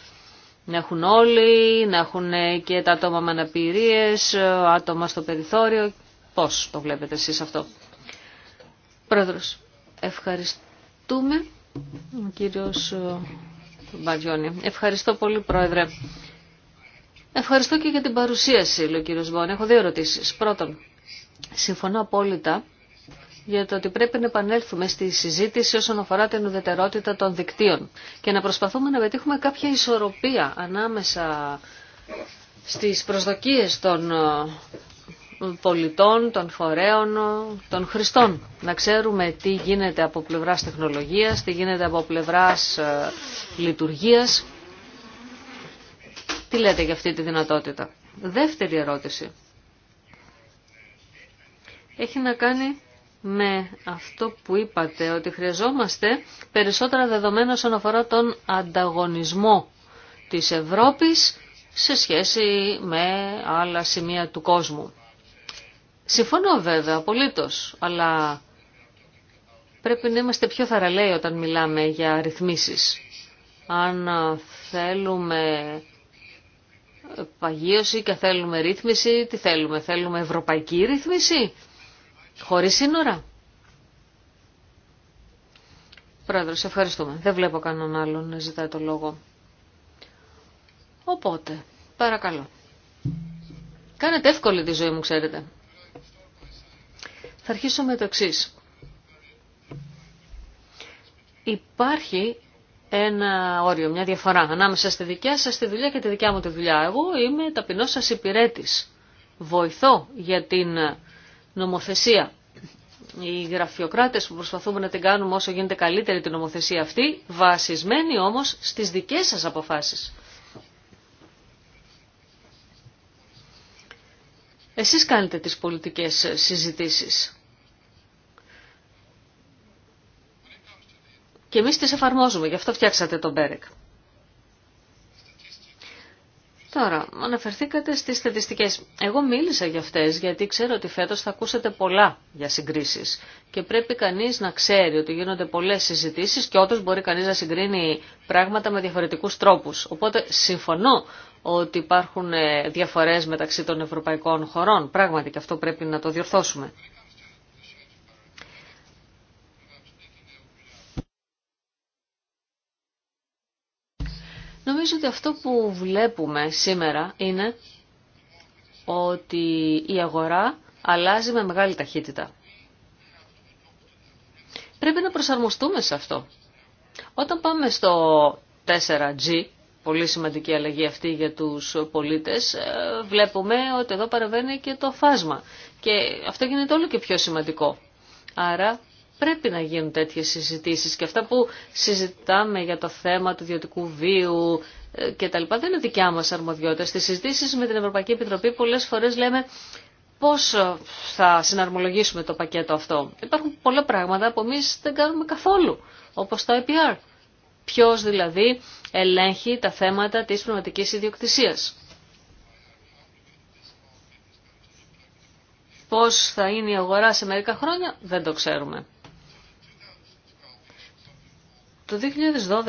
να έχουν όλοι, να έχουν και τα άτομα με αναπηρίες, άτομα στο περιθώριο. Πώς το βλέπετε εσείς αυτό. Πρόεδρος, ευχαριστούμε. Ο κύριος ε, Μπαγιώνη. Ευχαριστώ πολύ, Πρόεδρε. Ευχαριστώ και για την παρουσίαση, λέει ο κύριος Μπόνη. Έχω δύο ερωτήσεις. Πρώτον, συμφωνώ απόλυτα για το ότι πρέπει να επανέλθουμε στη συζήτηση όσον αφορά την ουδετερότητα των δικτύων και να προσπαθούμε να πετύχουμε κάποια ισορροπία ανάμεσα στις προσδοκίες των ε, πολιτών, των φορέων, ε, των χρηστών. Να ξέρουμε τι γίνεται από πλευράς τεχνολογίας, τι γίνεται από πλευράς ε, λειτουργίας. Τι λέτε για αυτή τη δυνατότητα. Δεύτερη ερώτηση. Έχει να κάνει με αυτό που είπατε, ότι χρειαζόμαστε περισσότερα δεδομένα όσον αφορά τον ανταγωνισμό της Ευρώπης σε σχέση με άλλα σημεία του κόσμου. Συμφωνώ βέβαια, απολύτως, αλλά πρέπει να είμαστε πιο θαραλέοι όταν μιλάμε για ρυθμίσεις. Αν θέλουμε παγίωση και θέλουμε ρύθμιση, τι θέλουμε, θέλουμε ευρωπαϊκή ρύθμιση Χωρίς σύνορα. σε ευχαριστούμε. Δεν βλέπω κανέναν άλλον να ζητάει το λόγο. Οπότε, παρακαλώ. Κάνετε εύκολη τη ζωή μου, ξέρετε. Θα αρχίσω με το εξή. Υπάρχει ένα όριο, μια διαφορά ανάμεσα στη δικιά σας τη δουλειά και τη δικιά μου τη δουλειά. Εγώ είμαι ταπεινός σας υπηρέτης. Βοηθώ για την νομοθεσία. Οι γραφειοκράτες που προσπαθούμε να την κάνουμε όσο γίνεται καλύτερη την νομοθεσία αυτή, βασισμένη όμως στις δικές σας αποφάσεις. Εσείς κάνετε τις πολιτικές συζητήσεις. Και εμείς τις εφαρμόζουμε, γι' αυτό φτιάξατε τον Μπέρεκ. Τώρα, αναφερθήκατε στις στατιστικές. Εγώ μίλησα για αυτές γιατί ξέρω ότι φέτος θα ακούσετε πολλά για συγκρίσεις και πρέπει κανείς να ξέρει ότι γίνονται πολλές συζητήσεις και όντως μπορεί κανείς να συγκρίνει πράγματα με διαφορετικούς τρόπους. Οπότε συμφωνώ ότι υπάρχουν ε, διαφορές μεταξύ των ευρωπαϊκών χωρών. Πράγματι και αυτό πρέπει να το διορθώσουμε. Νομίζω ότι αυτό που βλέπουμε σήμερα είναι ότι η αγορά αλλάζει με μεγάλη ταχύτητα. Πρέπει να προσαρμοστούμε σε αυτό. Όταν πάμε στο 4G, πολύ σημαντική αλλαγή αυτή για τους πολίτες, ε, βλέπουμε ότι εδώ παραβαίνει και το φάσμα. Και αυτό γίνεται όλο και πιο σημαντικό. Άρα πρέπει να γίνουν τέτοιες συζητήσεις και αυτά που συζητάμε για το θέμα του ιδιωτικού βίου ε, και τα λοιπά δεν είναι δικιά μας αρμοδιότητα. Στις συζητήσεις με την Ευρωπαϊκή Επιτροπή πολλές φορές λέμε πώς ε, θα συναρμολογήσουμε το πακέτο αυτό. Υπάρχουν πολλά πράγματα που εμεί δεν κάνουμε καθόλου, όπως το IPR. Ποιος δηλαδή ελέγχει τα θέματα της πνευματικής ιδιοκτησίας. Πώς θα είναι η αγορά σε μερικά χρόνια δεν το ξέρουμε. Το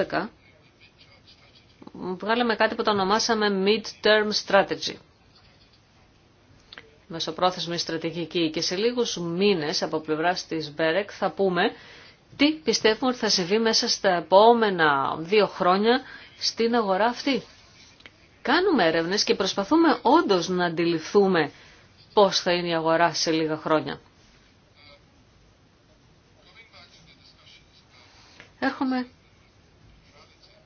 2012 βγάλαμε κάτι που το ονομάσαμε Mid-Term Strategy. Μεσοπρόθεσμη στρατηγική και σε λίγους μήνες από πλευρά της Μπέρεκ θα πούμε τι πιστεύουμε ότι θα συμβεί μέσα στα επόμενα δύο χρόνια στην αγορά αυτή. Κάνουμε έρευνες και προσπαθούμε όντως να αντιληφθούμε πώς θα είναι η αγορά σε λίγα χρόνια. Έρχομαι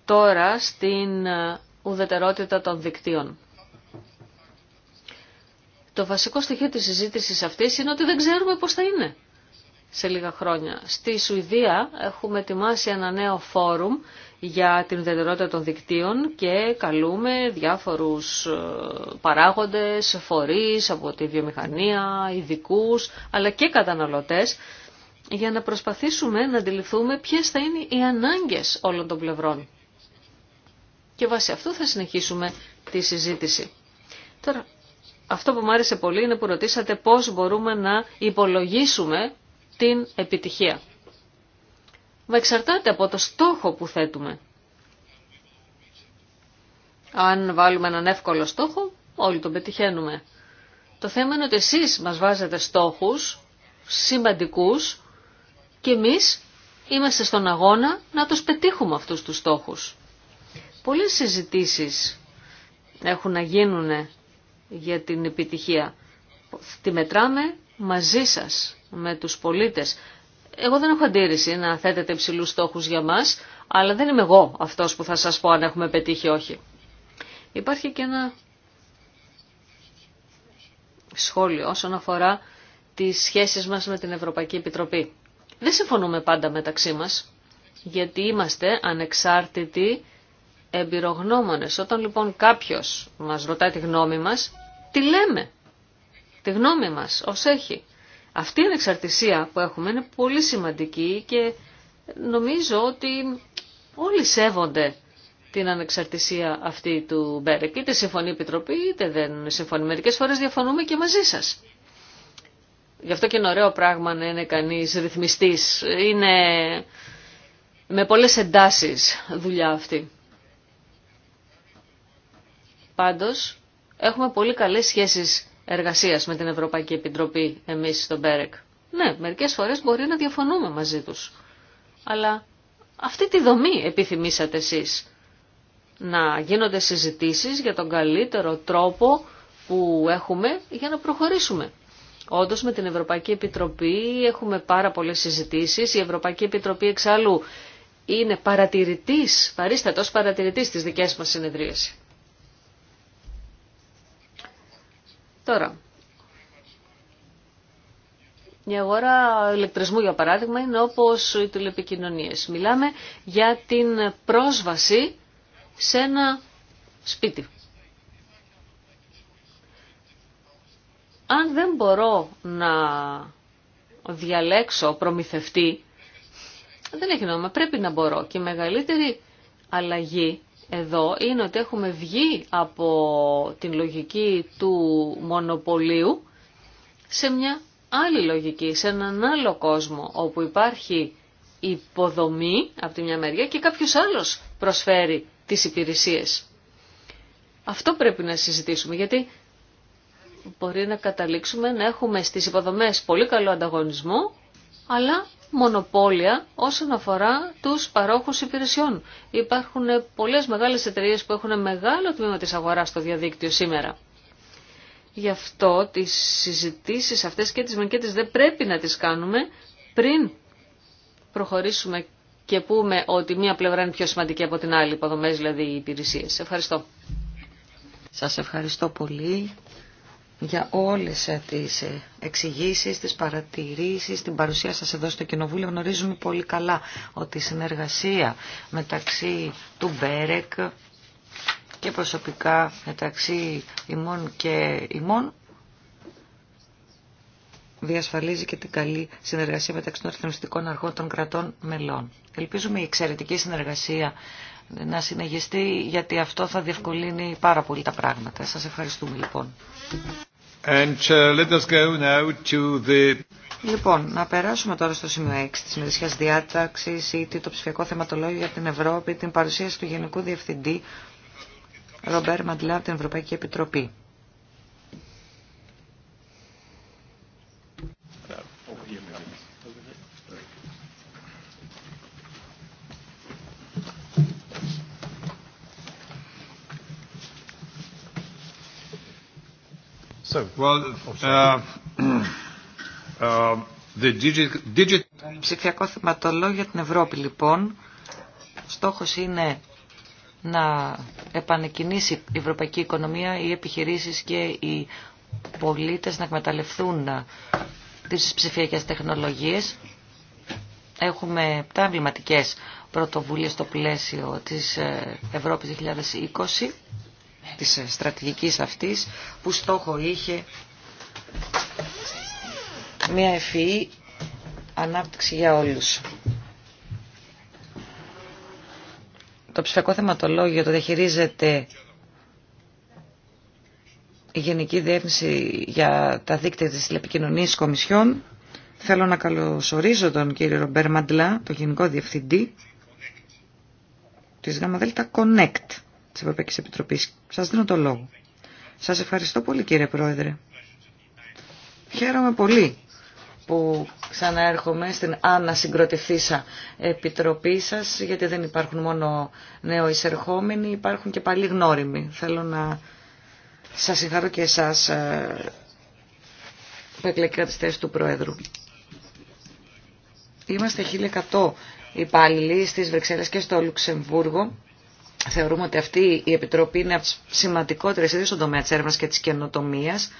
τώρα στην ε, ουδετερότητα των δικτύων. Το βασικό στοιχείο της συζήτησης αυτής είναι ότι δεν ξέρουμε πώς θα είναι σε λίγα χρόνια. Στη Σουηδία έχουμε ετοιμάσει ένα νέο φόρουμ για την ουδετερότητα των δικτύων και καλούμε διάφορους ε, παράγοντες, φορείς από τη βιομηχανία, ειδικού, αλλά και καταναλωτές για να προσπαθήσουμε να αντιληφθούμε ποιες θα είναι οι ανάγκες όλων των πλευρών. Και βάσει αυτού θα συνεχίσουμε τη συζήτηση. Τώρα, αυτό που μου άρεσε πολύ είναι που ρωτήσατε πώς μπορούμε να υπολογίσουμε την επιτυχία. Μα εξαρτάται από το στόχο που θέτουμε. Αν βάλουμε έναν εύκολο στόχο, όλοι τον πετυχαίνουμε. Το θέμα είναι ότι εσείς μας βάζετε στόχους σημαντικούς και εμείς είμαστε στον αγώνα να τους πετύχουμε αυτούς τους στόχους. Πολλές συζητήσεις έχουν να γίνουν για την επιτυχία. Τη μετράμε μαζί σας, με τους πολίτες. Εγώ δεν έχω αντίρρηση να θέτετε υψηλούς στόχους για μας, αλλά δεν είμαι εγώ αυτός που θα σας πω αν έχουμε πετύχει όχι. Υπάρχει και ένα σχόλιο όσον αφορά τις σχέσεις μας με την Ευρωπαϊκή Επιτροπή. Δεν συμφωνούμε πάντα μεταξύ μας, γιατί είμαστε ανεξάρτητοι εμπειρογνώμονες. Όταν λοιπόν κάποιος μας ρωτάει τη γνώμη μας, τι λέμε, τη γνώμη μας ως έχει. Αυτή η ανεξαρτησία που έχουμε είναι πολύ σημαντική και νομίζω ότι όλοι σέβονται την ανεξαρτησία αυτή του Μπέρεκ. Είτε συμφωνεί η Επιτροπή, είτε δεν συμφωνεί. Μερικές φορές διαφωνούμε και μαζί σας. Γι' αυτό και είναι ωραίο πράγμα να είναι κανείς ρυθμιστής. Είναι με πολλές εντάσεις δουλειά αυτή. Πάντως, έχουμε πολύ καλές σχέσεις εργασίας με την Ευρωπαϊκή Επιτροπή εμείς στον ΠΕΡΕΚ. Ναι, μερικές φορές μπορεί να διαφωνούμε μαζί τους. Αλλά αυτή τη δομή επιθυμήσατε εσείς. Να γίνονται συζητήσεις για τον καλύτερο τρόπο που έχουμε για να προχωρήσουμε. Όντως με την Ευρωπαϊκή Επιτροπή έχουμε πάρα πολλές συζητήσεις. Η Ευρωπαϊκή Επιτροπή εξάλλου είναι παρατηρητής, παρίστατος παρατηρητής της δικές μας συνεδρίες. Τώρα, η αγορά ηλεκτρισμού, για παράδειγμα, είναι όπως οι τηλεπικοινωνίες. Μιλάμε για την πρόσβαση σε ένα σπίτι. αν δεν μπορώ να διαλέξω προμηθευτή, δεν έχει νόημα, πρέπει να μπορώ. Και η μεγαλύτερη αλλαγή εδώ είναι ότι έχουμε βγει από την λογική του μονοπωλίου σε μια άλλη λογική, σε έναν άλλο κόσμο όπου υπάρχει υποδομή από τη μια μεριά και κάποιος άλλος προσφέρει τις υπηρεσίες. Αυτό πρέπει να συζητήσουμε γιατί μπορεί να καταλήξουμε να έχουμε στις υποδομές πολύ καλό ανταγωνισμό, αλλά μονοπόλια όσον αφορά τους παρόχους υπηρεσιών. Υπάρχουν πολλές μεγάλες εταιρείες που έχουν μεγάλο τμήμα της αγοράς στο διαδίκτυο σήμερα. Γι' αυτό τις συζητήσεις αυτές και τις μερικές δεν πρέπει να τις κάνουμε πριν προχωρήσουμε και πούμε ότι μία πλευρά είναι πιο σημαντική από την άλλη, υποδομές δηλαδή οι υπηρεσίες. Ευχαριστώ. Σας ευχαριστώ πολύ για όλες ε, τις ε, εξηγήσεις, τις παρατηρήσεις, την παρουσία σας εδώ στο Κοινοβούλιο. Γνωρίζουμε πολύ καλά ότι η συνεργασία μεταξύ του Μπέρεκ και προσωπικά μεταξύ ημών και ημών διασφαλίζει και την καλή συνεργασία μεταξύ των αριθμιστικών αρχών των κρατών μελών. Ελπίζουμε η εξαιρετική συνεργασία να συνεχιστεί γιατί αυτό θα διευκολύνει πάρα πολύ τα πράγματα. Σας ευχαριστούμε λοιπόν. Uh, λοιπόν, να περάσουμε τώρα στο σημείο 6 της Μερισιάς Διάταξης ή το ψηφιακό θεματολόγιο για την Ευρώπη, την παρουσίαση του Γενικού Διευθυντή Ρομπέρ Μαντλά από την Ευρωπαϊκή Επιτροπή. So, well, uh, uh digit, Ψηφιακό θεματολόγιο για την Ευρώπη λοιπόν. Στόχος είναι να επανεκκινήσει η ευρωπαϊκή οικονομία, οι επιχειρήσεις και οι πολίτες να εκμεταλλευτούν τι ψηφιακές τεχνολογίες. Έχουμε 7 εμβληματικές πρωτοβουλίες στο πλαίσιο της ε, Ευρώπης 2020 της στρατηγικής αυτής που στόχο είχε μια ευφυή ανάπτυξη για όλους. Το ψηφιακό θεματολόγιο το διαχειρίζεται η Γενική Διεύθυνση για τα δίκτυα της τηλεπικοινωνίας Κομισιόν. Θέλω να καλωσορίζω τον κύριο Ρομπέρ Μαντλά, τον Γενικό Διευθυντή της ΓΔ Connect. Τη Ευρωπαϊκή Επιτροπής. Σας δίνω το λόγο. Σας ευχαριστώ πολύ κύριε Πρόεδρε. Χαίρομαι πολύ που ξαναέρχομαι στην ανασυγκροτηθήσα επιτροπή σας, γιατί δεν υπάρχουν μόνο νέο εισερχόμενοι, υπάρχουν και πάλι γνώριμοι. Θέλω να σας συγχαρώ και εσάς που ε, εκλεκτικά του Πρόεδρου. Είμαστε 1100 υπάλληλοι στις Βρυξέλλες και στο Λουξεμβούργο Θεωρούμε ότι αυτή η Επιτροπή είναι από τις στον τομέα της έρευνας και της καινοτομίας,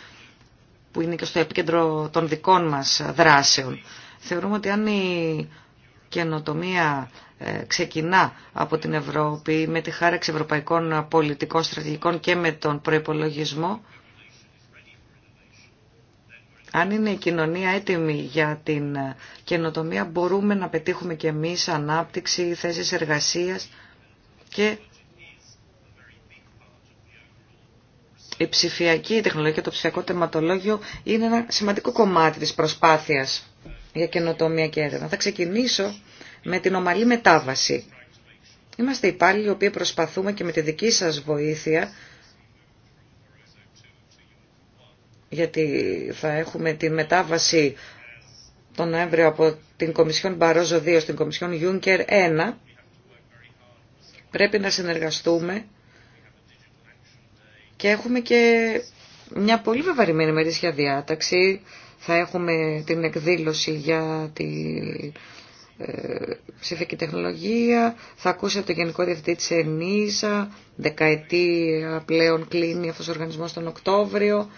που είναι και στο επίκεντρο των δικών μας δράσεων. Θεωρούμε ότι αν η καινοτομία ε, ξεκινά από την Ευρώπη με τη χάραξη ευρωπαϊκών πολιτικών στρατηγικών και με τον προϋπολογισμό, αν είναι η κοινωνία έτοιμη για την καινοτομία, μπορούμε να πετύχουμε και εμείς ανάπτυξη, θέσεις εργασίας και η ψηφιακή τεχνολογία το ψηφιακό τεματολόγιο είναι ένα σημαντικό κομμάτι της προσπάθειας για καινοτομία και έρευνα. Θα ξεκινήσω με την ομαλή μετάβαση. Είμαστε υπάλληλοι οι οποίοι προσπαθούμε και με τη δική σας βοήθεια γιατί θα έχουμε τη μετάβαση τον Νοέμβριο από την Κομισιόν Μπαρόζο 2 στην Κομισιόν Juncker 1 πρέπει να συνεργαστούμε και έχουμε και μια πολύ βεβαρημένη μερίσια διάταξη. Θα έχουμε την εκδήλωση για τη ε, ψηφιακή τεχνολογία. Θα ακούσετε τον Γενικό Διευθυντή της ΕΝΙΖΑ. Δεκαετία πλέον κλείνει αυτός ο οργανισμός τον Οκτώβριο.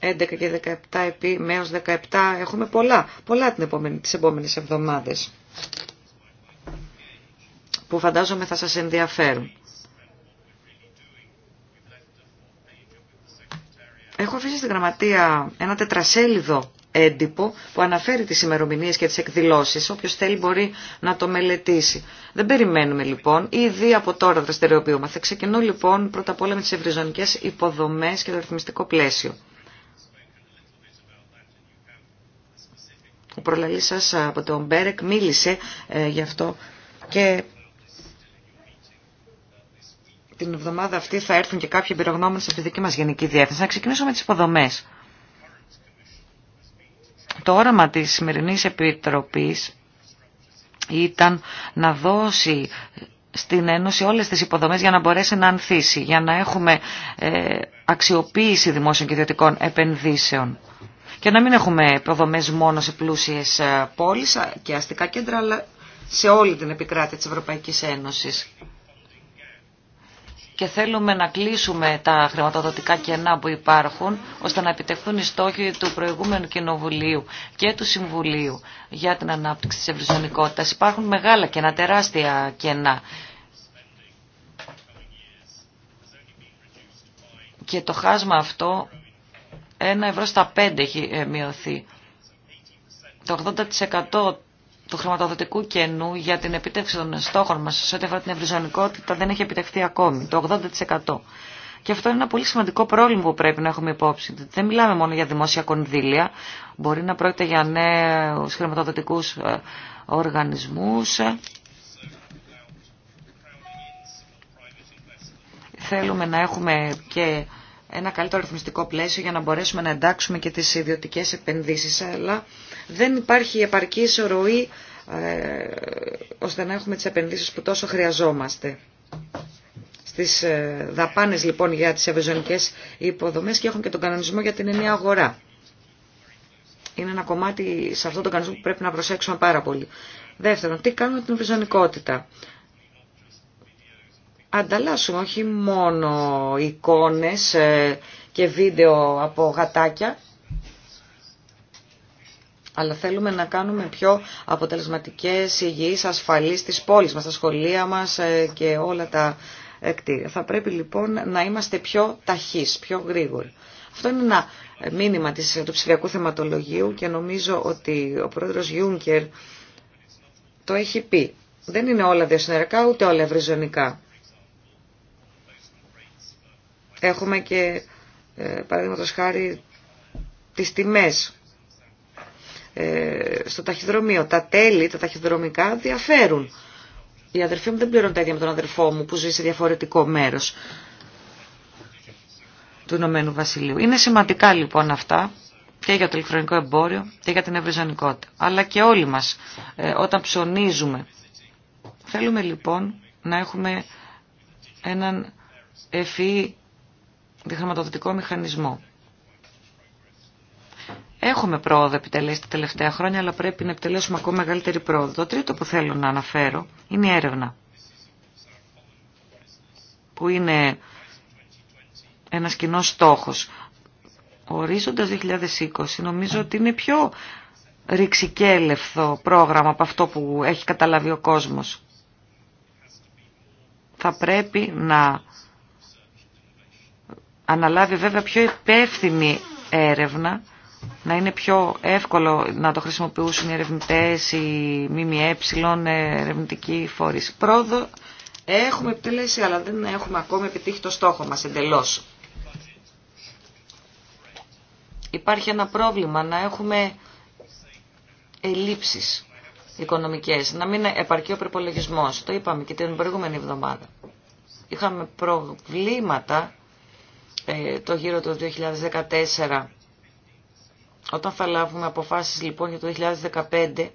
11 και 17 επί, 17 έχουμε πολλά, πολλά την επόμενη, τις επόμενες εβδομάδες που φαντάζομαι θα σας ενδιαφέρουν. Έχω αφήσει στην γραμματεία ένα τετρασέλιδο έντυπο που αναφέρει τις ημερομηνίε και τις εκδηλώσεις. Όποιος θέλει μπορεί να το μελετήσει. Δεν περιμένουμε λοιπόν. Ήδη από τώρα δραστηριοποιούμε. Θα ξεκινώ λοιπόν πρώτα απ' όλα με τις ευρυζωνικές υποδομές και το ρυθμιστικό πλαίσιο. Ο προλαλής σας ε, από τον Μπέρεκ μίλησε ε, γι' αυτό και την εβδομάδα αυτή θα έρθουν και κάποιοι εμπειρογνώμονε από τη δική μα Γενική Διεύθυνση. Να ξεκινήσω με τι υποδομέ. Το όραμα τη σημερινή Επιτροπής ήταν να δώσει στην Ένωση όλες τις υποδομές για να μπορέσει να ανθίσει, για να έχουμε ε, αξιοποίηση δημόσιων και ιδιωτικών επενδύσεων. Και να μην έχουμε υποδομές μόνο σε πλούσιες ε, πόλεις και αστικά κέντρα, αλλά σε όλη την επικράτεια της Ευρωπαϊκής Ένωσης και θέλουμε να κλείσουμε τα χρηματοδοτικά κενά που υπάρχουν ώστε να επιτευχθούν οι στόχοι του προηγούμενου Κοινοβουλίου και του Συμβουλίου για την ανάπτυξη της ευρυζωνικότητας. Υπάρχουν μεγάλα κενά, τεράστια κενά. Και το χάσμα αυτό, ένα ευρώ στα πέντε έχει ε, μειωθεί. Το 80% του χρηματοδοτικού κενού για την επίτευξη των στόχων μας σε ό,τι αφορά την ευρυζωνικότητα δεν έχει επιτευχθεί ακόμη, το 80%. Και αυτό είναι ένα πολύ σημαντικό πρόβλημα που πρέπει να έχουμε υπόψη. Δεν μιλάμε μόνο για δημόσια κονδύλια, μπορεί να πρόκειται για νέους χρηματοδοτικούς ε, οργανισμούς. Θέλουμε να έχουμε και ένα καλύτερο ρυθμιστικό πλαίσιο για να μπορέσουμε να εντάξουμε και τις ιδιωτικέ επενδύσεις, αλλά δεν υπάρχει επαρκή ισορροή ε, ώστε να έχουμε τις επενδύσεις που τόσο χρειαζόμαστε. Στις ε, δαπάνες λοιπόν για τις ευεζονικές υποδομές και έχουν και τον κανονισμό για την ενιαία αγορά. Είναι ένα κομμάτι σε αυτό τον κανονισμό που πρέπει να προσέξουμε πάρα πολύ. Δεύτερον, τι κάνουμε με την ευεζονικότητα ανταλλάσσουμε όχι μόνο εικόνες ε, και βίντεο από γατάκια, αλλά θέλουμε να κάνουμε πιο αποτελεσματικές, υγιείς, ασφαλείς της πόλεις μας, τα σχολεία μας ε, και όλα τα εκτίρια. Θα πρέπει λοιπόν να είμαστε πιο ταχείς, πιο γρήγοροι. Αυτό είναι ένα μήνυμα της, του ψηφιακού θεματολογίου και νομίζω ότι ο πρόεδρος Γιούνκερ το έχει πει. Δεν είναι όλα διασυνερικά ούτε όλα ευρυζωνικά. Έχουμε και, ε, παραδείγματο χάρη, τις τιμές ε, στο ταχυδρομείο. Τα τέλη, τα ταχυδρομικά διαφέρουν. Οι αδερφοί μου δεν πληρώνουν τα ίδια με τον αδερφό μου που ζει σε διαφορετικό μέρος του Ηνωμένου Βασιλείου. Είναι σημαντικά λοιπόν αυτά και για το ηλεκτρονικό εμπόριο και για την ευρυζωνικότητα. Αλλά και όλοι μας ε, όταν ψωνίζουμε. Θέλουμε λοιπόν να έχουμε έναν ευφύ διχρηματοδοτικό μηχανισμό. Έχουμε πρόοδο επιτελέσει τα τελευταία χρόνια, αλλά πρέπει να επιτελέσουμε ακόμα μεγαλύτερη πρόοδο. Το τρίτο που θέλω να αναφέρω είναι η έρευνα, που είναι ένας κοινό στόχος. ορίζοντας 2020 νομίζω ότι είναι πιο ρηξικέλευθο πρόγραμμα από αυτό που έχει καταλάβει ο κόσμος. Θα πρέπει να αναλάβει βέβαια πιο υπεύθυνη έρευνα, να είναι πιο εύκολο να το χρησιμοποιούσουν οι ερευνητές, οι ΜΜΕ, ε, ερευνητικοί φορείς. Πρόοδο έχουμε επιτελέσει, αλλά δεν έχουμε ακόμη επιτύχει το στόχο μας εντελώς. Υπάρχει ένα πρόβλημα να έχουμε ελλείψεις οικονομικές, να μην επαρκεί ο προπολογισμό. Το είπαμε και την προηγούμενη εβδομάδα. Είχαμε προβλήματα ε, το γύρο το 2014. Όταν θα λάβουμε αποφάσεις λοιπόν για το 2015,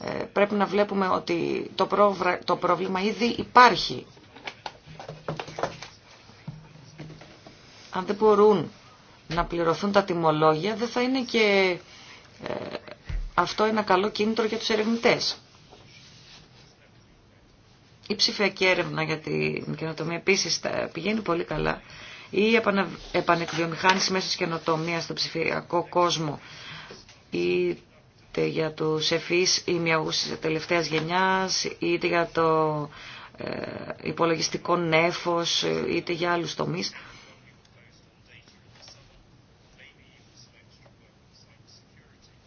ε, πρέπει να βλέπουμε ότι το, το πρόβλημα ήδη υπάρχει. Αν δεν μπορούν να πληρωθούν τα τιμολόγια, δεν θα είναι και ε, αυτό ένα καλό κίνητρο για τους ερευνητές. Η ψηφιακή έρευνα για την καινοτομία επίσης πηγαίνει πολύ καλά η επανεκβιομηχάνηση μέσω της καινοτομίας στο ψηφιακό κόσμο είτε για τους μια ημιαγούς τελευταίας γενιάς είτε για το ε, υπολογιστικό νέφος είτε για άλλους τομείς.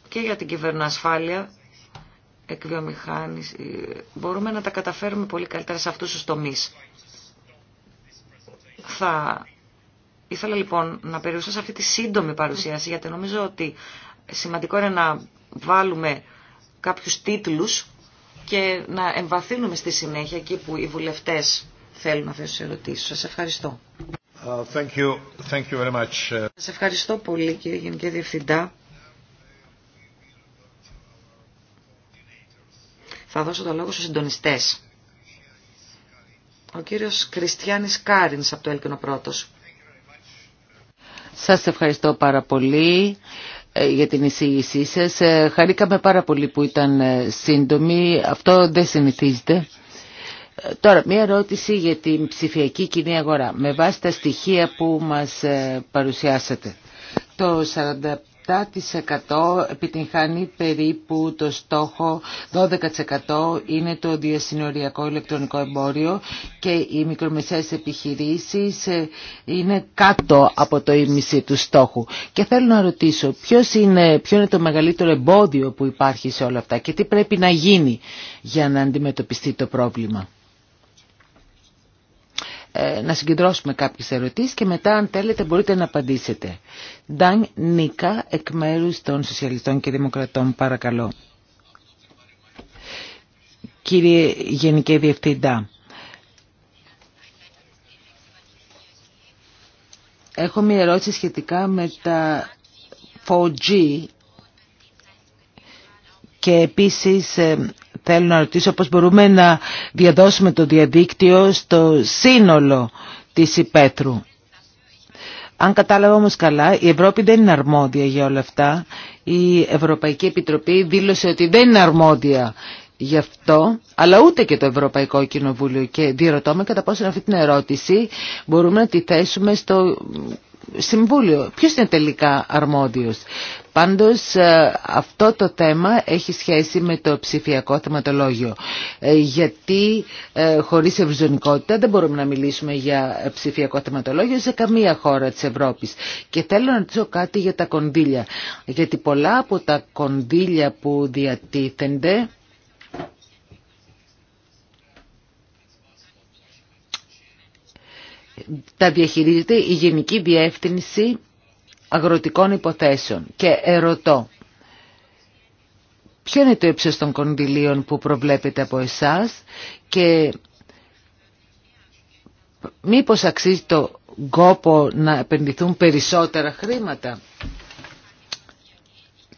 και για την κυβερνοασφάλεια εκβιομηχάνηση μπορούμε να τα καταφέρουμε πολύ καλύτερα σε αυτούς τους τομείς. Θα Ήθελα λοιπόν να περιουσώ σε αυτή τη σύντομη παρουσίαση, γιατί νομίζω ότι σημαντικό είναι να βάλουμε κάποιους τίτλους και να εμβαθύνουμε στη συνέχεια εκεί που οι βουλευτές θέλουν να θέσουν ερωτήσεις. Σας ευχαριστώ. Uh, thank you. Thank you very much. Σας ευχαριστώ πολύ κύριε Γενική Διευθυντά. Θα δώσω το λόγο στους συντονιστές. Ο κύριος Κριστιανής Κάρινς από το Έλκυνο Πρώτος. Σας ευχαριστώ πάρα πολύ ε, για την εισήγησή σας. Ε, χαρήκαμε πάρα πολύ που ήταν ε, σύντομη. Αυτό δεν συνηθίζεται. Τώρα, μία ερώτηση για την ψηφιακή κοινή αγορά. Με βάση τα στοιχεία που μας παρουσιάσατε, το 7% επιτυγχάνει περίπου το στόχο 12% είναι το διασυνοριακό ηλεκτρονικό εμπόριο και οι μικρομεσαίες επιχειρήσεις ε, είναι κάτω από το ίμιση του στόχου. Και θέλω να ρωτήσω ποιος είναι, ποιο είναι το μεγαλύτερο εμπόδιο που υπάρχει σε όλα αυτά και τι πρέπει να γίνει για να αντιμετωπιστεί το πρόβλημα. Ε, να συγκεντρώσουμε κάποιες ερωτήσεις και μετά αν θέλετε μπορείτε να απαντήσετε. Νταν Νίκα εκ μέρους των Σοσιαλιστών και Δημοκρατών παρακαλώ. Κύριε Γενική Διευθύντα, έχω μια ερώτηση σχετικά με τα 4G και επίσης ε, θέλω να ρωτήσω πώς μπορούμε να διαδώσουμε το διαδίκτυο στο σύνολο της υπέτρου. Αν κατάλαβα όμως καλά, η Ευρώπη δεν είναι αρμόδια για όλα αυτά. Η Ευρωπαϊκή Επιτροπή δήλωσε ότι δεν είναι αρμόδια γι' αυτό, αλλά ούτε και το Ευρωπαϊκό Κοινοβούλιο. Και διερωτώ με κατά πόσο αυτή την ερώτηση μπορούμε να τη θέσουμε στο Συμβούλιο. Ποιος είναι τελικά αρμόδιος. Πάντως ε, αυτό το θέμα έχει σχέση με το ψηφιακό θεματολόγιο. Ε, γιατί ε, χωρίς ευρυζωνικότητα δεν μπορούμε να μιλήσουμε για ψηφιακό θεματολόγιο σε καμία χώρα της Ευρώπης. Και θέλω να ρωτήσω κάτι για τα κονδύλια. Γιατί πολλά από τα κονδύλια που διατίθενται τα διαχειρίζεται η Γενική Διεύθυνση Αγροτικών Υποθέσεων. Και ερωτώ, ποιο είναι το ύψος των κονδυλίων που προβλέπετε από εσάς και μήπως αξίζει το κόπο να επενδυθούν περισσότερα χρήματα.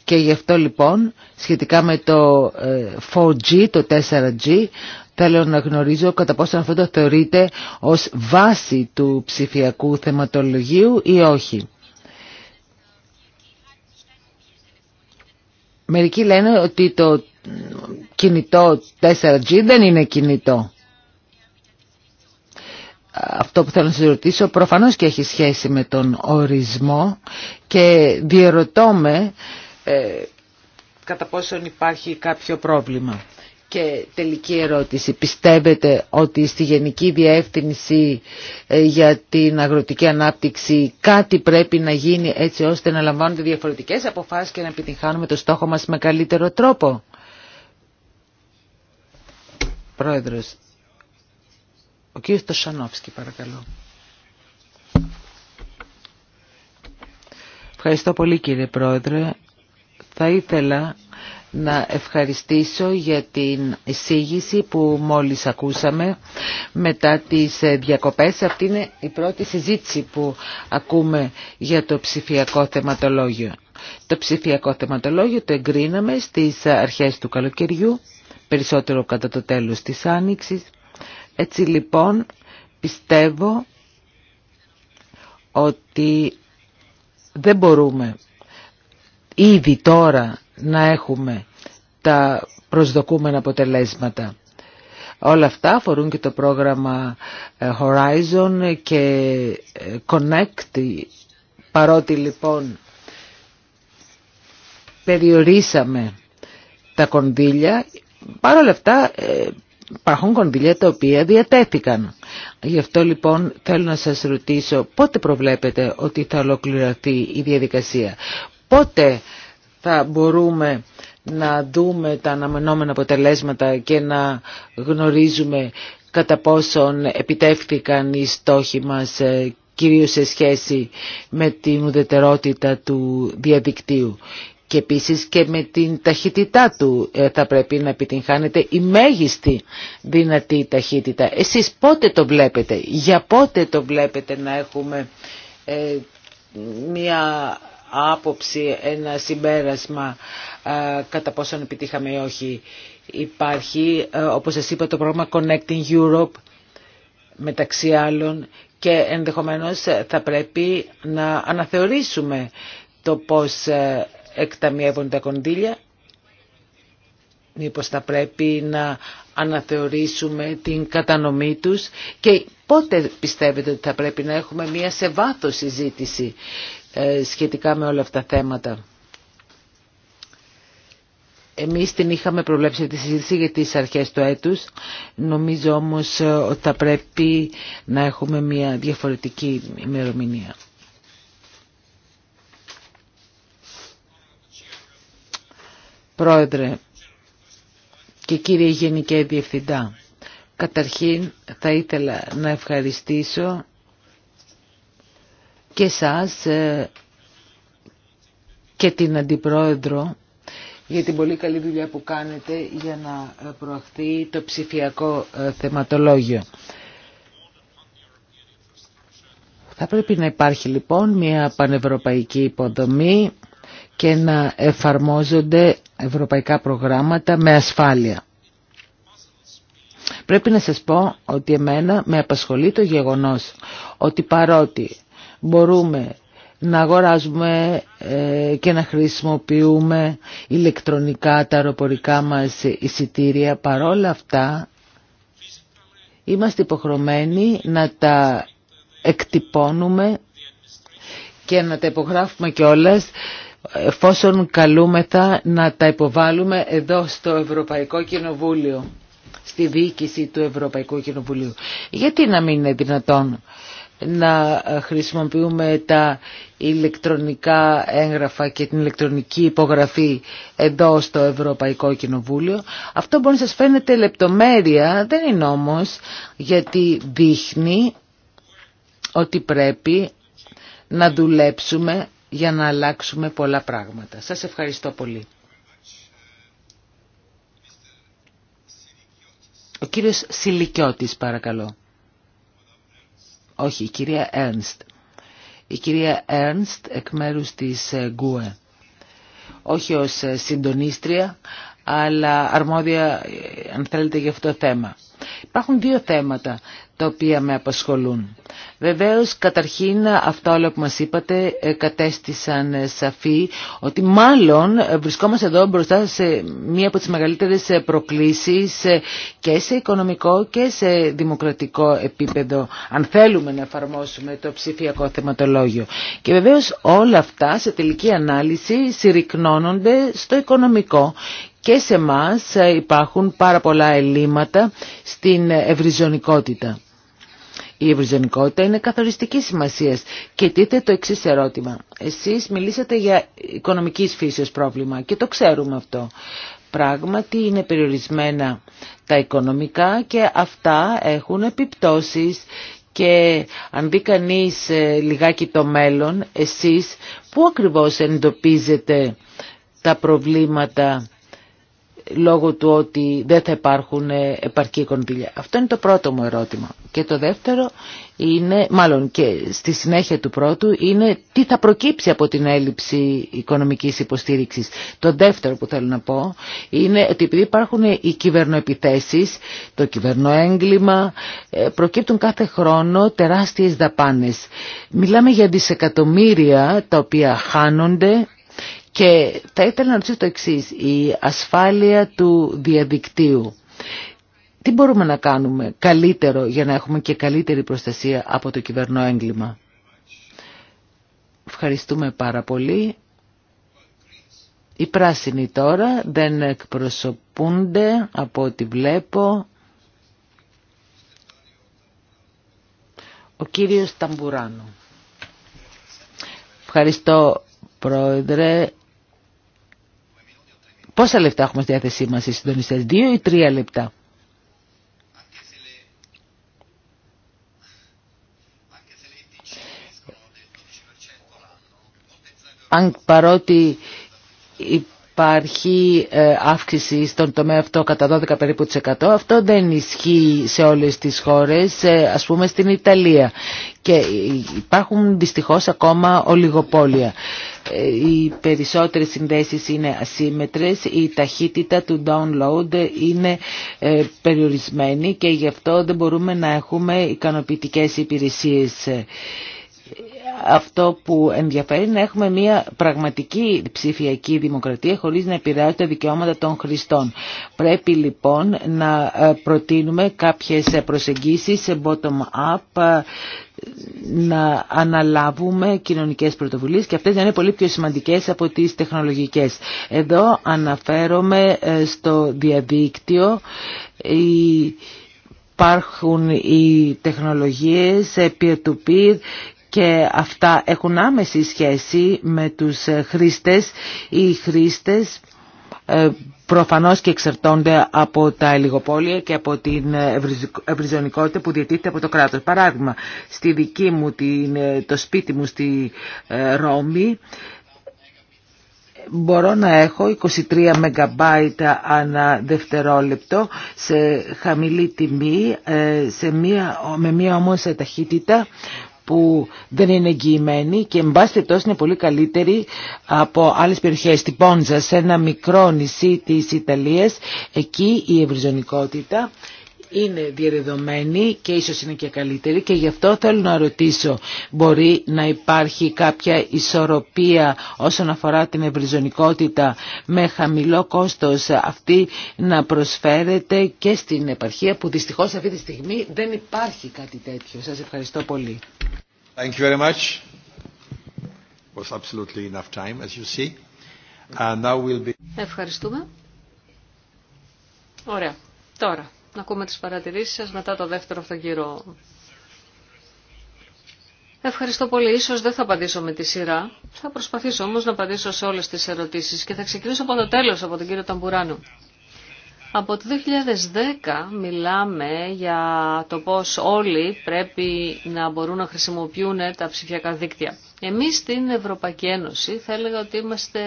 Και γι' αυτό λοιπόν σχετικά με το 4G, ε, το 4G, Θέλω να γνωρίζω κατά πόσο αυτό το θεωρείτε ως βάση του ψηφιακού θεματολογίου ή όχι. Μερικοί λένε ότι το κινητό 4G δεν είναι κινητό. Αυτό που θέλω να σας ρωτήσω προφανώς και έχει σχέση με τον ορισμό και διερωτώ με ε, κατά πόσον υπάρχει κάποιο πρόβλημα. Και τελική ερώτηση. Πιστεύετε ότι στη Γενική Διεύθυνση ε, για την Αγροτική Ανάπτυξη κάτι πρέπει να γίνει έτσι ώστε να λαμβάνονται διαφορετικές αποφάσεις και να επιτυγχάνουμε το στόχο μας με καλύτερο τρόπο. Πρόεδρος, ο κ. Τοσανόφσκι παρακαλώ. Ευχαριστώ πολύ κύριε Πρόεδρε. Θα ήθελα να ευχαριστήσω για την εισήγηση που μόλις ακούσαμε μετά τις ε, διακοπές. Αυτή είναι η πρώτη συζήτηση που ακούμε για το ψηφιακό θεματολόγιο. Το ψηφιακό θεματολόγιο το εγκρίναμε στις αρχές του καλοκαιριού, περισσότερο κατά το τέλος της άνοιξης. Έτσι λοιπόν πιστεύω ότι δεν μπορούμε ήδη τώρα να έχουμε τα προσδοκούμενα αποτελέσματα. Όλα αυτά αφορούν και το πρόγραμμα ε, Horizon και ε, Connect. Παρότι λοιπόν περιορίσαμε τα κονδύλια, παρόλα αυτά ε, υπάρχουν κονδύλια τα οποία διατέθηκαν. Γι' αυτό λοιπόν θέλω να σας ρωτήσω πότε προβλέπετε ότι θα ολοκληρωθεί η διαδικασία. Πότε θα μπορούμε να δούμε τα αναμενόμενα αποτελέσματα και να γνωρίζουμε κατά πόσον επιτεύχθηκαν οι στόχοι μας ε, κυρίως σε σχέση με την ουδετερότητα του διαδικτύου. Και επίσης και με την ταχύτητά του ε, θα πρέπει να επιτυγχάνεται η μέγιστη δυνατή ταχύτητα. Εσείς πότε το βλέπετε, για πότε το βλέπετε να έχουμε ε, μια άποψη, ένα συμπέρασμα ε, κατά πόσον επιτύχαμε ή όχι. Υπάρχει, ε, όπως σας είπα, το πρόγραμμα Connecting Europe μεταξύ άλλων και ενδεχομένως θα πρέπει να αναθεωρήσουμε το πώς ε, εκταμιεύουν τα κονδύλια. Μήπως θα πρέπει να αναθεωρήσουμε την κατανομή τους και πότε πιστεύετε ότι θα πρέπει να έχουμε μία σε βάθος συζήτηση ε, σχετικά με όλα αυτά τα θέματα. Εμείς την είχαμε προβλέψει τη συζήτηση για τις αρχές του έτους. Νομίζω όμως ε, ότι θα πρέπει να έχουμε μια διαφορετική ημερομηνία. Πρόεδρε και κύριε Γενικέ Διευθυντά, καταρχήν θα ήθελα να ευχαριστήσω και εσάς ε, και την Αντιπρόεδρο για την πολύ καλή δουλειά που κάνετε για να ε, προαχθεί το ψηφιακό ε, θεματολόγιο. Θα πρέπει να υπάρχει λοιπόν μια πανευρωπαϊκή υποδομή και να εφαρμόζονται ευρωπαϊκά προγράμματα με ασφάλεια. Πρέπει να σας πω ότι εμένα με απασχολεί το γεγονός ότι παρότι μπορούμε να αγοράζουμε ε, και να χρησιμοποιούμε ηλεκτρονικά τα αεροπορικά μας εισιτήρια. Παρόλα αυτά είμαστε υποχρεωμένοι να τα εκτυπώνουμε και να τα υπογράφουμε κιόλας εφόσον καλούμεθα να τα υποβάλουμε εδώ στο Ευρωπαϊκό Κοινοβούλιο, στη διοίκηση του Ευρωπαϊκού Κοινοβουλίου. Γιατί να μην είναι δυνατόν να ε, χρησιμοποιούμε τα ηλεκτρονικά έγγραφα και την ηλεκτρονική υπογραφή εδώ στο Ευρωπαϊκό Κοινοβούλιο. Αυτό μπορεί να σας φαίνεται λεπτομέρεια, δεν είναι όμως, γιατί δείχνει ότι πρέπει να δουλέψουμε για να αλλάξουμε πολλά πράγματα. Σας ευχαριστώ πολύ. Ο κύριος Σιλικιώτης, παρακαλώ. Όχι, η κυρία Έρνστ. Η κυρία Έρνστ εκ μέρους της ε, Γκουε. Όχι ως ε, συντονίστρια, αλλά αρμόδια ε, αν θέλετε για αυτό το θέμα. Υπάρχουν δύο θέματα τα οποία με απασχολούν. Βεβαίως, καταρχήν, αυτά όλα που μας είπατε ε, κατέστησαν ε, σαφή ότι μάλλον ε, βρισκόμαστε εδώ μπροστά σε μία από τις μεγαλύτερες προκλήσεις και σε οικονομικό και σε δημοκρατικό επίπεδο, αν θέλουμε να εφαρμόσουμε το ψηφιακό θεματολόγιο. Και βεβαίως όλα αυτά σε τελική ανάλυση συρρυκνώνονται στο οικονομικό και σε εμά υπάρχουν πάρα πολλά ελλείμματα στην ευρυζωνικότητα. Η ευρυζωνικότητα είναι καθοριστική σημασία. Και τίθε το εξή ερώτημα. Εσεί μιλήσατε για οικονομική φύσεω πρόβλημα και το ξέρουμε αυτό. Πράγματι είναι περιορισμένα τα οικονομικά και αυτά έχουν επιπτώσεις και αν δει κανεί ε, λιγάκι το μέλλον, εσείς πού ακριβώς εντοπίζετε τα προβλήματα λόγω του ότι δεν θα υπάρχουν ε, επαρκή κονδύλια. Αυτό είναι το πρώτο μου ερώτημα. Και το δεύτερο είναι, μάλλον και στη συνέχεια του πρώτου, είναι τι θα προκύψει από την έλλειψη οικονομικής υποστήριξης. Το δεύτερο που θέλω να πω είναι ότι επειδή υπάρχουν ε, οι κυβερνοεπιθέσεις, το κυβερνοέγκλημα, ε, προκύπτουν κάθε χρόνο τεράστιες δαπάνες. Μιλάμε για δισεκατομμύρια τα οποία χάνονται και θα ήθελα να ρωτήσω το εξή, η ασφάλεια του διαδικτύου. Τι μπορούμε να κάνουμε καλύτερο για να έχουμε και καλύτερη προστασία από το κυβερνό έγκλημα. Ευχαριστούμε πάρα πολύ. Οι πράσινοι τώρα δεν εκπροσωπούνται από ό,τι βλέπω. Ο κύριος Ταμπουράνου. Ευχαριστώ πρόεδρε. Πόσα λεπτά έχουμε στη διάθεσή μας οι συντονιστέ. τρία λεπτά. Αν παρότι η τρια λεπτα αν παροτι υπάρχει ε, αύξηση στον τομέα αυτό κατά 12 περίπου Αυτό δεν ισχύει σε όλες τις χώρες, ε, ας πούμε στην Ιταλία. Και υπάρχουν δυστυχώς ακόμα ολιγοπόλια. Ε, οι περισσότερες συνδέσεις είναι ασύμετρες, η ταχύτητα του download είναι περιορισμένη και γι' αυτό δεν μπορούμε να έχουμε ικανοποιητικές υπηρεσίες αυτό που ενδιαφέρει είναι να έχουμε μια πραγματική ψηφιακή δημοκρατία χωρίς να επηρεάζει τα δικαιώματα των χρηστών. Πρέπει λοιπόν να ε, προτείνουμε κάποιες προσεγγίσεις bottom-up, ε, να αναλάβουμε κοινωνικές πρωτοβουλίες και αυτές να είναι πολύ πιο σημαντικές από τις τεχνολογικές. Εδώ αναφέρομαι ε, στο διαδίκτυο υπάρχουν οι τεχνολογίες peer-to-peer peer to peer και αυτά έχουν άμεση σχέση με τους ε, χρήστες. Οι χρήστες ε, προφανώς και εξαρτώνται από τα ελιγοπόλια και από την ε, ευρυζωνικότητα που διατίθεται από το κράτος. Παράδειγμα, στη δική μου, την, το σπίτι μου στη Ρώμη, μπορώ να έχω 23 MB ανά δευτερόλεπτο σε χαμηλή τιμή, σε μία, με μία όμως ταχύτητα που δεν είναι εγγυημένη και εν τόσο, είναι πολύ καλύτερη από άλλες περιοχές. Στην Πόντζα, σε ένα μικρό νησί της Ιταλίας, εκεί η ευρυζωνικότητα είναι διαδεδομένη και ίσως είναι και καλύτερη και γι' αυτό θέλω να ρωτήσω μπορεί να υπάρχει κάποια ισορροπία όσον αφορά την ευρυζωνικότητα με χαμηλό κόστος αυτή να προσφέρεται και στην επαρχία που δυστυχώς αυτή τη στιγμή δεν υπάρχει κάτι τέτοιο. Σας ευχαριστώ πολύ. Thank you very much. Was absolutely enough time, as you see. now we'll be... Ευχαριστούμε. Ωραία. Τώρα να ακούμε τις παρατηρήσεις σας μετά το δεύτερο αυτό γύρο. Ευχαριστώ πολύ. Ίσως δεν θα απαντήσω με τη σειρά. Θα προσπαθήσω όμως να απαντήσω σε όλες τις ερωτήσεις και θα ξεκινήσω από το τέλος, από τον κύριο Ταμπουράνου. Από το 2010 μιλάμε για το πώς όλοι πρέπει να μπορούν να χρησιμοποιούν τα ψηφιακά δίκτυα. Εμείς στην Ευρωπαϊκή Ένωση θα έλεγα ότι είμαστε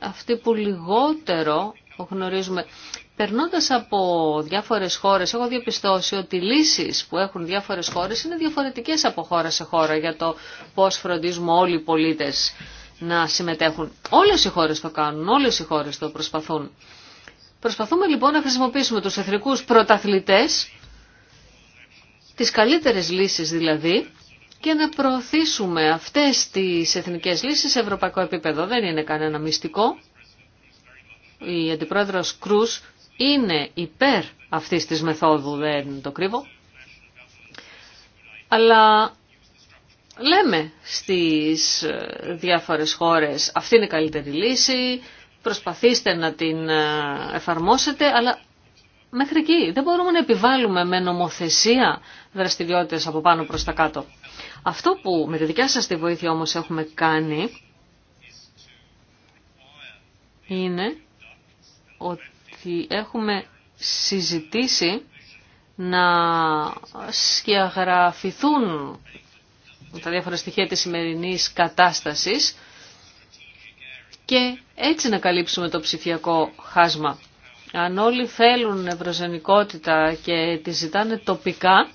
αυτοί που λιγότερο γνωρίζουμε. Περνώντας από διάφορες χώρες, έχω διαπιστώσει ότι οι λύσεις που έχουν διάφορες χώρες είναι διαφορετικές από χώρα σε χώρα για το πώς φροντίζουμε όλοι οι πολίτες να συμμετέχουν. Όλες οι χώρες το κάνουν, όλες οι χώρες το προσπαθούν. Προσπαθούμε λοιπόν να χρησιμοποιήσουμε τους εθνικούς πρωταθλητές, τις καλύτερες λύσεις δηλαδή, και να προωθήσουμε αυτές τις εθνικές λύσεις σε ευρωπαϊκό επίπεδο. Δεν είναι κανένα μυστικό η Αντιπρόεδρος Κρούς είναι υπέρ αυτής της μεθόδου, δεν το κρύβω. Αλλά λέμε στις ε, διάφορες χώρες αυτή είναι η καλύτερη λύση, προσπαθήστε να την ε, εφαρμόσετε, αλλά μέχρι εκεί δεν μπορούμε να επιβάλλουμε με νομοθεσία δραστηριότητες από πάνω προς τα κάτω. Αυτό που με τη δικιά σας τη βοήθεια όμως έχουμε κάνει είναι ότι έχουμε συζητήσει να σκιαγραφηθούν τα διάφορα στοιχεία της σημερινής κατάστασης και έτσι να καλύψουμε το ψηφιακό χάσμα. Αν όλοι θέλουν ευρωζενικότητα και τη ζητάνε τοπικά,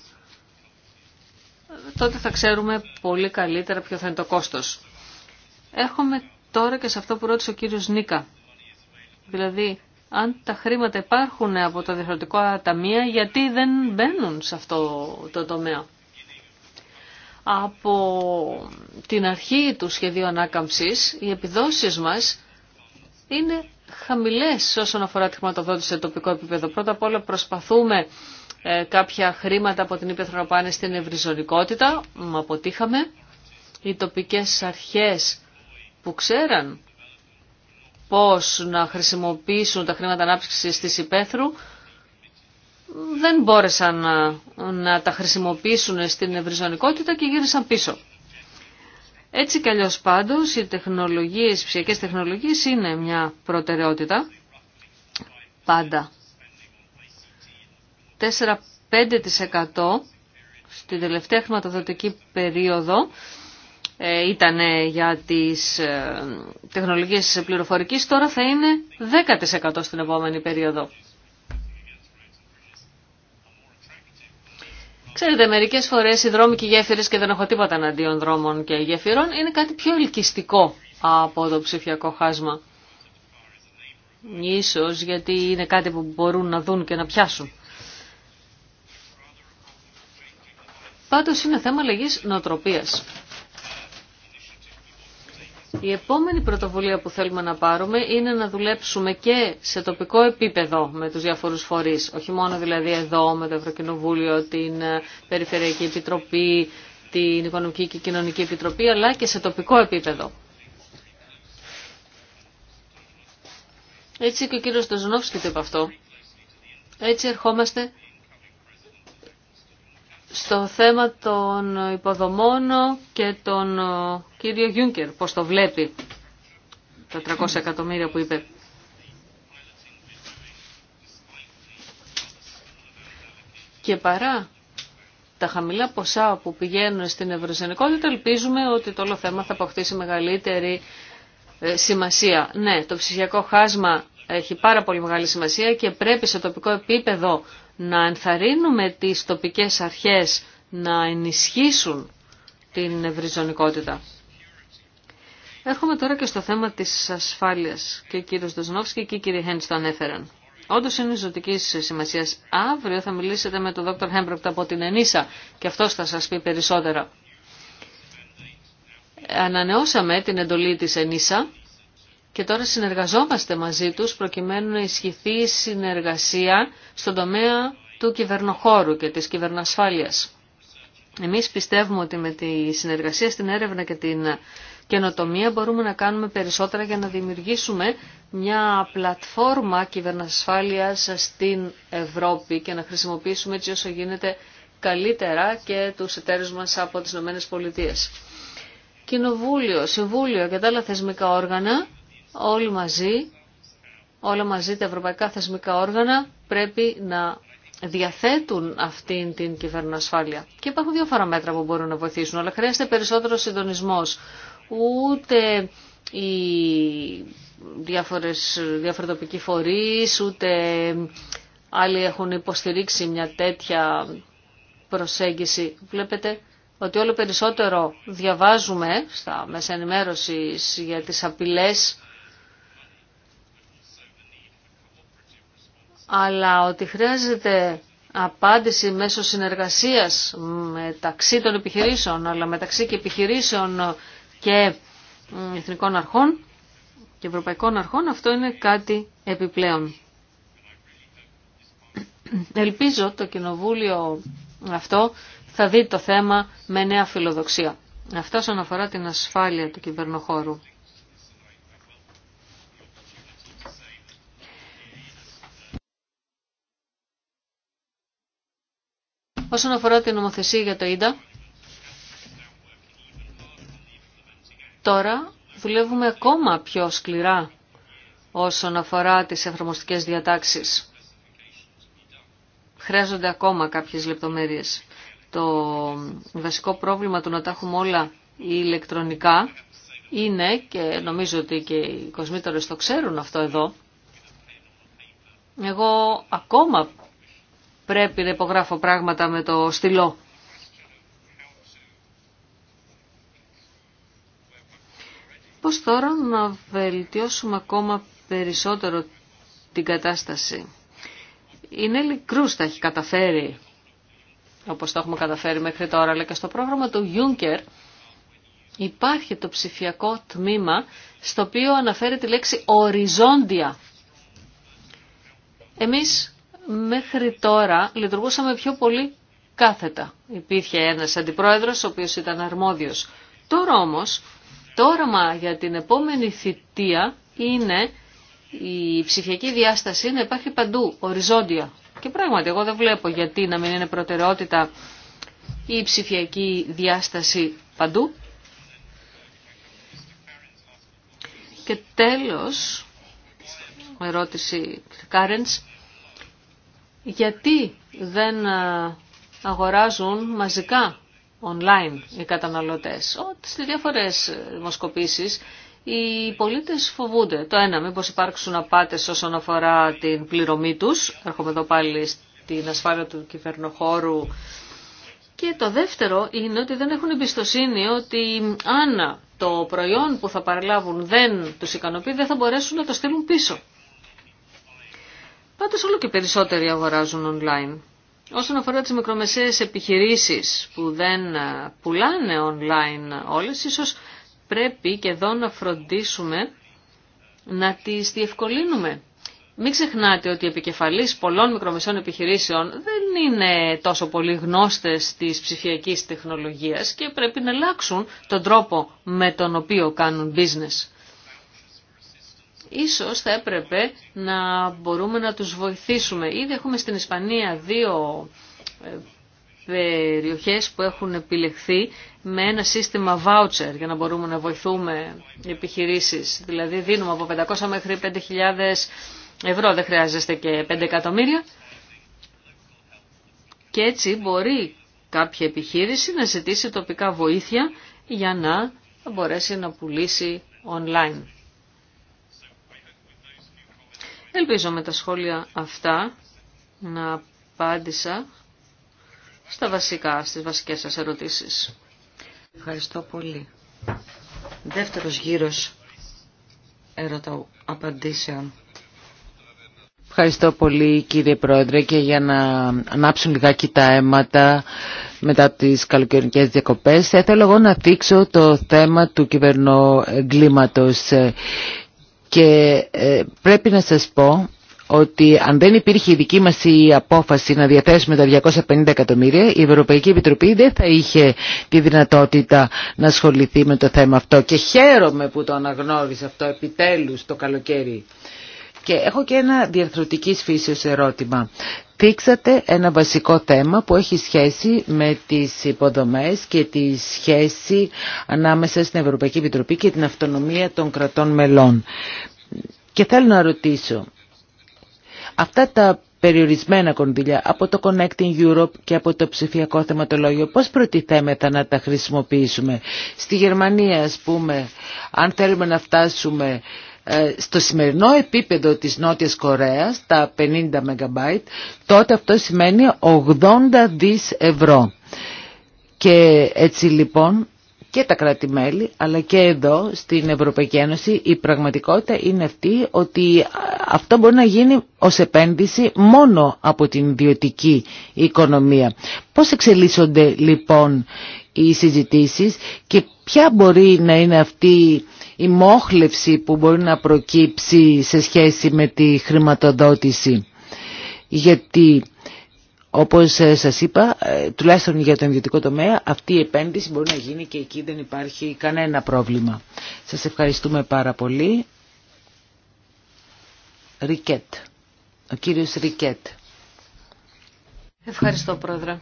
τότε θα ξέρουμε πολύ καλύτερα ποιο θα είναι το κόστος. Έχουμε τώρα και σε αυτό που ρώτησε ο κύριος Νίκα. Δηλαδή, αν τα χρήματα υπάρχουν από τα διαφορετικά ταμεία, γιατί δεν μπαίνουν σε αυτό το τομέα. Από την αρχή του σχεδίου ανάκαμψης, οι επιδόσεις μας είναι χαμηλές όσον αφορά τη χρηματοδότηση σε τοπικό επίπεδο. Πρώτα απ' όλα προσπαθούμε ε, κάποια χρήματα από την Ήπεθρο να πάνε στην ευρυζωνικότητα, αποτύχαμε. Οι τοπικές αρχές που ξέραν πώς να χρησιμοποιήσουν τα χρήματα ανάπτυξης της υπαίθρου, δεν μπόρεσαν να, να τα χρησιμοποιήσουν στην ευρυζωνικότητα και γύρισαν πίσω. Έτσι κι αλλιώς πάντως οι τεχνολογίες, οι τεχνολογίες είναι μια προτεραιότητα πάντα. 4-5% στην τελευταία χρηματοδοτική περίοδο ε, ήταν για τις ε, τεχνολογίες πληροφορικής, τώρα θα είναι 10% στην επόμενη περίοδο. Ξέρετε, μερικέ φορέ οι δρόμοι και οι γέφυρε, και δεν έχω τίποτα εναντίον δρόμων και γέφυρων, είναι κάτι πιο ελκυστικό από το ψηφιακό χάσμα. Ίσως γιατί είναι κάτι που μπορούν να δουν και να πιάσουν. Πάντως είναι θέμα λεγής νοοτροπίας. Η επόμενη πρωτοβουλία που θέλουμε να πάρουμε είναι να δουλέψουμε και σε τοπικό επίπεδο με τους διαφορούς φορείς, όχι μόνο δηλαδή εδώ με το Ευρωκοινοβούλιο, την ε, Περιφερειακή Επιτροπή, την Οικονομική και Κοινωνική Επιτροπή, αλλά και σε τοπικό επίπεδο. Έτσι και ο κύριος Τεζονόφσκη το είπε αυτό. Έτσι ερχόμαστε στο θέμα των υποδομών και τον ε, κύριο Γιούνκερ, πώς το βλέπει, τα 300 εκατομμύρια που είπε. Και παρά τα χαμηλά ποσά που πηγαίνουν στην ευρωζενικότητα, ελπίζουμε ότι το όλο θέμα θα αποκτήσει μεγαλύτερη ε, σημασία. Ναι, το ψηφιακό χάσμα έχει πάρα πολύ μεγάλη σημασία και πρέπει σε τοπικό επίπεδο να ενθαρρύνουμε τις τοπικές αρχές να ενισχύσουν την ευρυζωνικότητα. Έρχομαι τώρα και στο θέμα της ασφάλειας και ο κύριος Δοσνόφσκι και η κύριε Χέντς το ανέφεραν. Όντω είναι ζωτική σημασία. Αύριο θα μιλήσετε με τον Δόκτωρ Χέμπροπτ από την Ενίσα και αυτό θα σα πει περισσότερα. Ανανεώσαμε την εντολή τη Ενίσα και τώρα συνεργαζόμαστε μαζί τους προκειμένου να ισχυθεί η συνεργασία στον τομέα του κυβερνοχώρου και της κυβερνοασφάλειας. Εμείς πιστεύουμε ότι με τη συνεργασία στην έρευνα και την καινοτομία μπορούμε να κάνουμε περισσότερα για να δημιουργήσουμε μια πλατφόρμα κυβερνοασφάλειας στην Ευρώπη και να χρησιμοποιήσουμε έτσι όσο γίνεται καλύτερα και τους εταίρους μας από τις ΗΠΑ. Κοινοβούλιο, Συμβούλιο και τα άλλα θεσμικά όργανα όλοι μαζί, όλα μαζί τα ευρωπαϊκά θεσμικά όργανα πρέπει να διαθέτουν αυτήν την κυβερνοασφάλεια. Και υπάρχουν διάφορα μέτρα που μπορούν να βοηθήσουν, αλλά χρειάζεται περισσότερο συντονισμός. Ούτε οι διάφορες, τοπικοί φορείς, ούτε άλλοι έχουν υποστηρίξει μια τέτοια προσέγγιση. Βλέπετε ότι όλο περισσότερο διαβάζουμε στα μέσα ενημέρωσης για τις απειλές αλλά ότι χρειάζεται απάντηση μέσω συνεργασίας μεταξύ των επιχειρήσεων, αλλά μεταξύ και επιχειρήσεων και εθνικών αρχών και ευρωπαϊκών αρχών, αυτό είναι κάτι επιπλέον. Ελπίζω το Κοινοβούλιο αυτό θα δει το θέμα με νέα φιλοδοξία. Αυτά όσον αφορά την ασφάλεια του κυβερνοχώρου. Όσον αφορά την νομοθεσία για το ΙΝΤΑ, τώρα δουλεύουμε ακόμα πιο σκληρά όσον αφορά τις εφαρμοστικές διατάξεις. Χρειάζονται ακόμα κάποιες λεπτομέρειες. Το βασικό πρόβλημα του να τα έχουμε όλα ηλεκτρονικά είναι, και νομίζω ότι και οι κοσμήτωρες το ξέρουν αυτό εδώ, εγώ ακόμα πρέπει να υπογράφω πράγματα με το στυλό. Πώς τώρα να βελτιώσουμε ακόμα περισσότερο την κατάσταση. Η Νέλη Κρούς τα έχει καταφέρει, όπως το έχουμε καταφέρει μέχρι τώρα, αλλά και στο πρόγραμμα του Juncker υπάρχει το ψηφιακό τμήμα στο οποίο αναφέρει τη λέξη οριζόντια. Εμείς μέχρι τώρα λειτουργούσαμε πιο πολύ κάθετα. Υπήρχε ένας αντιπρόεδρος ο οποίος ήταν αρμόδιος. Τώρα όμως, το όραμα για την επόμενη θητεία είναι η ψηφιακή διάσταση να υπάρχει παντού, οριζόντια. Και πράγματι, εγώ δεν βλέπω γιατί να μην είναι προτεραιότητα η ψηφιακή διάσταση παντού. Και τέλος, ερώτηση Κάρεντς, γιατί δεν ε, αγοράζουν μαζικά online οι καταναλωτές. Ότι στις διάφορες δημοσκοπήσεις οι πολίτες φοβούνται. Το ένα, μήπως υπάρξουν απάτες όσον αφορά την πληρωμή τους. Έρχομαι εδώ πάλι στην ασφάλεια του κυβερνοχώρου. Και το δεύτερο είναι ότι δεν έχουν εμπιστοσύνη ότι αν το προϊόν που θα παραλάβουν δεν τους ικανοποιεί, δεν θα μπορέσουν να το στείλουν πίσω. Πάντως όλο και περισσότεροι αγοράζουν online. Όσον αφορά τις μικρομεσαίες επιχειρήσεις που δεν ε, πουλάνε online όλες, ίσως πρέπει και εδώ να φροντίσουμε να τις διευκολύνουμε. Μην ξεχνάτε ότι οι επικεφαλείς πολλών μικρομεσαίων επιχειρήσεων δεν είναι τόσο πολύ γνώστες της ψηφιακής τεχνολογίας και πρέπει να αλλάξουν τον τρόπο με τον οποίο κάνουν business. Ίσως θα έπρεπε να μπορούμε να τους βοηθήσουμε. Ήδη έχουμε στην Ισπανία δύο ε, περιοχές που έχουν επιλεχθεί με ένα σύστημα voucher για να μπορούμε να βοηθούμε επιχειρήσεις. Δηλαδή δίνουμε από 500 μέχρι 5.000 ευρώ, δεν χρειάζεστε και 5 εκατομμύρια. Και έτσι μπορεί κάποια επιχείρηση να ζητήσει τοπικά βοήθεια για να μπορέσει να πουλήσει online. Ελπίζω με τα σχόλια αυτά να απάντησα στα βασικά, στις βασικές σας ερωτήσεις. Ευχαριστώ πολύ. Δεύτερος γύρος ερωτώ απαντήσεων. Ευχαριστώ πολύ κύριε Πρόεδρε και για να ανάψουν λιγάκι τα αίματα μετά τις καλοκαιρινές διακοπές. Θα ήθελα εγώ να δείξω το θέμα του κυβερνοεγκλήματος. Και ε, πρέπει να σας πω ότι αν δεν υπήρχε η δική μας η απόφαση να διαθέσουμε τα 250 εκατομμύρια, η Ευρωπαϊκή Επιτροπή δεν θα είχε τη δυνατότητα να ασχοληθεί με το θέμα αυτό. Και χαίρομαι που το αναγνώρισε αυτό επιτέλους το καλοκαίρι. Και έχω και ένα διαρθρωτικής φύσεως ερώτημα. Δείξατε ένα βασικό θέμα που έχει σχέση με τις υποδομές και τη σχέση ανάμεσα στην Ευρωπαϊκή Επιτροπή και την αυτονομία των κρατών μελών. Και θέλω να ρωτήσω, αυτά τα περιορισμένα κονδύλια από το Connecting Europe και από το ψηφιακό θεματολόγιο πώς προτιθέμεθα να τα χρησιμοποιήσουμε στη Γερμανία ας πούμε αν θέλουμε να φτάσουμε ε, στο σημερινό επίπεδο της Νότιας Κορέας, τα 50 MB, τότε αυτό σημαίνει 80 δις ευρώ. Και έτσι λοιπόν και τα κράτη-μέλη, αλλά και εδώ στην Ευρωπαϊκή Ένωση η πραγματικότητα είναι αυτή ότι αυτό μπορεί να γίνει ως επένδυση μόνο από την ιδιωτική οικονομία. Πώς εξελίσσονται λοιπόν οι συζητήσεις και ποια μπορεί να είναι αυτή η μόχλευση που μπορεί να προκύψει σε σχέση με τη χρηματοδότηση. Γιατί όπως ε, σας είπα, ε, τουλάχιστον για το ιδιωτικό τομέα, αυτή η επένδυση μπορεί να γίνει και εκεί δεν υπάρχει κανένα πρόβλημα. Σας ευχαριστούμε πάρα πολύ. Ρικέτ. Ο κύριος Ρικέτ. Ευχαριστώ, Πρόεδρε.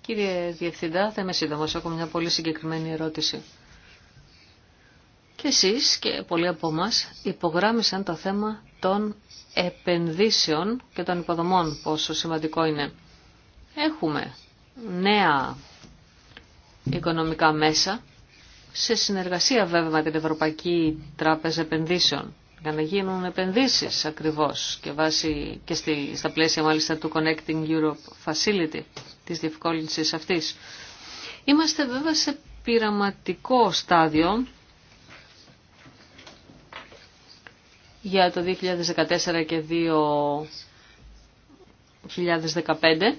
Κύριε Διευθυντά, θα είμαι σύντομος. Έχω μια πολύ συγκεκριμένη ερώτηση. Και εσείς και πολλοί από εμά υπογράμμισαν το θέμα των επενδύσεων και των υποδομών, πόσο σημαντικό είναι. Έχουμε νέα οικονομικά μέσα, σε συνεργασία βέβαια με την Ευρωπαϊκή Τράπεζα Επενδύσεων, για να γίνουν επενδύσεις ακριβώς και, βάση και στη, στα πλαίσια μάλιστα του Connecting Europe Facility, της διευκόλυνσης αυτής. Είμαστε βέβαια σε πειραματικό στάδιο για το 2014 και 2015.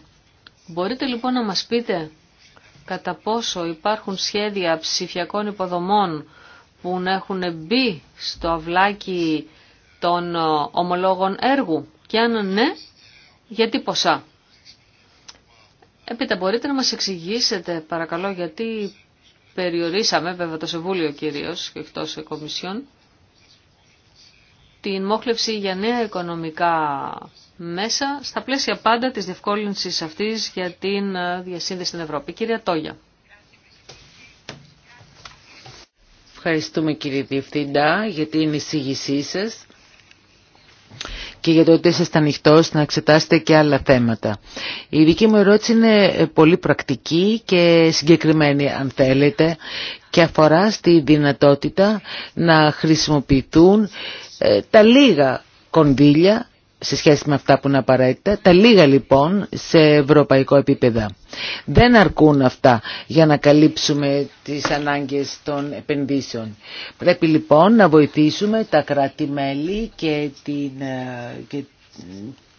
Μπορείτε λοιπόν να μας πείτε κατά πόσο υπάρχουν σχέδια ψηφιακών υποδομών που να έχουν μπει στο αυλάκι των ομολόγων έργου και αν ναι, γιατί ποσά. Επίτα μπορείτε να μας εξηγήσετε παρακαλώ γιατί περιορίσαμε, βέβαια το Σεβούλιο κυρίως και εκτός Κομισιόν, την μόχλευση για νέα οικονομικά μέσα, στα πλαίσια πάντα της διευκόλυνσης αυτής για την ε, διασύνδεση στην Ευρώπη. Κυρία Τόγια. Ευχαριστούμε κύριε Διευθύντα για την εισήγησή σας και για το ότι είστε ανοιχτό να εξετάσετε και άλλα θέματα. Η δική μου ερώτηση είναι ε, πολύ πρακτική και συγκεκριμένη αν θέλετε και αφορά στη δυνατότητα να χρησιμοποιηθούν ε, τα λίγα κονδύλια σε σχέση με αυτά που είναι απαραίτητα, τα λίγα λοιπόν σε ευρωπαϊκό επίπεδο. Δεν αρκούν αυτά για να καλύψουμε τις ανάγκες των επενδύσεων. Πρέπει λοιπόν να βοηθήσουμε τα κράτη-μέλη και, την, ε,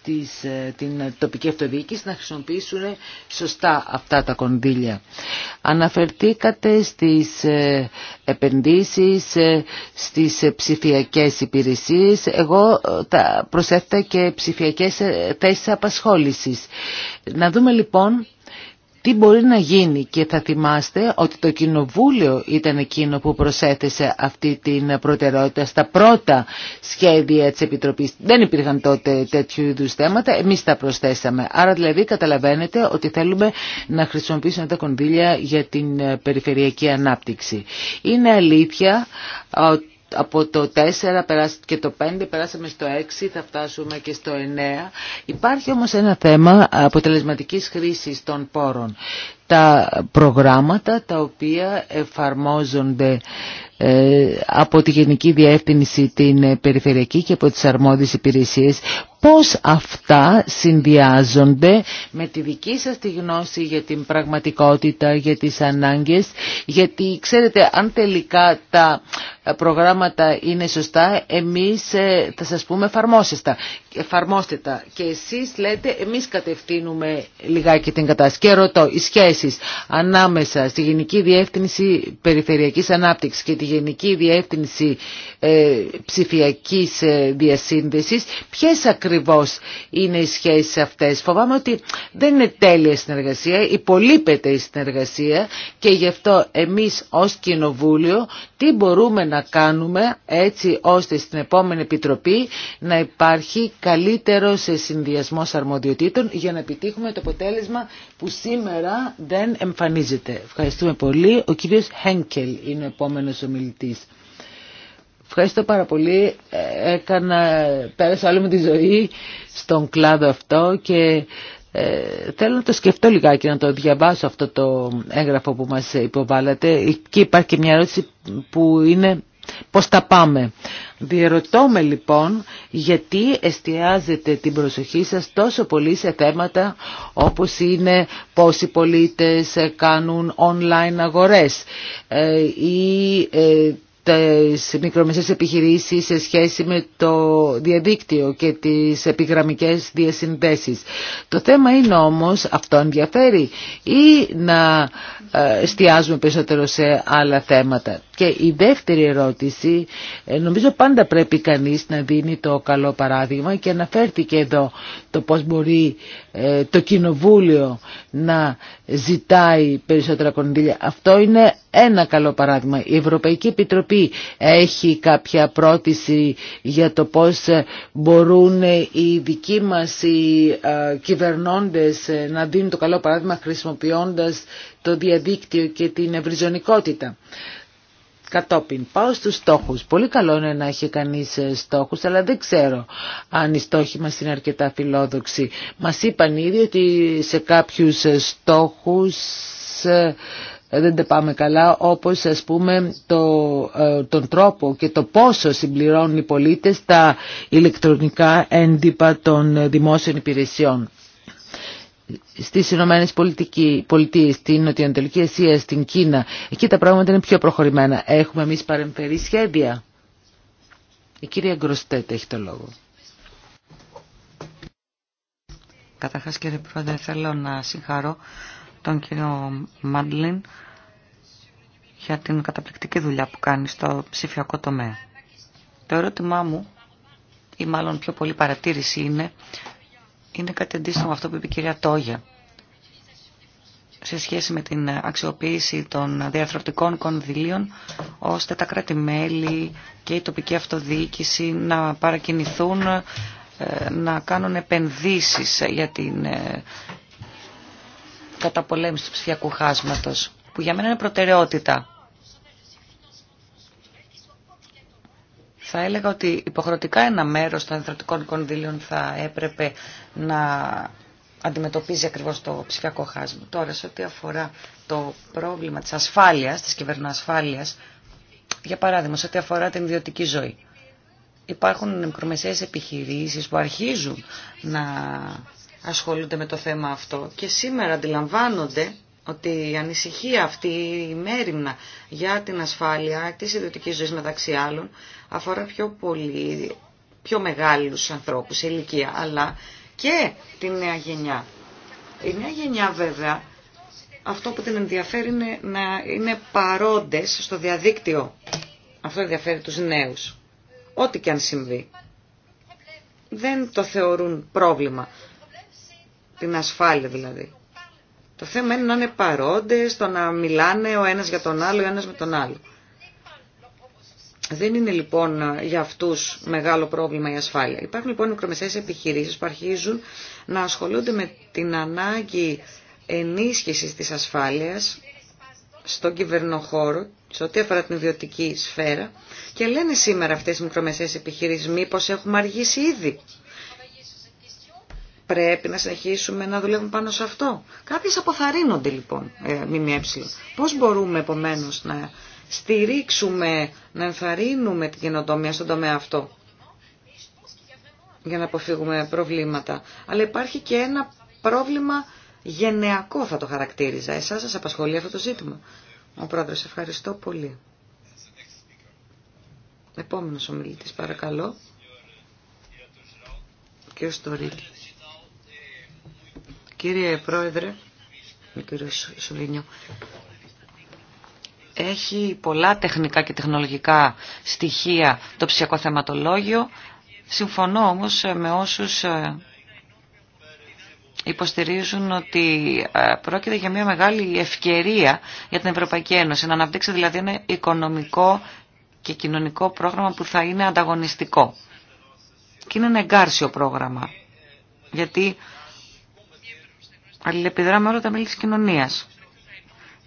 τις, ε, την τοπική αυτοδιοίκηση να χρησιμοποιήσουν σωστά αυτά τα κονδύλια. Αναφερθήκατε στις ε, επενδύσεις, ε, στις ψηφιακές υπηρεσίες. Εγώ τα προσέφτα και ψηφιακές θέσεις απασχόλησης. Να δούμε λοιπόν τι μπορεί να γίνει και θα θυμάστε ότι το Κοινοβούλιο ήταν εκείνο που προσέθεσε αυτή την προτεραιότητα στα πρώτα σχέδια της Επιτροπής. Δεν υπήρχαν τότε τέτοιου είδους θέματα, εμείς τα προσθέσαμε. Άρα δηλαδή καταλαβαίνετε ότι θέλουμε να χρησιμοποιήσουμε τα κονδύλια για την περιφερειακή ανάπτυξη. Είναι αλήθεια ότι από το 4 και το 5 περάσαμε στο 6, θα φτάσουμε και στο 9. Υπάρχει όμως ένα θέμα αποτελεσματικής χρήσης των πόρων. Τα προγράμματα τα οποία εφαρμόζονται ε, από τη Γενική Διεύθυνση την Περιφερειακή και από τις αρμόδιες υπηρεσίες πώς αυτά συνδυάζονται με τη δική σας τη γνώση για την πραγματικότητα, για τις ανάγκες, γιατί ξέρετε αν τελικά τα προγράμματα είναι σωστά, εμείς ε, θα σας πούμε εφαρμόσεστα. Εφαρμόστε Και εσείς λέτε, εμείς κατευθύνουμε λιγάκι την κατάσταση. Και ρωτώ, οι σχέσεις ανάμεσα στη Γενική Διεύθυνση Περιφερειακής Ανάπτυξης και τη Γενική Διεύθυνση ε, Ψηφιακής ε, Διασύνδεσης, ποιες ακριβώς είναι οι σχέσεις αυτές. Φοβάμαι ότι δεν είναι τέλεια η συνεργασία, υπολείπεται η συνεργασία και γι' αυτό εμείς ως Κοινοβούλιο τι μπορούμε να κάνουμε έτσι ώστε στην επόμενη Επιτροπή να υπάρχει σε συνδυασμός αρμοδιοτήτων για να επιτύχουμε το αποτέλεσμα που σήμερα δεν εμφανίζεται. Ευχαριστούμε πολύ. Ο κύριος Χένκελ είναι ο επόμενος ομιλητής. Ευχαριστώ πάρα πολύ. Ε, έκανα, πέρασα όλη μου τη ζωή στον κλάδο αυτό και ε, θέλω να το σκεφτώ λιγάκι, να το διαβάσω αυτό το έγγραφο που μας υποβάλλατε. Και υπάρχει και μια ερώτηση που είναι πώς τα πάμε. Διερωτώ με λοιπόν γιατί εστιάζετε την προσοχή σας τόσο πολύ σε θέματα όπως είναι πόσοι πολίτες κάνουν online αγορές ε, ή τις μικρομεσαίες επιχειρήσεις σε σχέση με το διαδίκτυο και τις επιγραμμικές διασυνδέσεις. Το θέμα είναι όμως αυτό ενδιαφέρει ή να ε, εστιάζουμε περισσότερο σε άλλα θέματα. Και η δεύτερη ερώτηση, ε, νομίζω πάντα πρέπει κανείς να δίνει το καλό παράδειγμα και αναφέρθηκε εδώ το πώς μπορεί ε, το κοινοβούλιο να ζητάει περισσότερα κονδύλια. Αυτό είναι ένα καλό παράδειγμα. Η Ευρωπαϊκή Επιτροπή έχει κάποια πρόταση για το πώς ε, μπορούν οι δικοί μας οι κυβερνώντες να δίνουν το καλό παράδειγμα χρησιμοποιώντας το διαδίκτυο και την ευρυζωνικότητα. Κατόπιν πάω στους στόχους. Πολύ καλό είναι να έχει κανείς ε, στόχους, αλλά δεν ξέρω αν οι στόχοι μας είναι αρκετά φιλόδοξοι. Μας είπαν ήδη ότι σε κάποιους ε, στόχους ε, δεν τα πάμε καλά, όπως ας πούμε το, τον τρόπο και το πόσο συμπληρώνουν οι πολίτες τα ηλεκτρονικά έντυπα των δημόσιων υπηρεσιών στις Ηνωμένε Πολιτείε, στην Νοτιοανατολική Ασία, στην Κίνα. Εκεί τα πράγματα είναι πιο προχωρημένα. Έχουμε εμείς παρεμφερή σχέδια. Η κυρία Γκροστέτ έχει το λόγο. Καταρχάς κύριε Πρόεδρε θέλω να συγχαρώ τον κύριο Μάντλιν για την καταπληκτική δουλειά που κάνει στο ψηφιακό τομέα. Το ερώτημά μου ή μάλλον πιο πολύ παρατήρηση είναι είναι κάτι αντίστοιχο αυτό που είπε η κυρία Τόγια σε σχέση με την αξιοποίηση των διαρθρωτικών κονδυλίων ώστε τα κράτη-μέλη και η τοπική αυτοδιοίκηση να παρακινηθούν ε, να κάνουν επενδύσεις για την ε, καταπολέμηση του ψηφιακού χάσματος που για μένα είναι προτεραιότητα Θα έλεγα ότι υποχρεωτικά ένα μέρος των ανθρωπικών κονδύλιων θα έπρεπε να αντιμετωπίζει ακριβώς το ψηφιακό χάσμα. Τώρα, σε ό,τι αφορά το πρόβλημα της ασφάλειας, της κυβερνοασφάλειας, για παράδειγμα, σε ό,τι αφορά την ιδιωτική ζωή. Υπάρχουν μικρομεσαίες επιχειρήσεις που αρχίζουν να ασχολούνται με το θέμα αυτό και σήμερα αντιλαμβάνονται ότι η ανησυχία αυτή, η μέρημνα για την ασφάλεια της ιδιωτικής ζωής μεταξύ άλλων αφορά πιο πολύ, πιο μεγάλους ανθρώπους ηλικία, αλλά και τη νέα γενιά. Η νέα γενιά βέβαια, αυτό που την ενδιαφέρει είναι να είναι παρόντες στο διαδίκτυο. Αυτό ενδιαφέρει τους νέους. Ό,τι και αν συμβεί. Δεν το θεωρούν πρόβλημα. Την ασφάλεια δηλαδή. Το θέμα είναι να είναι παρόντες, το να μιλάνε ο ένας για τον άλλο, ο ένας με τον άλλο. Δεν είναι λοιπόν για αυτού μεγάλο πρόβλημα η ασφάλεια. Υπάρχουν λοιπόν μικρομεσαίες επιχειρήσει που αρχίζουν να ασχολούνται με την ανάγκη ενίσχυσης της ασφάλειας στον κυβερνοχώρο, σε ό,τι αφορά την ιδιωτική σφαίρα και λένε σήμερα αυτές οι μικρομεσαίες επιχειρήσεις μήπως έχουμε αργήσει ήδη πρέπει να συνεχίσουμε να δουλεύουμε πάνω σε αυτό. Κάποιες αποθαρρύνονται λοιπόν ε, ΜΜΕ. Πώς μπορούμε επομένως να στηρίξουμε, να ενθαρρύνουμε την καινοτομία στον τομέα αυτό για να αποφύγουμε προβλήματα. Αλλά υπάρχει και ένα πρόβλημα γενεακό θα το χαρακτήριζα. Εσάς σας απασχολεί αυτό το ζήτημα. Ο πρόεδρος, ευχαριστώ πολύ. Επόμενος ομιλητής, παρακαλώ. Και ο Κύριε Πρόεδρε, ο κύριο Σουλίνιο, έχει πολλά τεχνικά και τεχνολογικά στοιχεία το ψηφιακό θεματολόγιο. Συμφωνώ όμως με όσους ε, υποστηρίζουν ότι ε, πρόκειται για μια μεγάλη ευκαιρία για την Ευρωπαϊκή Ένωση να αναπτύξει δηλαδή ένα οικονομικό και κοινωνικό πρόγραμμα που θα είναι ανταγωνιστικό. Και είναι ένα εγκάρσιο πρόγραμμα, γιατί αλληλεπιδρά με όλα τα μέλη της κοινωνίας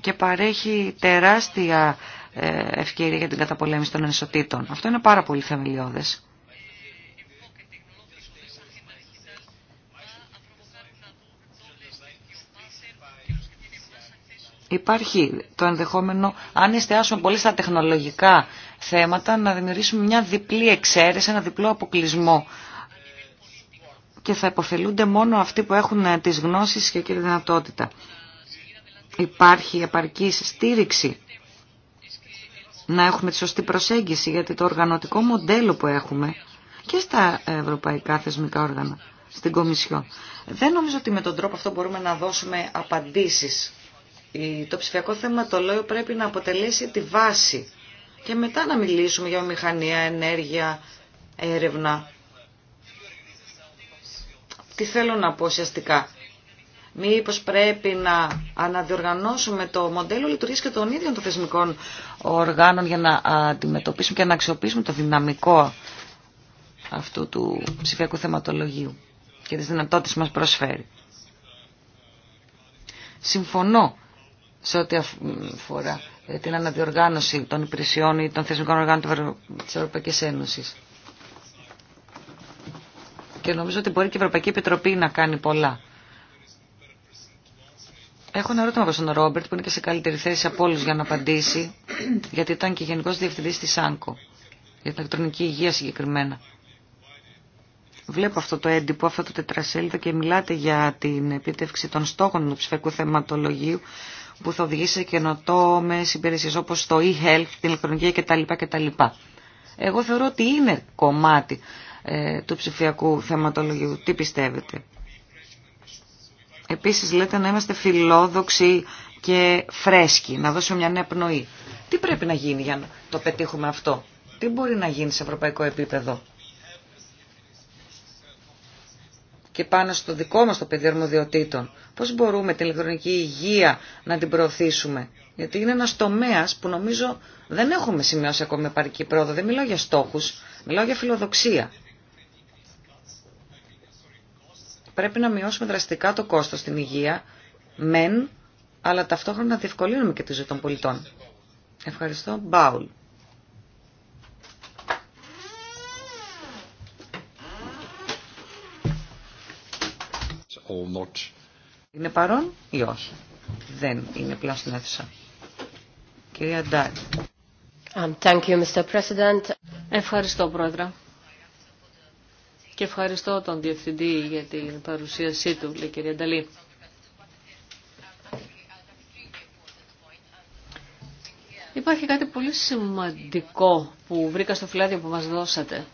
και παρέχει τεράστια ε, ευκαιρία για την καταπολέμηση των ανισοτήτων. Αυτό είναι πάρα πολύ θεμελιώδες. Υπάρχει το ενδεχόμενο, αν εστιάσουμε πολύ στα τεχνολογικά θέματα, να δημιουργήσουμε μια διπλή εξαίρεση, ένα διπλό αποκλεισμό και θα υποφελούνται μόνο αυτοί που έχουν ε, τις γνώσεις και τη δυνατότητα. Υπάρχει επαρκή στήριξη να έχουμε τη σωστή προσέγγιση γιατί το οργανωτικό μοντέλο που έχουμε και στα ευρωπαϊκά θεσμικά όργανα, στην Κομισιό. Δεν νομίζω ότι με τον τρόπο αυτό μπορούμε να δώσουμε απαντήσεις. Το ψηφιακό θέμα το λέω πρέπει να αποτελέσει τη βάση και μετά να μιλήσουμε για μηχανία, ενέργεια, έρευνα τι θέλω να πω ουσιαστικά. Μήπως πρέπει να αναδιοργανώσουμε το μοντέλο λειτουργίας και των ίδιων των θεσμικών οργάνων για να αντιμετωπίσουμε και να αξιοποιήσουμε το δυναμικό αυτού του ψηφιακού θεματολογίου και τις δυνατότητες μας προσφέρει. Συμφωνώ σε ό,τι αφορά την αναδιοργάνωση των υπηρεσιών ή των θεσμικών οργάνων της Ευρωπαϊκής Ένωσης και νομίζω ότι μπορεί και η Ευρωπαϊκή Επιτροπή να κάνει πολλά. Έχω ένα ερώτημα προς τον Ρόμπερτ που είναι και σε καλύτερη θέση από όλου για να απαντήσει, γιατί ήταν και Γενικό Διευθυντής τη ΣΑΝΚΟ, για την ηλεκτρονική υγεία συγκεκριμένα. Βλέπω αυτό το έντυπο, αυτό το τετρασέλιδο και μιλάτε για την επίτευξη των στόχων του ψηφιακού θεματολογίου που θα οδηγήσει σε καινοτόμε υπηρεσίε όπω το e-health, την ηλεκτρονική κτλ. Εγώ θεωρώ ότι είναι κομμάτι ε, του ψηφιακού θεματολογίου. Τι πιστεύετε. Επίσης λέτε να είμαστε φιλόδοξοι και φρέσκοι, να δώσουμε μια νέα πνοή. Τι πρέπει να γίνει για να το πετύχουμε αυτό. Τι μπορεί να γίνει σε ευρωπαϊκό επίπεδο. και πάνω στο δικό μας το πεδίο αρμοδιοτήτων. Πώς μπορούμε την ηλεκτρονική υγεία να την προωθήσουμε. Γιατί είναι ένας τομέας που νομίζω δεν έχουμε σημειώσει ακόμη επαρκή πρόοδο. Δεν μιλάω για στόχους, μιλάω για φιλοδοξία. πρέπει να μειώσουμε δραστικά το κόστος στην υγεία, μεν, αλλά ταυτόχρονα να διευκολύνουμε και τη ζωή των πολιτών. Ευχαριστώ. Μπάουλ. Είναι παρόν ή όχι. Δεν είναι πλέον στην αίθουσα. Κυρία um, President. Ευχαριστώ, Πρόεδρε. Και ευχαριστώ τον Διευθυντή για την παρουσίασή του, λέει κυρία Νταλή. Υπάρχει κάτι πολύ σημαντικό που βρήκα στο φυλάδιο που μας δώσατε.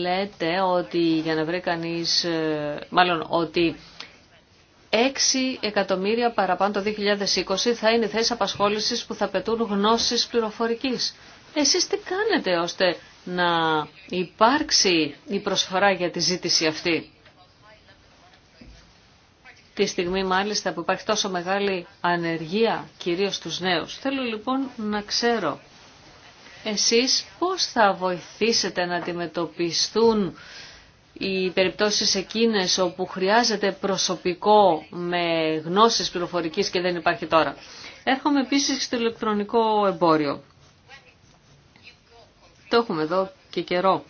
Λέτε ότι για να βρει κανείς, ε, μάλλον ότι 6 εκατομμύρια παραπάνω το 2020 θα είναι θέσει απασχόλησης που θα πετούν γνώσεις πληροφορικής. Εσείς τι κάνετε ώστε να υπάρξει η προσφορά για τη ζήτηση αυτή. Τη στιγμή μάλιστα που υπάρχει τόσο μεγάλη ανεργία, κυρίως στους νέους. Θέλω λοιπόν να ξέρω, εσείς πώς θα βοηθήσετε να αντιμετωπιστούν οι περιπτώσεις εκείνες όπου χρειάζεται προσωπικό με γνώσεις πληροφορικής και δεν υπάρχει τώρα. Έρχομαι επίσης στο ηλεκτρονικό εμπόριο. Το έχουμε εδώ και καιρό.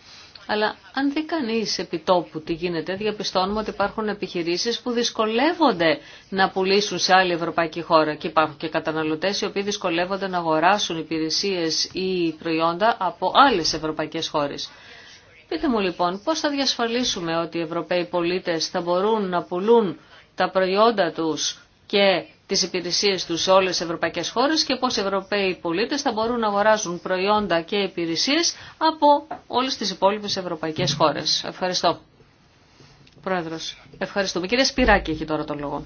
Αλλά αν δει κανεί τόπου τι γίνεται, διαπιστώνουμε ότι υπάρχουν επιχειρήσει που δυσκολεύονται να πουλήσουν σε άλλη ευρωπαϊκή χώρα. Και υπάρχουν και καταναλωτέ οι οποίοι δυσκολεύονται να αγοράσουν υπηρεσίε ή προϊόντα από άλλε ευρωπαϊκέ χώρε. Πείτε μου λοιπόν, πώ θα διασφαλίσουμε ότι οι Ευρωπαίοι πολίτε θα μπορούν να πουλούν τα προϊόντα του και τις υπηρεσίες τους σε όλες τις ευρωπαϊκές χώρες και πώς οι Ευρωπαίοι πολίτες θα μπορούν να αγοράζουν προϊόντα και υπηρεσίες από όλες τις υπόλοιπες ευρωπαϊκές χώρες. Ευχαριστώ. Πρόεδρος, ευχαριστούμε. Κυρία Σπυράκη έχει τώρα τον λόγο.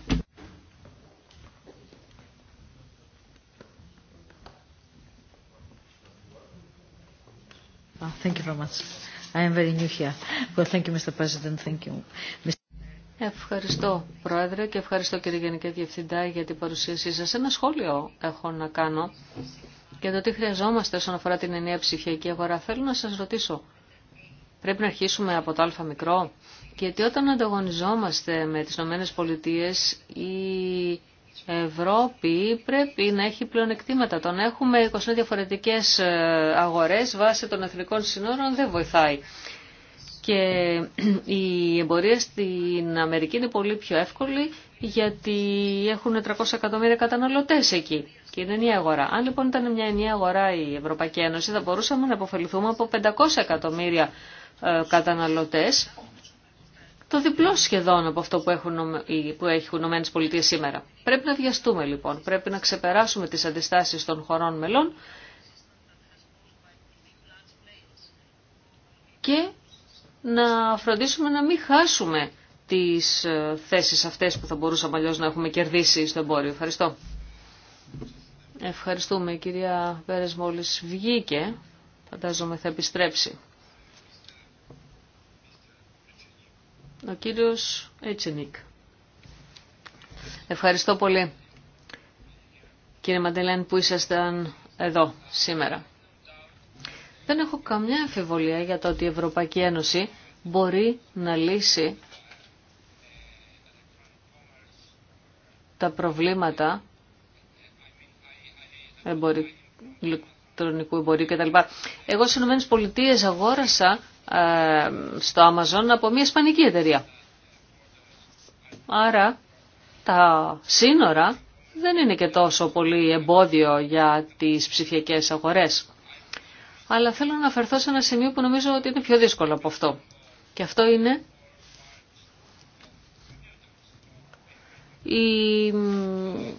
thank you very much. I am very new here. thank Ευχαριστώ Πρόεδρε και ευχαριστώ κύριε Γενική Διευθυντά για την παρουσίασή σας. Ένα σχόλιο έχω να κάνω για το τι χρειαζόμαστε όσον αφορά την ενιαία ψηφιακή αγορά. Θέλω να σας ρωτήσω, πρέπει να αρχίσουμε από το α μικρό, γιατί όταν ανταγωνιζόμαστε με τις ΗΠΑ Πολιτείες η Ευρώπη πρέπει να έχει πλεονεκτήματα. Τον έχουμε 20 διαφορετικές ε, αγορές βάσει των εθνικών συνόρων δεν βοηθάει. Και (clears throat) η εμπορία στην Αμερική είναι πολύ πιο εύκολη γιατί έχουν 300 εκατομμύρια καταναλωτές εκεί και είναι ενιαία αγορά. Αν λοιπόν ήταν μια ενιαία αγορά η Ευρωπαϊκή Ένωση θα μπορούσαμε να αποφεληθούμε από 500 εκατομμύρια ε, καταναλωτές το διπλό σχεδόν από αυτό που έχουν, που έχει οι ΗΠΑ σήμερα. Πρέπει να βιαστούμε λοιπόν, πρέπει να ξεπεράσουμε τι αντιστάσει των χωρών μελών και να φροντίσουμε να μην χάσουμε τις ε, θέσεις αυτές που θα μπορούσαμε αλλιώ να έχουμε κερδίσει στο εμπόριο. Ευχαριστώ. Ευχαριστούμε. Η κυρία Πέρες μόλις βγήκε. Φαντάζομαι θα επιστρέψει. Ο κύριος Ετσενίκ. Ευχαριστώ πολύ κύριε Μαντελέν που ήσασταν εδώ σήμερα. Δεν έχω καμιά αμφιβολία για το ότι η Ευρωπαϊκή Ένωση μπορεί να λύσει τα προβλήματα ηλεκτρονικού εμπορίου κτλ. Εγώ στι ΗΠΑ αγόρασα ε, στο Amazon από μια ισπανική εταιρεία. Άρα τα σύνορα δεν είναι και τόσο πολύ εμπόδιο για τις ψηφιακές αγορές αλλά θέλω να αναφερθώ σε ένα σημείο που νομίζω ότι είναι πιο δύσκολο από αυτό. Και αυτό είναι οι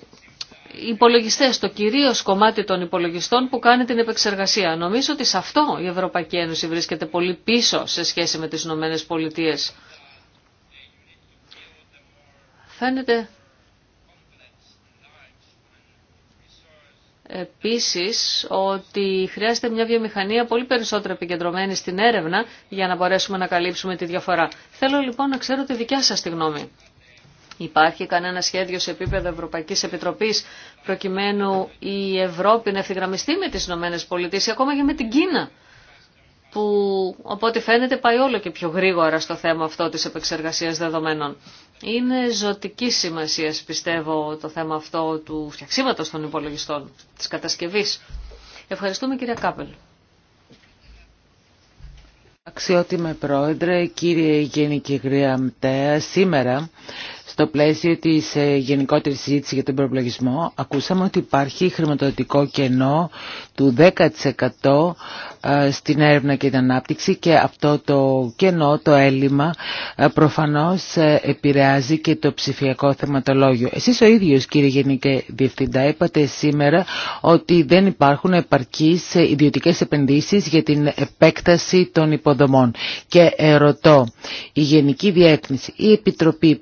υπολογιστέ, το κυρίως κομμάτι των υπολογιστών που κάνει την επεξεργασία. Νομίζω ότι σε αυτό η Ευρωπαϊκή Ένωση βρίσκεται πολύ πίσω σε σχέση με τις Ηνωμένε Πολιτείε. Φαίνεται επίσης ότι χρειάζεται μια βιομηχανία πολύ περισσότερο επικεντρωμένη στην έρευνα για να μπορέσουμε να καλύψουμε τη διαφορά. Θέλω λοιπόν να ξέρω τη δικιά σας τη γνώμη. Υπάρχει κανένα σχέδιο σε επίπεδο Ευρωπαϊκής Επιτροπής προκειμένου η Ευρώπη να ευθυγραμμιστεί με τις ΗΠΑ ακόμα και με την Κίνα που από φαίνεται πάει όλο και πιο γρήγορα στο θέμα αυτό τη επεξεργασία δεδομένων. Είναι ζωτική σημασία, πιστεύω, το θέμα αυτό του φτιαξίματο των υπολογιστών, της κατασκευής. Ευχαριστούμε κυρία Κάπελ. Αξιότιμε Πρόεδρε, κύριε Γενική Γραμματέα, σήμερα στο πλαίσιο της ε, γενικότερη συζήτηση για τον προπλογισμό ακούσαμε ότι υπάρχει χρηματοδοτικό κενό του 10% ε, στην έρευνα και την ανάπτυξη και αυτό το κενό, το έλλειμμα ε, προφανώς επηρεάζει και το ψηφιακό θεματολόγιο. Εσείς ο ίδιος κύριε Γενική Διευθυντά είπατε σήμερα ότι δεν υπάρχουν επαρκείς ιδιωτικές επενδύσεις για την επέκταση των υποδομών. Και ερωτώ, η Γενική Διεύθυνση, η Επιτροπή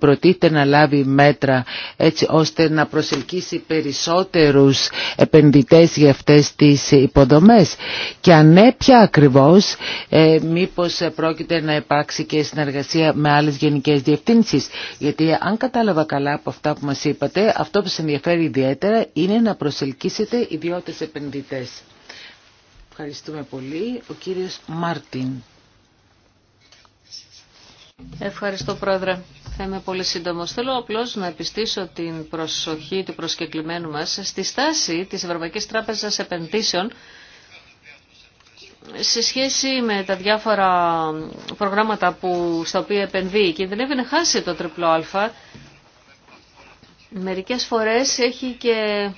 να λάβει μέτρα έτσι ώστε να προσελκύσει περισσότερους επενδυτές για αυτές τις υποδομές και αν ναι πια ακριβώς ε, μήπως πρόκειται να υπάρξει και συνεργασία με άλλες γενικές διευθύνσεις γιατί αν κατάλαβα καλά από αυτά που μας είπατε αυτό που σας ενδιαφέρει ιδιαίτερα είναι να προσελκύσετε ιδιώτες επενδυτές. Ευχαριστούμε πολύ. Ο κύριος Μάρτιν. Ευχαριστώ πρόεδρε. Θα είμαι πολύ σύντομο. Θέλω απλώ να επιστήσω την προσοχή του προσκεκλημένου μα στη στάση τη Ευρωπαϊκή Τράπεζα Επενδύσεων σε σχέση με τα διάφορα προγράμματα που, στα οποία επενδύει. Κινδυνεύει να χάσει το τριπλό Α. Μερικές φορέ έχει και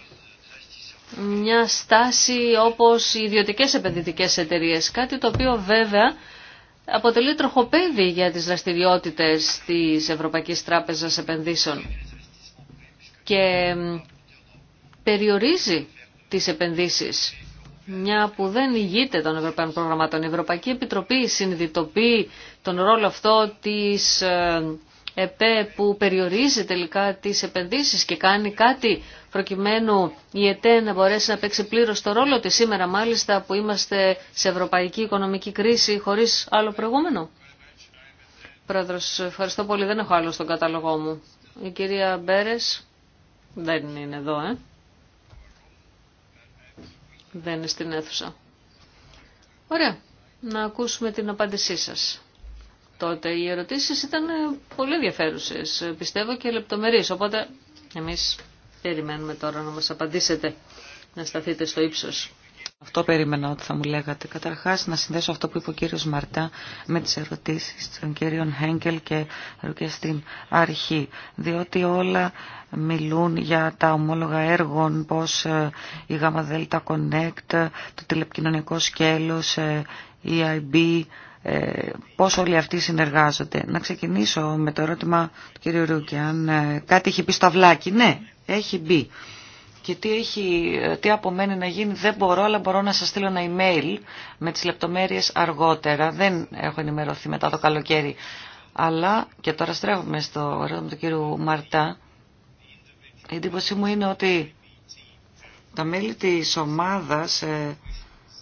μια στάση όπως οι ιδιωτικές επενδυτικές εταιρείες. Κάτι το οποίο βέβαια αποτελεί τροχοπέδι για τις δραστηριότητες της Ευρωπαϊκής Τράπεζας Επενδύσεων και περιορίζει τις επενδύσεις. Μια που δεν ηγείται των Ευρωπαϊκών Προγραμμάτων. Η Ευρωπαϊκή Επιτροπή συνειδητοποιεί τον ρόλο αυτό της ε, ΕΠΕ που περιορίζει τελικά τις επενδύσεις και κάνει κάτι προκειμένου η ΕΤΕ να μπορέσει να παίξει πλήρω το ρόλο της σήμερα μάλιστα που είμαστε σε ευρωπαϊκή οικονομική κρίση χωρίς άλλο προηγούμενο. Πρόεδρος, ευχαριστώ πολύ. Δεν έχω άλλο στον κατάλογό μου. Η κυρία Μπέρες δεν είναι εδώ, ε. Δεν είναι στην αίθουσα. Ωραία. Να ακούσουμε την απάντησή σας τότε. Οι ερωτήσεις ήταν ε, πολύ ενδιαφέρουσε. πιστεύω και λεπτομερείς, οπότε εμείς περιμένουμε τώρα να μας απαντήσετε, να σταθείτε στο ύψος. Αυτό περίμενα ότι θα μου λέγατε. Καταρχάς να συνδέσω αυτό που είπε ο κύριος Μαρτά με τις ερωτήσεις των κύριων Χέγκελ και Ρουκέ στην αρχή. Διότι όλα μιλούν για τα ομόλογα έργων, πώ ε, η ΓΔ Connect, το τηλεπικοινωνικό σκέλο, ε, η IB, ε, πώς όλοι αυτοί συνεργάζονται. Να ξεκινήσω με το ερώτημα του κύριου Ρούκη. Αν ε, κάτι έχει μπει στο αυλάκι. Ναι, έχει μπει. Και τι, έχει, ε, τι απομένει να γίνει δεν μπορώ, αλλά μπορώ να σας στείλω ένα email με τις λεπτομέρειες αργότερα. Δεν έχω ενημερωθεί μετά το καλοκαίρι. Αλλά, και τώρα στρέφουμε στο ερώτημα του κύριου Μαρτά, η εντύπωσή μου είναι ότι τα μέλη της ομάδας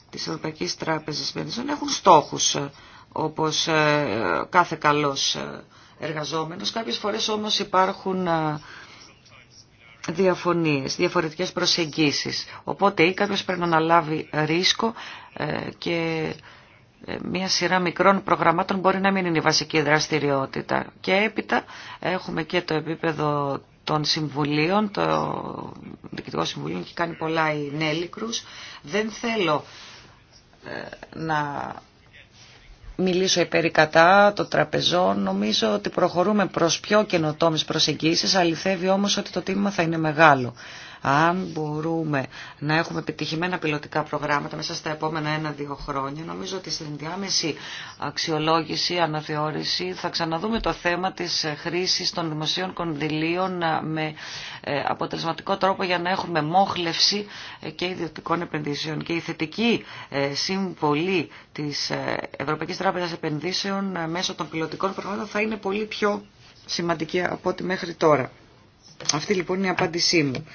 της Ευρωπαϊκής Τράπεζας Επενδύσεων έχουν στόχους, ε, όπως ε, κάθε καλός ε, εργαζόμενος. Κάποιες φορές όμως υπάρχουν διαφωνίες, διαφορετικές προσεγγίσεις. Οπότε ή κάποιος πρέπει να αναλάβει ρίσκο και μια σειρά μικρών προγραμμάτων μπορεί να μην είναι η βασική δραστηριότητα. Και έπειτα έχουμε και το επίπεδο των συμβουλίων, το Διοικητικό Συμβουλίο έχει κάνει πολλά η Νέλη Δεν θέλω ε, να μιλήσω υπέρ κατά το τραπεζών. Νομίζω ότι προχωρούμε προς πιο καινοτόμες προσεγγίσεις, αληθεύει όμως ότι το τίμημα θα είναι μεγάλο. Αν μπορούμε να έχουμε επιτυχημένα πιλωτικά προγράμματα μέσα στα επόμενα ένα-δύο χρόνια, νομίζω ότι στην διάμεση αξιολόγηση, αναθεώρηση θα ξαναδούμε το θέμα της χρήσης των δημοσίων κονδυλίων ε, με ε, αποτελεσματικό τρόπο για να έχουμε μόχλευση ε, και ιδιωτικών επενδύσεων. Και η θετική συμβολή της Ευρωπαϊκής Τράπεζας Επενδύσεων μέσω των πιλωτικών προγράμματων θα είναι πολύ πιο σημαντική από ό,τι μέχρι τώρα. Αυτή λοιπόν είναι η απάντησή μου.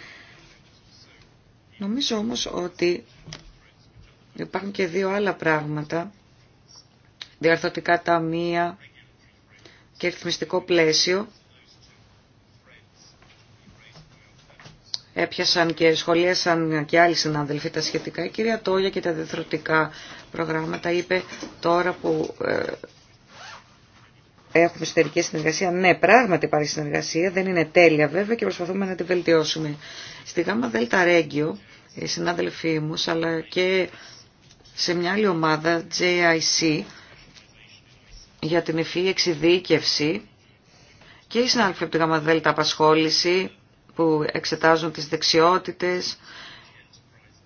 Νομίζω όμως ότι υπάρχουν και δύο άλλα πράγματα, διαρθωτικά ταμεία και ρυθμιστικό πλαίσιο, έπιασαν και σχολίασαν και άλλοι συνάδελφοι τα σχετικά. Η κυρία Τόγια και τα διεθνωτικά προγράμματα είπε τώρα που ε, Έχουμε εσωτερική συνεργασία. Ναι, πράγματι υπάρχει συνεργασία. Δεν είναι τέλεια βέβαια και προσπαθούμε να την βελτιώσουμε. Στη ΓΑΜΑ ΔΕΛΤΑ οι συνάδελφοί μου, αλλά και σε μια άλλη ομάδα, JIC, για την ευφύ εξειδίκευση και οι συνάδελφοι από τη ΓΑΜΑ ΔΕΛΤΑ Απασχόληση που εξετάζουν τις δεξιότητες,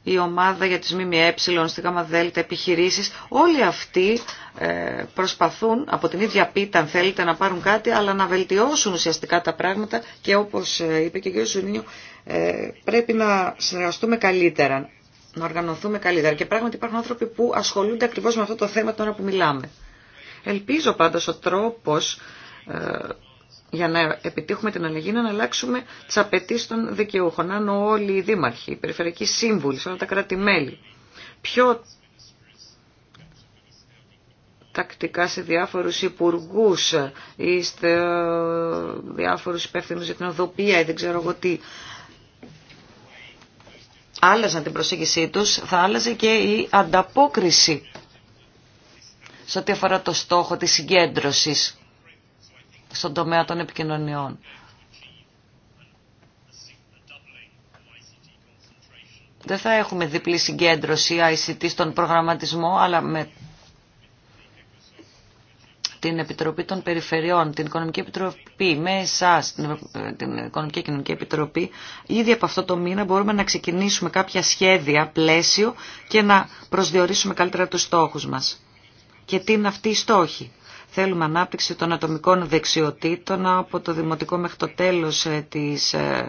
η ομάδα για τις ΜΜΕ, στη ΓΑΜΑ επιχειρήσεις, όλοι αυτοί ε, προσπαθούν από την ίδια πίτα αν θέλετε να πάρουν κάτι αλλά να βελτιώσουν ουσιαστικά τα πράγματα και όπως ε, είπε και ο κ. Ζουνίου ε, πρέπει να συνεργαστούμε καλύτερα, να οργανωθούμε καλύτερα και πράγματι υπάρχουν άνθρωποι που ασχολούνται ακριβώς με αυτό το θέμα τώρα που μιλάμε. Ελπίζω πάντως ο τρόπος για να επιτύχουμε την αλλαγή να αλλάξουμε τι απαιτήσει των δικαιούχων. Να όλοι οι δήμαρχοι, οι περιφερειακοί σύμβουλοι, όλα τα κράτη-μέλη τακτικά σε διάφορους υπουργούς ή σε ε, διάφορους υπεύθυνους για την οδοπία ή δεν ξέρω εγώ τι άλλαζαν την προσέγγισή τους, θα άλλαζε και η ανταπόκριση σε ό,τι αφορά το στόχο της συγκέντρωσης στον τομέα των επικοινωνιών. Δεν θα έχουμε διπλή συγκέντρωση ICT στον προγραμματισμό, αλλά με την Επιτροπή των Περιφερειών, την Οικονομική Επιτροπή, με εσά, ε, την Οικονομική και Κοινωνική Επιτροπή, ήδη από αυτό το μήνα μπορούμε να ξεκινήσουμε κάποια σχέδια, πλαίσιο και να προσδιορίσουμε καλύτερα του στόχου μα. Και τι είναι αυτοί οι στόχοι. Θέλουμε ανάπτυξη των ατομικών δεξιοτήτων από το δημοτικό μέχρι το τέλο ε, τη ε,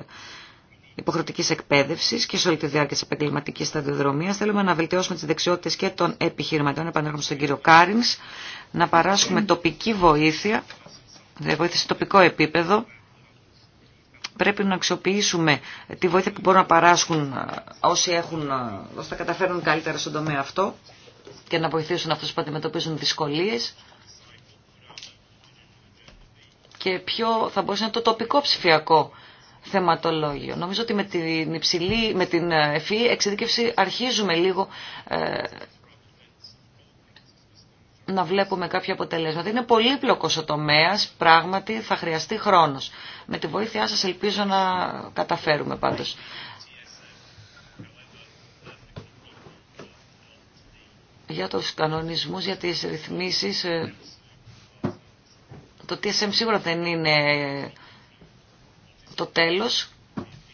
υποχρεωτική εκπαίδευση και σε όλη τη διάρκεια τη επαγγελματική σταδιοδρομία. Θέλουμε να βελτιώσουμε τι δεξιότητε και των επιχειρηματιών. Επανέρχομαι στον κύριο Κάριν να παράσχουμε τοπική βοήθεια, δηλαδή βοήθεια σε τοπικό επίπεδο. Πρέπει να αξιοποιήσουμε τη βοήθεια που μπορούν να παράσχουν ε, όσοι, έχουν, ε, όσοι τα καταφέρουν καλύτερα στον τομέα αυτό και να βοηθήσουν αυτούς που αντιμετωπίζουν δυσκολίες και ποιο θα μπορούσε να είναι το τοπικό ψηφιακό θεματολόγιο. Νομίζω ότι με την, υψηλή, με την ε, ευφυή εξειδίκευση αρχίζουμε λίγο να βλέπουμε κάποια αποτελέσματα. Είναι πολύπλοκος ο τομέας, πράγματι θα χρειαστεί χρόνος. Με τη βοήθειά σας ελπίζω να καταφέρουμε πάντως. Για τους κανονισμούς, για τις ρυθμίσεις, ε, το TSM σίγουρα δεν είναι το τέλος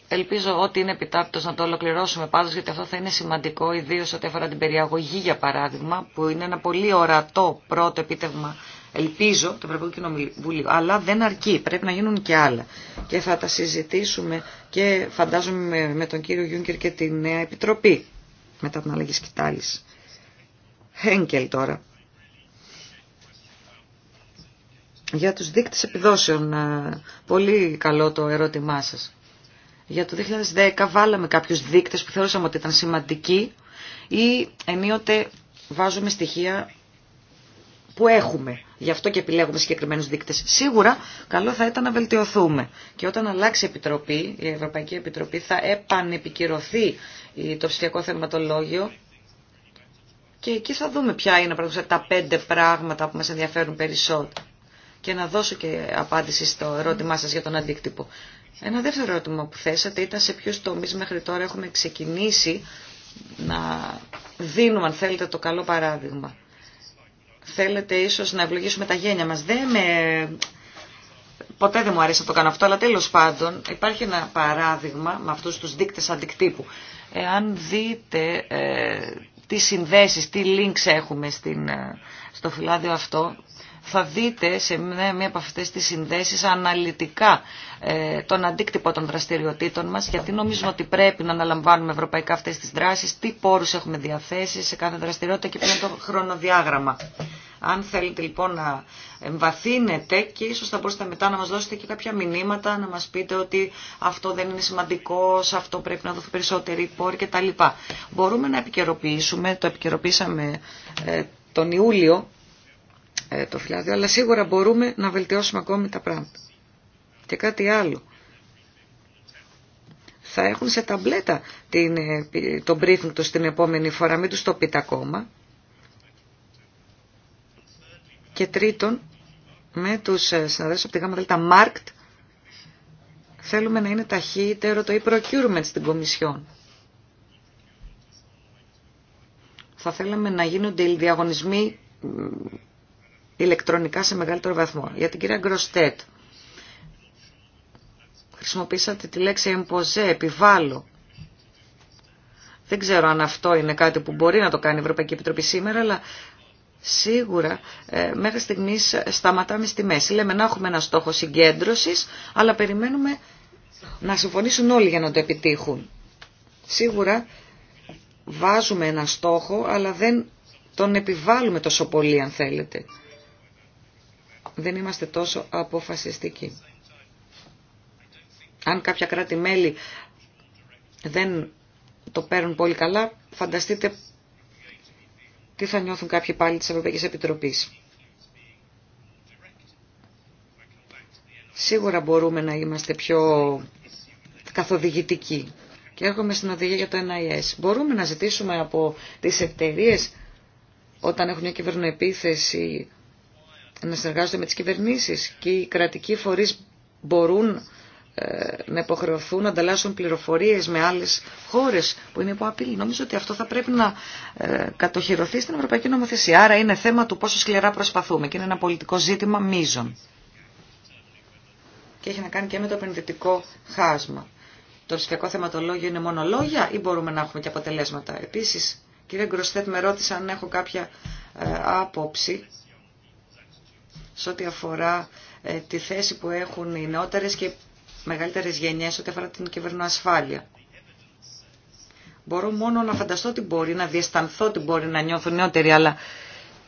Ελπίζω ότι είναι επιτάπητο να το ολοκληρώσουμε πάντω, γιατί αυτό θα είναι σημαντικό, ιδίω ό,τι αφορά την περιαγωγή, για παράδειγμα, που είναι ένα πολύ ορατό πρώτο επίτευγμα, ελπίζω, το Ευρωπαϊκού Κοινοβουλίου. Αλλά δεν αρκεί, πρέπει να γίνουν και άλλα. Και θα τα συζητήσουμε και φαντάζομαι με τον κύριο Γιούγκερ και τη νέα επιτροπή μετά την αλλαγή σκητάλη. Χένκελ τώρα. Για τους δείκτες επιδόσεων, ε, πολύ καλό το ερώτημά σας. Για το 2010 βάλαμε κάποιους δείκτες που θεωρούσαμε ότι ήταν σημαντικοί ή ενίοτε βάζουμε στοιχεία που έχουμε. Γι' αυτό και επιλέγουμε συγκεκριμένους δείκτες. Σίγουρα καλό θα ήταν να βελτιωθούμε. Και όταν αλλάξει η Επιτροπή, η Ευρωπαϊκή Επιτροπή, θα επανεπικυρωθεί το ψηφιακό θεματολόγιο και εκεί θα δούμε ποια είναι τα πέντε πράγματα που μας ενδιαφέρουν περισσότερο. Και να δώσω και απάντηση στο ερώτημά σας για τον αντίκτυπο. Ένα δεύτερο ερώτημα που θέσατε ήταν σε ποιους τομείς μέχρι τώρα έχουμε ξεκινήσει να δίνουμε, αν θέλετε, το καλό παράδειγμα. Θέλετε ίσως να ευλογήσουμε τα γένια μας. Δεν με... Ποτέ δεν μου αρέσει να το κάνω αυτό, αλλά τέλος πάντων υπάρχει ένα παράδειγμα με αυτούς τους δείκτες αντικτύπου. Εάν δείτε ε, τι συνδέσεις, τι links έχουμε στην, ε, στο φυλάδιο αυτό, θα δείτε σε μία από αυτές τις συνδέσεις αναλυτικά ε, τον αντίκτυπο των δραστηριοτήτων μας, γιατί νομίζουμε ότι πρέπει να αναλαμβάνουμε ευρωπαϊκά αυτές τις δράσεις, τι πόρους έχουμε διαθέσει σε κάθε δραστηριότητα και ποιο είναι το χρονοδιάγραμμα. Αν θέλετε λοιπόν να εμβαθύνετε και ίσως θα μπορούσατε μετά να μας δώσετε και κάποια μηνύματα, να μας πείτε ότι αυτό δεν είναι σημαντικό, σε αυτό πρέπει να δοθεί περισσότερη πόρη κτλ. Μπορούμε να επικαιροποιήσουμε, το επικαιροποιήσαμε ε, τον Ιούλιο ε, το φυλάδιο, αλλά σίγουρα μπορούμε να βελτιώσουμε ακόμη τα πράγματα. Και κάτι άλλο. Θα έχουν σε ταμπλέτα την, ε, το briefing τους την επόμενη φορά, μην τους το πείτε ακόμα. Και τρίτον, με τους ε, συναδέλφους από τη ΓΑΜΑ ΜΑΡΚΤ, θέλουμε να είναι ταχύτερο το e-procurement στην Κομισιόν. Θα θέλαμε να γίνονται οι διαγωνισμοί ηλεκτρονικά σε μεγαλύτερο βαθμό. Για την κυρία Γκροστέτ, χρησιμοποίησατε τη λέξη εμποζέ, επιβάλλω. Δεν ξέρω αν αυτό είναι κάτι που μπορεί να το κάνει η Ευρωπαϊκή Επιτροπή σήμερα, αλλά σίγουρα ε, μέχρι στιγμής σταματάμε στη μέση. Λέμε να έχουμε ένα στόχο συγκέντρωσης, αλλά περιμένουμε να συμφωνήσουν όλοι για να το επιτύχουν. Σίγουρα βάζουμε ένα στόχο, αλλά δεν τον επιβάλλουμε τόσο πολύ αν θέλετε δεν είμαστε τόσο αποφασιστικοί. Αν κάποια κράτη-μέλη δεν το παίρνουν πολύ καλά, φανταστείτε τι θα νιώθουν κάποιοι πάλι της Ευρωπαϊκής Επιτροπής. Σίγουρα μπορούμε να είμαστε πιο καθοδηγητικοί. Και έρχομαι στην οδηγία για το NIS. Μπορούμε να ζητήσουμε από τις εταιρείε όταν έχουν μια κυβερνοεπίθεση να συνεργάζονται με τις κυβερνήσεις και οι κρατικοί φορείς μπορούν ε, να υποχρεωθούν να ανταλλάσσουν πληροφορίες με άλλες χώρες που είναι υπό απειλή. Νομίζω ότι αυτό θα πρέπει να ε, κατοχυρωθεί στην Ευρωπαϊκή Νομοθεσία. Άρα είναι θέμα του πόσο σκληρά προσπαθούμε και είναι ένα πολιτικό ζήτημα μείζον. Και έχει να κάνει και με το επενδυτικό χάσμα. Το ψηφιακό θεματολόγιο είναι μόνο λόγια ή μπορούμε να έχουμε και αποτελέσματα. Επίσης, κύριε Γκροστέτ, με ρώτησε αν έχω κάποια ε, άποψη σε ό,τι αφορά ε, τη θέση που έχουν οι νεότερες και μεγαλύτερες γενιές ό,τι αφορά την κυβερνοασφάλεια. Μπορώ μόνο να φανταστώ τι μπορεί, να διαισθανθώ τι μπορεί να νιώθουν νεότεροι, αλλά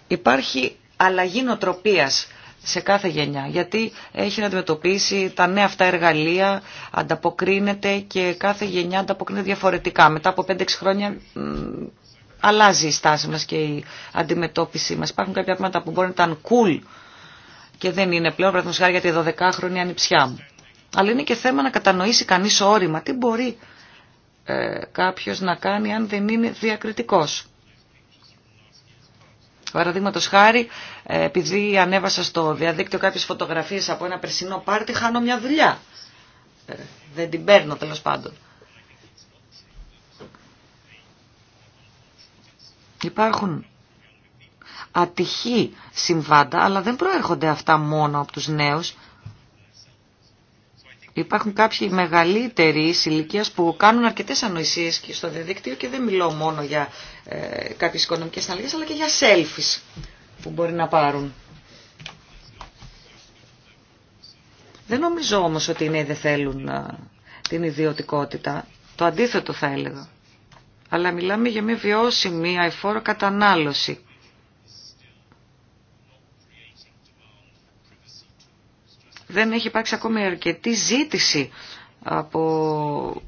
υπάρχει αλλαγή νοτροπίας σε κάθε γενιά, γιατί έχει να αντιμετωπίσει τα νέα αυτά εργαλεία, ανταποκρίνεται και κάθε γενιά ανταποκρίνεται διαφορετικά. Μετά από 5-6 χρόνια αλλάζει η στάση μας και η αντιμετώπιση μας. Υπάρχουν κάποια πράγματα που μπορεί να ήταν cool και δεν είναι πλέον πραγματικά για τη 12χρονη ανιψιά μου. Αλλά είναι και θέμα να κατανοήσει κανείς όρημα τι μπορεί ε, κάποιος να κάνει αν δεν είναι διακριτικός. Παραδείγματο χάρη, ε, επειδή ανέβασα στο διαδίκτυο κάποιε φωτογραφίε από ένα περσινό πάρτι, χάνω μια δουλειά. Ε, δεν την παίρνω τέλο πάντων. Υπάρχουν ατυχή συμβάντα, αλλά δεν προέρχονται αυτά μόνο από τους νέους. Υπάρχουν κάποιοι μεγαλύτεροι ηλικία που κάνουν αρκετές ανοησίες και στο διαδίκτυο και δεν μιλώ μόνο για ε, κάποιες οικονομικές αλλά και για selfies που μπορεί να πάρουν. Δεν νομίζω όμως ότι οι νέοι δεν θέλουν ε, την ιδιωτικότητα. Το αντίθετο θα έλεγα. Αλλά μιλάμε για μια βιώσιμη αϊφόρο κατανάλωση. δεν έχει υπάρξει ακόμη αρκετή ζήτηση από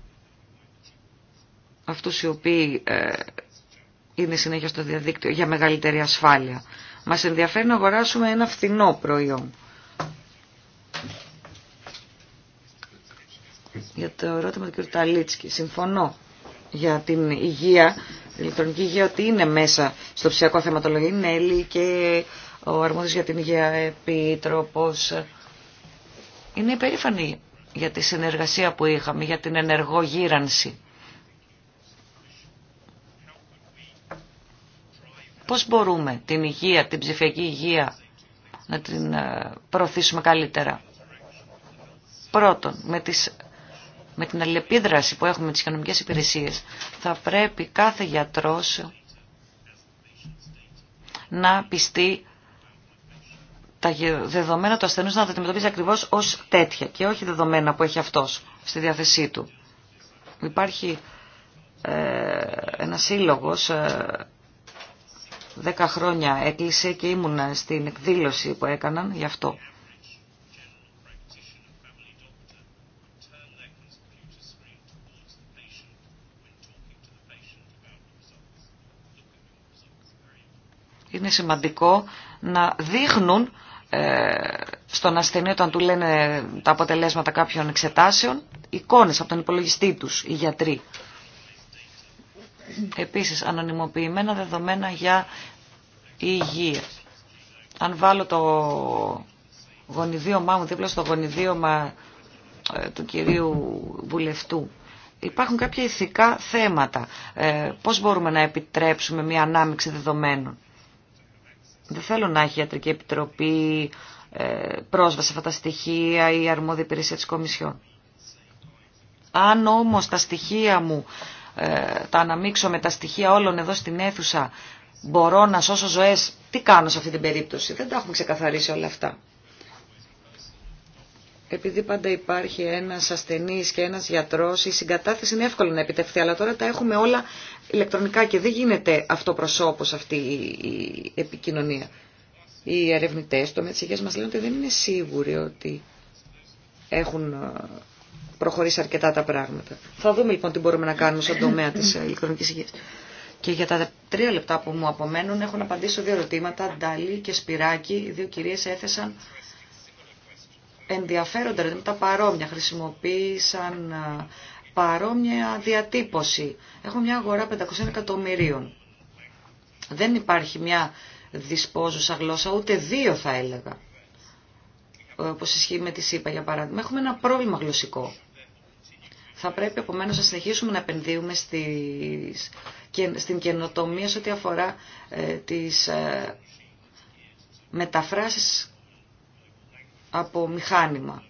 αυτούς οι οποίοι ε, είναι συνέχεια στο διαδίκτυο για μεγαλύτερη ασφάλεια. Μας ενδιαφέρει να αγοράσουμε ένα φθηνό προϊόν. Για το ερώτημα του κ. Ταλίτσκη, συμφωνώ για την υγεία, η ηλεκτρονική υγεία ότι είναι μέσα στο ψηφιακό θεματολογείο, είναι Έλλη και ο αρμόδιος για την υγεία επίτροπος είναι υπερήφανη για τη συνεργασία που είχαμε, για την ενεργογύρανση. Πώς μπορούμε την υγεία, την ψηφιακή υγεία να την ε, προωθήσουμε καλύτερα. Πρώτον, με, τις, με την αλληλεπίδραση που έχουμε με τις οικονομικές υπηρεσίες, θα πρέπει κάθε γιατρός να πιστεί τα δεδομένα του ασθενούς να τα αντιμετωπίζει ακριβώς ως τέτοια και όχι δεδομένα που έχει αυτός στη διάθεσή του. Υπάρχει ε, ένα σύλλογο ε, δέκα χρόνια έκλεισε και ήμουνα στην εκδήλωση που έκαναν γι' αυτό. Είναι σημαντικό να δείχνουν ε, στον ασθενή όταν του λένε τα αποτελέσματα κάποιων εξετάσεων, εικόνες από τον υπολογιστή τους, οι γιατροί. Επίσης, ανωνυμοποιημένα δεδομένα για υγεία. Αν βάλω το γονιδίωμά μου δίπλα στο γονιδίωμα ε, του κυρίου βουλευτού, υπάρχουν κάποια ηθικά θέματα. Ε, πώς μπορούμε να επιτρέψουμε μια ανάμειξη δεδομένων. Δεν θέλω να έχει Ιατρική Επιτροπή ε, πρόσβαση σε αυτά τα στοιχεία ή αρμόδια υπηρεσία της Κομισιόν. Αν όμως τα στοιχεία μου ε, τα αναμίξω με τα στοιχεία όλων εδώ στην αίθουσα, μπορώ να σώσω ζωές, τι κάνω σε αυτή την περίπτωση. Δεν τα έχουμε ξεκαθαρίσει όλα αυτά. Επειδή πάντα υπάρχει ένας ασθενής και ένας γιατρός, η συγκατάθεση είναι εύκολη να επιτευχθεί, αλλά τώρα τα έχουμε όλα ηλεκτρονικά και δεν γίνεται αυτό αυτή η επικοινωνία. Οι ερευνητές το της υγείας μας λένε ότι δεν είναι σίγουροι ότι έχουν ε, προχωρήσει αρκετά τα πράγματα. Θα δούμε λοιπόν τι μπορούμε να κάνουμε στον τομέα της ε, ηλεκτρονικής υγείας. Και για τα τρία λεπτά που μου απομένουν έχω να απαντήσω δύο ερωτήματα. Νταλή και Σπυράκη, οι δύο κυρίες έθεσαν ενδιαφέροντα ερωτήματα παρόμοια. Χρησιμοποίησαν ε, παρόμοια διατύπωση. Έχω μια αγορά 500 εκατομμυρίων. Δεν υπάρχει μια δυσπόζουσα γλώσσα, ούτε δύο θα έλεγα. Ε, Όπω ισχύει με τη ΣΥΠΑ για παράδειγμα. Έχουμε ένα πρόβλημα γλωσσικό. Θα πρέπει επομένω να συνεχίσουμε να επενδύουμε στις, στην καινοτομία σε ό,τι αφορά ε, τις ε, μεταφράσεις από μηχάνημα.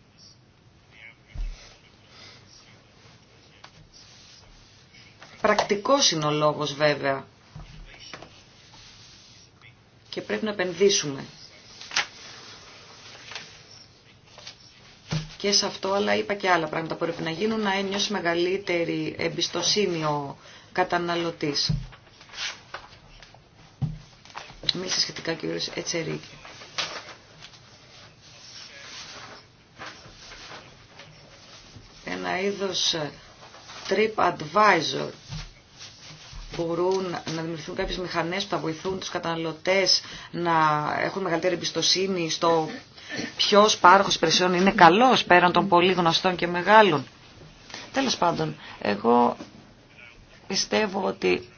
Πρακτικός είναι ο λόγος βέβαια. Και πρέπει να επενδύσουμε. Και σε αυτό, αλλά είπα και άλλα πράγματα που πρέπει να γίνουν, να ένιωσε μεγαλύτερη εμπιστοσύνη ο καταναλωτής. Μίλησε σχετικά και ο Ένα είδος Advisor. Μπορούν να δημιουργηθούν κάποιε μηχανέ που θα βοηθούν του καταναλωτέ, να έχουν μεγαλύτερη εμπιστοσύνη στο ποιο πάροχο υπηρεσιών είναι καλός πέραν των πολύ γνωστών και μεγάλων. Τέλο πάντων, εγώ πιστεύω ότι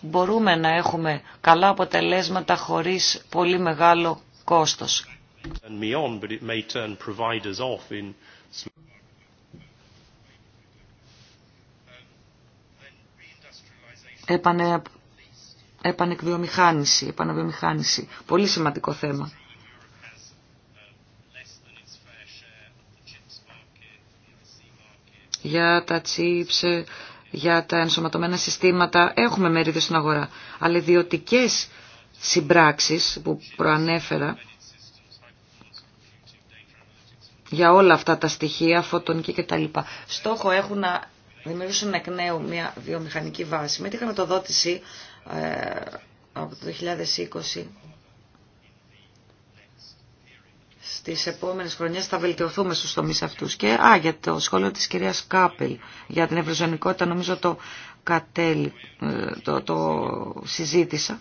μπορούμε να έχουμε καλά αποτελέσματα χωρίς πολύ μεγάλο κόστος. Επανε... Επανεκβιομηχάνηση, Πολύ σημαντικό θέμα. Για τα τσίπς, για τα ενσωματωμένα συστήματα έχουμε μερίδες στην αγορά. Αλλά ιδιωτικές συμπράξεις που προανέφερα για όλα αυτά τα στοιχεία, φωτονική κτλ. Στόχο έχουν να δημιουργήσουν εκ νέου μια βιομηχανική βάση. Με τη χρηματοδότηση ε, από το 2020 στις επόμενες χρονιές θα βελτιωθούμε στους τομείς αυτούς. Και α, για το σχόλιο της κυρίας Κάπελ για την ευρωζωνικότητα νομίζω το, κατέλη, ε, το, το συζήτησα.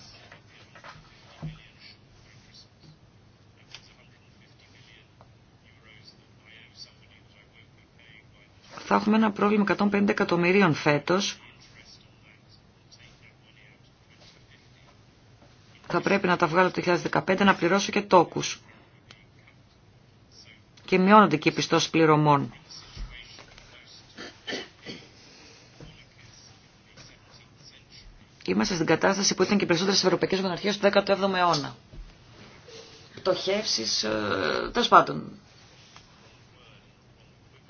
θα έχουμε ένα πρόβλημα 150 εκατομμυρίων φέτος. Θα πρέπει να τα βγάλω το 2015 να πληρώσω και τόκους. Και μειώνονται και οι πιστώσεις πληρωμών. Είμαστε στην κατάσταση που ήταν και περισσότερες ευρωπαϊκές μοναρχίε του 17ου αιώνα. Πτωχεύσει, ε, τέλο πάντων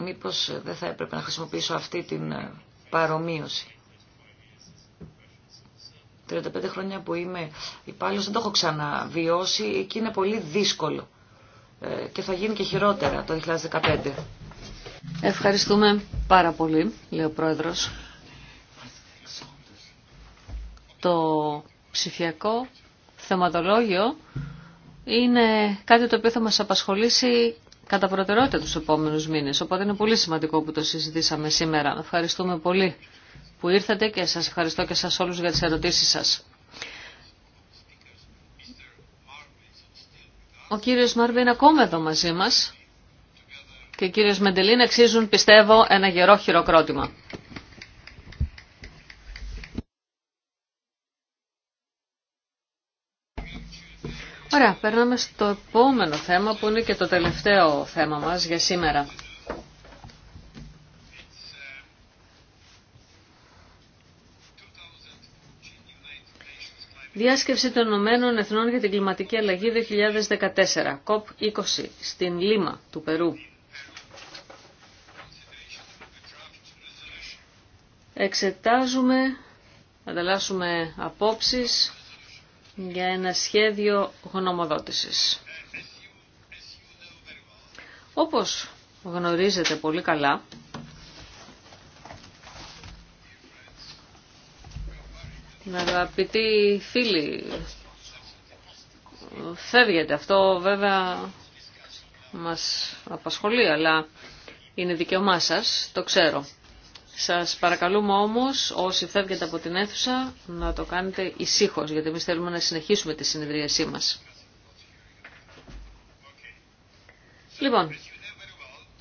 μήπως δεν θα έπρεπε να χρησιμοποιήσω αυτή την ε, παρομοίωση. 35 χρόνια που είμαι υπάλληλος δεν το έχω ξαναβιώσει, και είναι πολύ δύσκολο ε, και θα γίνει και χειρότερα το 2015. Ευχαριστούμε πάρα πολύ, λέει ο Πρόεδρος. Το ψηφιακό θεματολόγιο είναι κάτι το οποίο θα μας απασχολήσει κατά προτεραιότητα τους επόμενους μήνες. Οπότε είναι πολύ σημαντικό που το συζητήσαμε σήμερα. Ευχαριστούμε πολύ που ήρθατε και σας ευχαριστώ και σας όλους για τις ερωτήσεις σας. Ο κύριος Μάρβιν ακόμα εδώ μαζί μας και ο κύριος Μεντελίν αξίζουν πιστεύω ένα γερό χειροκρότημα. Ωραία, περνάμε στο επόμενο θέμα που είναι και το τελευταίο θέμα μας για σήμερα. Διάσκεψη των Ηνωμένων Εθνών για την Κλιματική Αλλαγή 2014, COP20, στην Λίμα του Περού. Εξετάζουμε, ανταλλάσσουμε απόψεις για ένα σχέδιο γνωμοδότησης. Όπως γνωρίζετε πολύ καλά, αγαπητοί φίλοι, φεύγετε. Αυτό βέβαια μας απασχολεί, αλλά είναι δικαίωμά σας, το ξέρω. Σας παρακαλούμε όμως όσοι φεύγετε από την αίθουσα να το κάνετε ησύχως γιατί εμείς θέλουμε να συνεχίσουμε τη συνεδρίασή μας. Λοιπόν,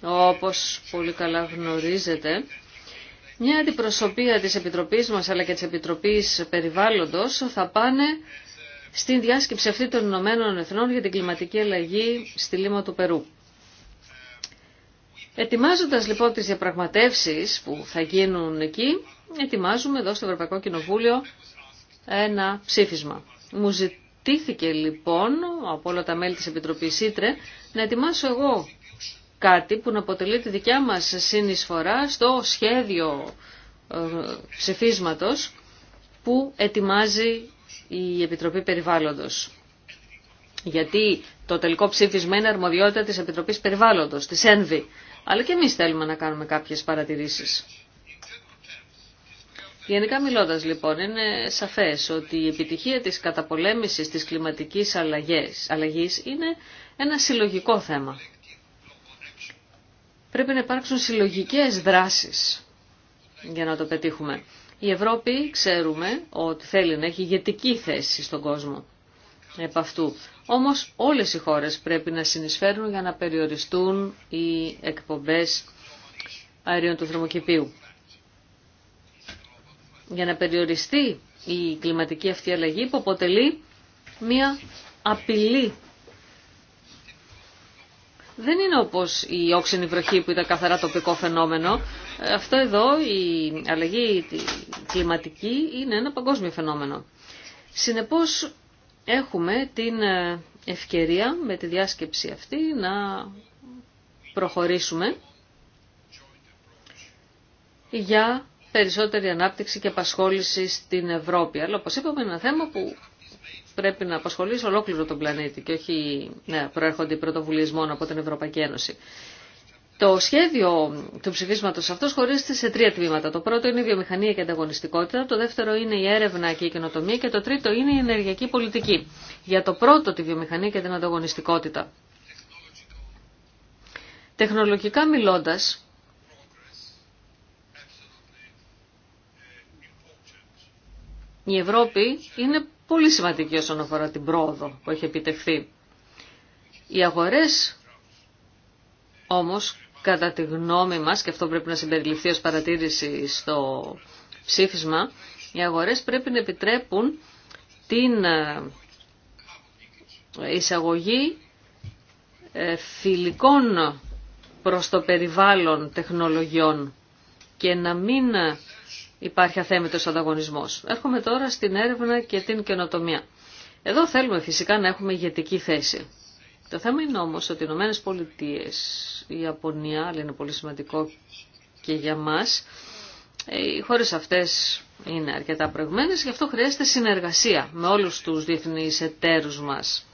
όπως πολύ καλά γνωρίζετε, μια αντιπροσωπεία της Επιτροπής μας αλλά και της Επιτροπής Περιβάλλοντος θα πάνε στην διάσκεψη αυτή των Ηνωμένων Εθνών για την κλιματική αλλαγή στη Λίμα του Περού. Ετοιμάζοντας λοιπόν τις διαπραγματεύσεις που θα γίνουν εκεί, ετοιμάζουμε εδώ στο Ευρωπαϊκό Κοινοβούλιο ένα ψήφισμα. Μου ζητήθηκε λοιπόν από όλα τα μέλη της Επιτροπής Ήτρε να ετοιμάσω εγώ κάτι που να αποτελεί τη δικιά μας συνεισφορά στο σχέδιο ε, ψηφίσματος που ετοιμάζει η Επιτροπή Περιβάλλοντος. Γιατί το τελικό ψήφισμα είναι αρμοδιότητα της Επιτροπής Περιβάλλοντος, της ΕΝΒΗ. Αλλά και εμείς θέλουμε να κάνουμε κάποιες παρατηρήσεις. Γενικά μιλώντας λοιπόν, είναι σαφές ότι η επιτυχία της καταπολέμησης της κλιματικής αλλαγής, είναι ένα συλλογικό θέμα. Πρέπει να υπάρξουν συλλογικές δράσεις για να το πετύχουμε. Η Ευρώπη ξέρουμε ότι θέλει να έχει ηγετική θέση στον κόσμο επ' αυτού. Όμως όλες οι χώρες πρέπει να συνεισφέρουν για να περιοριστούν οι εκπομπές αερίων του θερμοκηπίου. Για να περιοριστεί η κλιματική αυτή αλλαγή που αποτελεί μία απειλή. Δεν είναι όπως η όξινη βροχή που ήταν καθαρά τοπικό φαινόμενο. Αυτό εδώ, η αλλαγή κλιματική, είναι ένα παγκόσμιο φαινόμενο. Συνεπώς έχουμε την ε, ευκαιρία με τη διάσκεψη αυτή να προχωρήσουμε για περισσότερη ανάπτυξη και απασχόληση στην Ευρώπη. Αλλά όπως είπαμε είναι ένα θέμα που πρέπει να απασχολήσει ολόκληρο τον πλανήτη και όχι να προέρχονται οι πρωτοβουλίες μόνο από την Ευρωπαϊκή Ένωση το σχέδιο του ψηφίσματος αυτός χωρίζεται σε τρία τμήματα. Το πρώτο είναι η βιομηχανία και η ανταγωνιστικότητα, το δεύτερο είναι η έρευνα και η καινοτομία και το τρίτο είναι η ενεργειακή πολιτική. Για το πρώτο τη βιομηχανία και την ανταγωνιστικότητα. Τεχνολογικά μιλώντας, η Ευρώπη είναι πολύ σημαντική όσον αφορά την πρόοδο που έχει επιτευχθεί. Οι αγορές όμως κατά τη γνώμη μας, και αυτό πρέπει να συμπεριληφθεί ως παρατήρηση στο ψήφισμα, οι αγορές πρέπει να επιτρέπουν την ε, εισαγωγή ε, φιλικών προς το περιβάλλον τεχνολογιών και να μην ε, υπάρχει αθέμητος ανταγωνισμός. Έρχομαι τώρα στην έρευνα και την καινοτομία. Εδώ θέλουμε φυσικά να έχουμε ηγετική θέση. Το θέμα είναι όμως ότι οι Ηνωμένε Πολιτείε, η Ιαπωνία, αλλά είναι πολύ σημαντικό και για μας, ε, οι χώρες αυτές είναι αρκετά προηγμένες, γι' αυτό χρειάζεται συνεργασία με όλους τους διεθνείς εταίρους μας.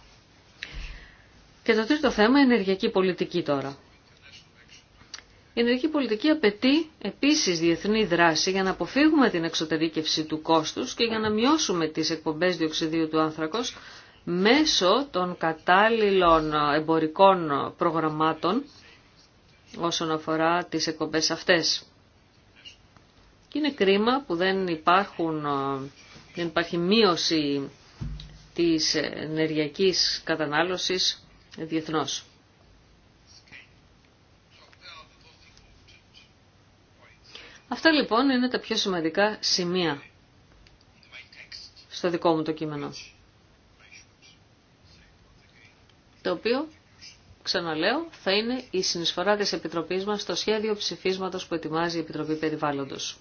Και το τρίτο θέμα, ενεργειακή πολιτική τώρα. Η ενεργειακή πολιτική απαιτεί επίσης διεθνή δράση για να αποφύγουμε την εξωτερήκευση του κόστους και για να μειώσουμε τις εκπομπές διοξιδίου του άνθρακος μέσω των κατάλληλων εμπορικών προγραμμάτων όσον αφορά τις εκπομπές αυτές. Και είναι κρίμα που δεν, υπάρχουν, ε, δεν υπάρχει μείωση της ενεργειακής κατανάλωσης διεθνώς. Αυτά λοιπόν είναι τα πιο σημαντικά σημεία στο δικό μου το κείμενο. το οποίο, ξαναλέω, θα είναι η συνεισφορά της Επιτροπής μας στο σχέδιο ψηφίσματος που ετοιμάζει η Επιτροπή Περιβάλλοντος.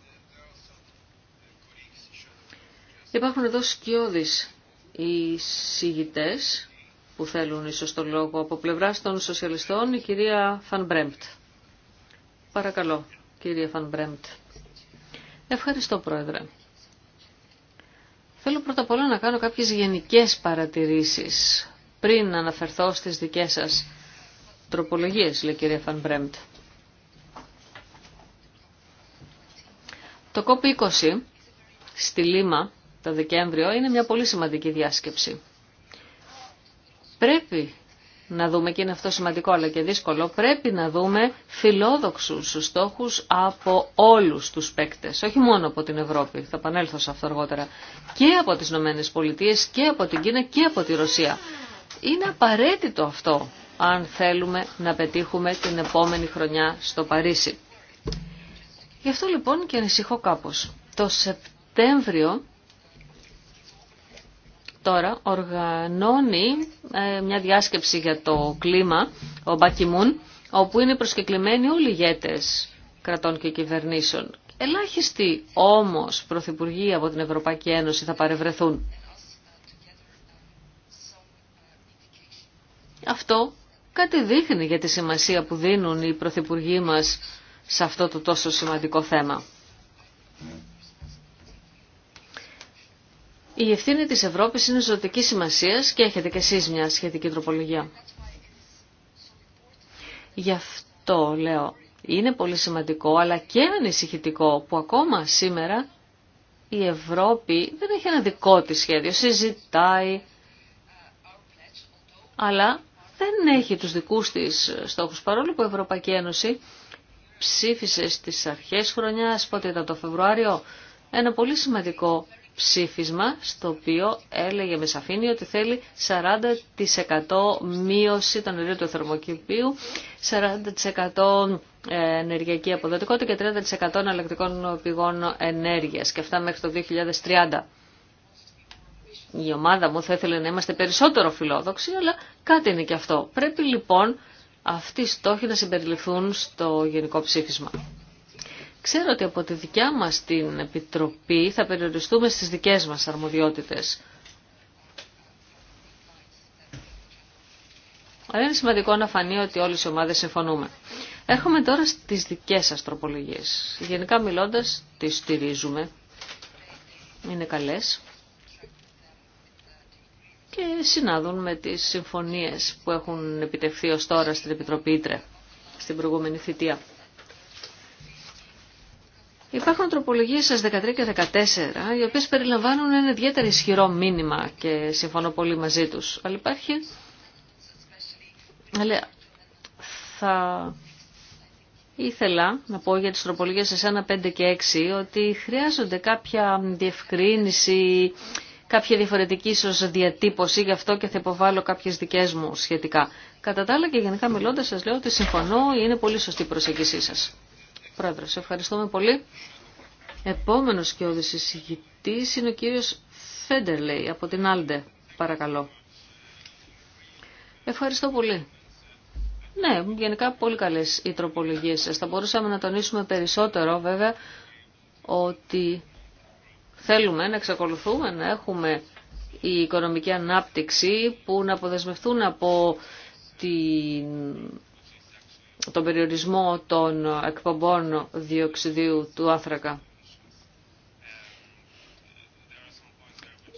Υπάρχουν εδώ σκιώδεις οι συγητές που θέλουν ίσως το λόγο από πλευρά των σοσιαλιστών, η κυρία Φαν Μπρέμπτ. Παρακαλώ, κυρία Φαν Μπρέμπτ. Ευχαριστώ, Πρόεδρε. Θέλω πρώτα απ' όλα να κάνω κάποιες γενικές παρατηρήσεις πριν αναφερθώ στις δικές σας τροπολογίες, λέει η κυρία Το COP20 στη Λίμα το Δεκέμβριο είναι μια πολύ σημαντική διάσκεψη. Πρέπει να δούμε, και είναι αυτό σημαντικό αλλά και δύσκολο, πρέπει να δούμε φιλόδοξους στόχους από όλους τους παίκτες, όχι μόνο από την Ευρώπη, θα επανέλθω σε αυτό αργότερα, και από τις Ηνωμένες Πολιτείες και από την Κίνα και από τη Ρωσία. Είναι απαραίτητο αυτό αν θέλουμε να πετύχουμε την επόμενη χρονιά στο Παρίσι. Γι' αυτό λοιπόν και ανησυχώ κάπως. Το Σεπτέμβριο τώρα οργανώνει ε, μια διάσκεψη για το κλίμα, ο Μπακιμούν, όπου είναι προσκεκλημένοι όλοι οι ηγέτες κρατών και κυβερνήσεων. Ελάχιστοι όμως πρωθυπουργοί από την Ευρωπαϊκή Ένωση θα παρευρεθούν. Αυτό κάτι δείχνει για τη σημασία που δίνουν οι πρωθυπουργοί μας σε αυτό το τόσο σημαντικό θέμα. Η ευθύνη της Ευρώπης είναι ζωτική σημασίας και έχετε και εσείς μια σχετική τροπολογία. Γι' αυτό λέω, είναι πολύ σημαντικό αλλά και ανησυχητικό που ακόμα σήμερα η Ευρώπη δεν έχει ένα δικό της σχέδιο, συζητάει, αλλά δεν έχει τους δικούς της στόχους, παρόλο που η Ευρωπαϊκή Ένωση ψήφισε στις αρχές χρονιάς, πότε ήταν το Φεβρουάριο, ένα πολύ σημαντικό ψήφισμα στο οποίο έλεγε με σαφήνεια ότι θέλει 40% μείωση των αερίων του θερμοκηπίου, 40% ενεργειακή αποδοτικότητα και 30% εναλλακτικών πηγών ενέργειας και αυτά μέχρι το 2030 η ομάδα μου θα ήθελε να είμαστε περισσότερο φιλόδοξοι, αλλά κάτι είναι και αυτό. Πρέπει λοιπόν αυτοί οι στόχοι να συμπεριληφθούν στο γενικό ψήφισμα. Ξέρω ότι από τη δικιά μας την Επιτροπή θα περιοριστούμε στις δικές μας αρμοδιότητες. Αλλά είναι σημαντικό να φανεί ότι όλες οι ομάδες συμφωνούμε. Έρχομαι τώρα στις δικές σας τροπολογίες. Γενικά μιλώντας, τις στηρίζουμε. Είναι καλές και συνάδουν με τις συμφωνίες που έχουν επιτευχθεί ως τώρα στην Επιτροπή Ήτρε στην προηγούμενη θητεία. Υπάρχουν τροπολογίε σα 13 και 14, οι οποίε περιλαμβάνουν ένα ιδιαίτερα ισχυρό μήνυμα και συμφωνώ πολύ μαζί του. Αλλά υπάρχει. θα ήθελα να πω για τι τις τροπολογίες 1, 5 και 6 ότι χρειάζονται κάποια διευκρίνηση κάποια διαφορετική ίσω διατύπωση, γι' αυτό και θα υποβάλω κάποιε δικέ μου σχετικά. Κατά τα άλλα και γενικά μιλώντας σα λέω ότι συμφωνώ, είναι πολύ σωστή η προσέγγισή σας. σε ευχαριστούμε πολύ. Επόμενο και συζητητή είναι ο κύριο Φέντερλεϊ από την Άλντε. Παρακαλώ. Ευχαριστώ πολύ. Ναι, γενικά πολύ καλέ οι τροπολογίε σα. Θα μπορούσαμε να τονίσουμε περισσότερο βέβαια ότι Θέλουμε να εξακολουθούμε να έχουμε η οικονομική ανάπτυξη που να αποδεσμευτούν από τον περιορισμό των εκπομπών διοξιδίου του άνθρακα.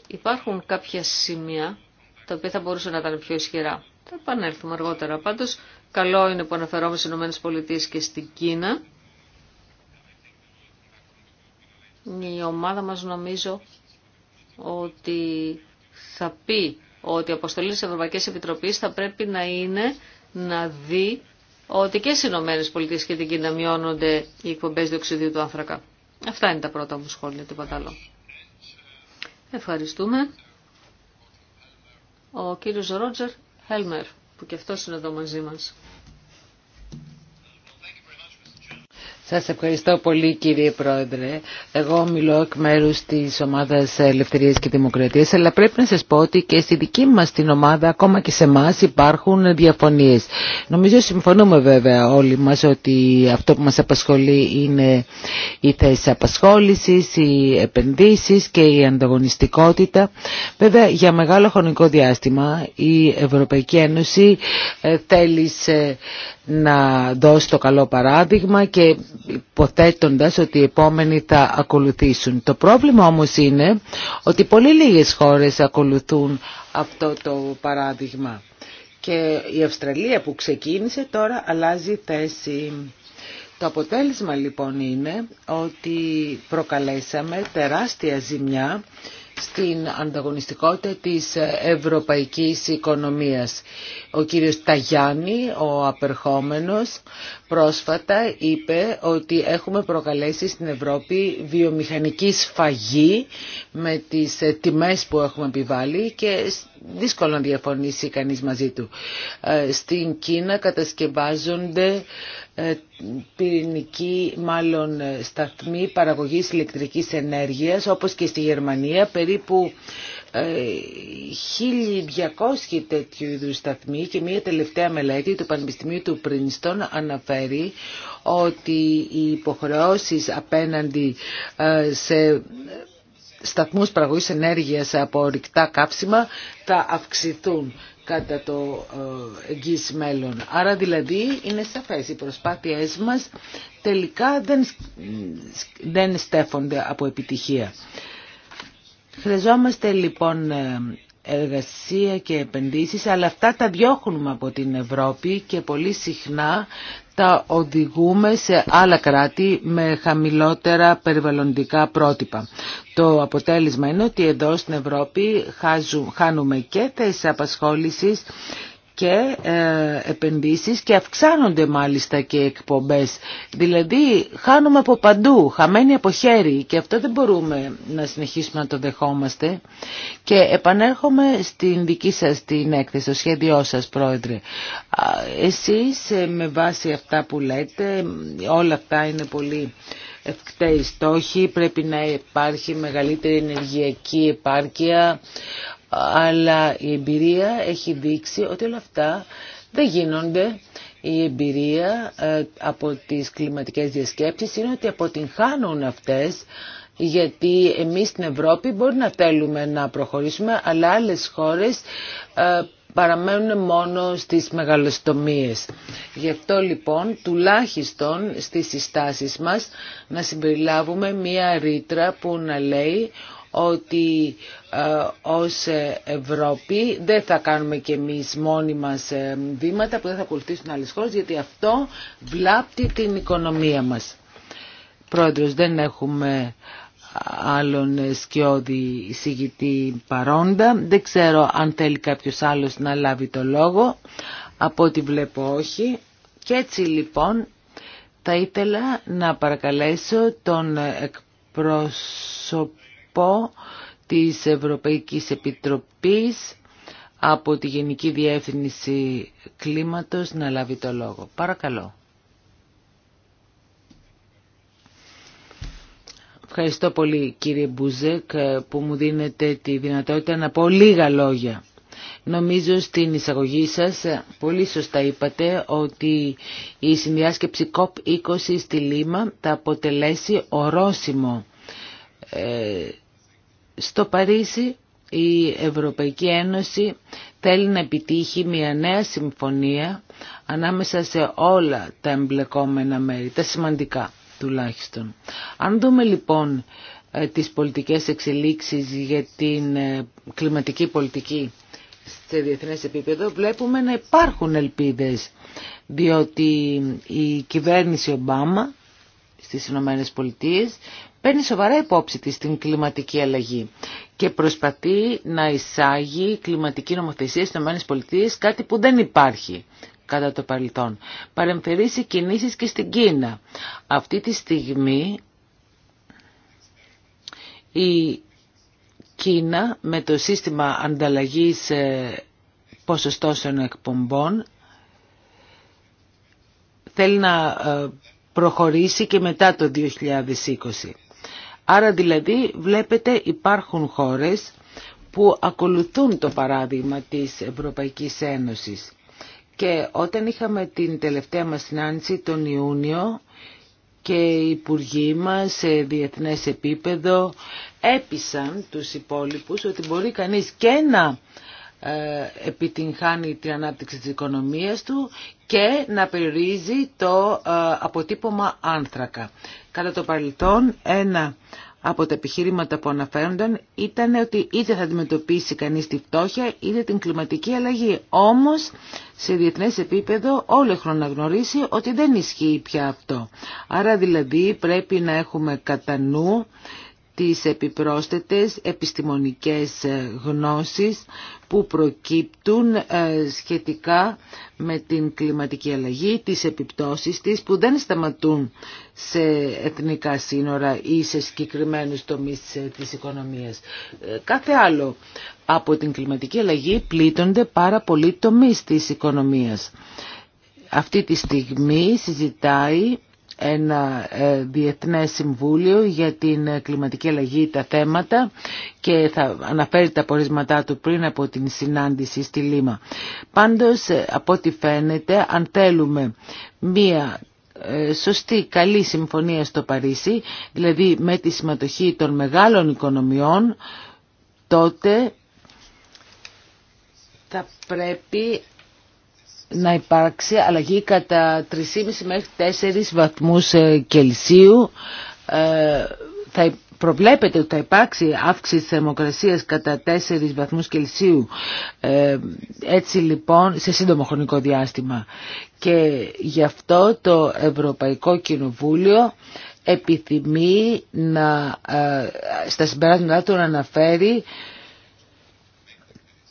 Υπάρχουν κάποια σημεία τα οποία θα μπορούσαν να ήταν πιο ισχυρά. Θα επανέλθουμε αργότερα. Πάντως, καλό είναι που αναφερόμαστε στις ΗΠΑ και στην Κίνα η ομάδα μας νομίζω ότι θα πει ότι η αποστολή της Ευρωπαϊκής Επιτροπής θα πρέπει να είναι να δει ότι και στι Ηνωμένε Πολιτείε και την Κίνα μειώνονται οι εκπομπέ διοξιδίου του άνθρακα. Αυτά είναι τα πρώτα μου σχόλια, τίποτα άλλο. Ευχαριστούμε. Ο κύριος Ρότζερ Χέλμερ, που και αυτός είναι εδώ μαζί μας. Σας ευχαριστώ πολύ κύριε Πρόεδρε. Εγώ μιλώ εκ μέρου της Ομάδας Ελευθερίας και Δημοκρατίας, αλλά πρέπει να σας πω ότι και στη δική μας την ομάδα, ακόμα και σε εμά υπάρχουν διαφωνίες. Νομίζω συμφωνούμε βέβαια όλοι μας ότι αυτό που μας απασχολεί είναι η θέση απασχόληση, οι επενδύσεις και η ανταγωνιστικότητα. Βέβαια για μεγάλο χρονικό διάστημα η Ευρωπαϊκή Ένωση ε, θέλησε να δώσει το καλό παράδειγμα και υποθέτοντας ότι οι επόμενοι θα ακολουθήσουν. Το πρόβλημα όμως είναι ότι πολύ λίγες χώρες ακολουθούν αυτό το παράδειγμα. Και η Αυστραλία που ξεκίνησε τώρα αλλάζει θέση. Το αποτέλεσμα λοιπόν είναι ότι προκαλέσαμε τεράστια ζημιά στην ανταγωνιστικότητα της ευρωπαϊκής οικονομίας. Ο κύριος Ταγιάννη, ο απερχόμενος, πρόσφατα είπε ότι έχουμε προκαλέσει στην Ευρώπη βιομηχανική σφαγή με τις τιμές που έχουμε επιβάλει και δύσκολο να διαφωνήσει κανείς μαζί του. Ε, στην Κίνα κατασκευάζονται ε, πυρηνική μάλλον ε, σταθμή παραγωγής ηλεκτρικής ενέργειας όπως και στη Γερμανία περίπου 1200 ε, τέτοιου είδου σταθμοί και μια τελευταία μελέτη του Πανεπιστημίου του Πρινστον αναφέρει ότι οι υποχρεώσεις απέναντι σε σταθμούς παραγωγής ενέργειας από ορυκτά κάψιμα θα αυξηθούν κατά το ε, εγγύς μέλλον. Άρα δηλαδή είναι σαφές οι προσπάθειές μας τελικά δεν, δεν στέφονται από επιτυχία. Χρειαζόμαστε λοιπόν ε, εργασία και επενδύσεις, αλλά αυτά τα διώχνουμε από την Ευρώπη και πολύ συχνά τα οδηγούμε σε άλλα κράτη με χαμηλότερα περιβαλλοντικά πρότυπα. Το αποτέλεσμα είναι ότι εδώ στην Ευρώπη χάνουμε και θέσεις απασχόλησης και ε, επενδύσεις και αυξάνονται μάλιστα και εκπομπές. Δηλαδή χάνουμε από παντού, χαμένοι από χέρι και αυτό δεν μπορούμε να συνεχίσουμε να το δεχόμαστε. Και επανέρχομαι στην δική σας την έκθεση, στο σχέδιό σας πρόεδρε. Εσείς ε, με βάση αυτά που λέτε, όλα αυτά είναι πολύ ευκταίοι στόχοι, πρέπει να υπάρχει μεγαλύτερη ενεργειακή επάρκεια, αλλά η εμπειρία έχει δείξει ότι όλα αυτά δεν γίνονται. Η εμπειρία ε, από τις κλιματικές διασκέψεις είναι ότι αποτυγχάνουν αυτές γιατί εμείς στην Ευρώπη μπορεί να θέλουμε να προχωρήσουμε αλλά άλλες χώρες ε, παραμένουν μόνο στις μεγαλοστομίες. Γι' αυτό λοιπόν τουλάχιστον στις συστάσεις μας να συμπεριλάβουμε μία ρήτρα που να λέει ότι ε, ως Ευρώπη δεν θα κάνουμε και εμείς μόνοι μας ε, βήματα που δεν θα ακολουθήσουν άλλες χώρες γιατί αυτό βλάπτει την οικονομία μας. Πρόεδρος, δεν έχουμε άλλον σκιώδη εισηγητή παρόντα. Δεν ξέρω αν θέλει κάποιος άλλος να λάβει το λόγο. Από ό,τι βλέπω όχι. Και έτσι λοιπόν θα ήθελα να παρακαλέσω τον εκπρόσωπο εκπρόσωπο της Ευρωπαϊκής Επιτροπής από τη Γενική Διεύθυνση Κλίματος να λάβει το λόγο. Παρακαλώ. Ευχαριστώ πολύ κύριε Μπούζεκ που μου δίνετε τη δυνατότητα να πω λίγα λόγια. Νομίζω στην εισαγωγή σας πολύ σωστά είπατε ότι η συνδιάσκεψη COP20 στη Λίμα θα αποτελέσει ορόσημο ε, στο Παρίσι η Ευρωπαϊκή Ένωση θέλει να επιτύχει μια νέα συμφωνία ανάμεσα σε όλα τα εμπλεκόμενα μέρη, τα σημαντικά τουλάχιστον. Αν δούμε λοιπόν ε, τις πολιτικές εξελίξεις για την ε, κλιματική πολιτική σε διεθνές επίπεδο, βλέπουμε να υπάρχουν ελπίδες, διότι η κυβέρνηση Ομπάμα στις Ηνωμένες Πολιτείες παίρνει σοβαρά υπόψη της την κλιματική αλλαγή και προσπαθεί να εισάγει κλιματική νομοθεσία στις ΗΠΑ, κάτι που δεν υπάρχει κατά το παρελθόν. Παρεμφερήσει κινήσεις και στην Κίνα. Αυτή τη στιγμή η Κίνα με το σύστημα ανταλλαγής ε, ποσοστώσεων εκπομπών θέλει να ε, προχωρήσει και μετά το 2020. Άρα δηλαδή βλέπετε υπάρχουν χώρες που ακολουθούν το παράδειγμα της Ευρωπαϊκής Ένωσης. Και όταν είχαμε την τελευταία μας συνάντηση τον Ιούνιο και οι υπουργοί μας σε διεθνές επίπεδο έπεισαν τους υπόλοιπους ότι μπορεί κανείς και να ε, επιτυγχάνει την ανάπτυξη της οικονομίας του και να περιορίζει το ε, αποτύπωμα άνθρακα. Κατά το παρελθόν, ένα από τα επιχείρηματα που αναφέρονταν ήταν ότι είτε θα αντιμετωπίσει κανείς τη φτώχεια είτε την κλιματική αλλαγή. Όμως σε διεθνές επίπεδο όλο χρόνο να γνωρίσει ότι δεν ισχύει πια αυτό. Άρα δηλαδή πρέπει να έχουμε κατά νου τις επιπρόσθετες επιστημονικές γνώσεις που προκύπτουν ε, σχετικά με την κλιματική αλλαγή, τις επιπτώσεις της που δεν σταματούν σε εθνικά σύνορα ή σε συγκεκριμένους τομείς ε, της οικονομίας. Ε, κάθε άλλο από την κλιματική αλλαγή πλήττονται πάρα πολλοί τομείς της οικονομίας. Αυτή τη στιγμή συζητάει ένα ε, διεθνές συμβούλιο για την ε, κλιματική αλλαγή τα θέματα και θα αναφέρει τα πορίσματά του πριν από την συνάντηση στη Λίμα. Πάντως, ε, από ό,τι φαίνεται, αν θέλουμε μία σωστή καλή συμφωνία στο Παρίσι, δηλαδή με τη συμμετοχή των μεγάλων οικονομιών, τότε θα πρέπει να υπάρξει αλλαγή κατά 3,5 μέχρι 4 βαθμούς ε, Κελσίου. Ε, θα προβλέπεται ότι θα υπάρξει αύξηση της θερμοκρασίας κατά 4 βαθμούς Κελσίου ε, έτσι λοιπόν σε σύντομο χρονικό διάστημα και γι' αυτό το Ευρωπαϊκό Κοινοβούλιο επιθυμεί να, στα συμπεράσματα του να αναφέρει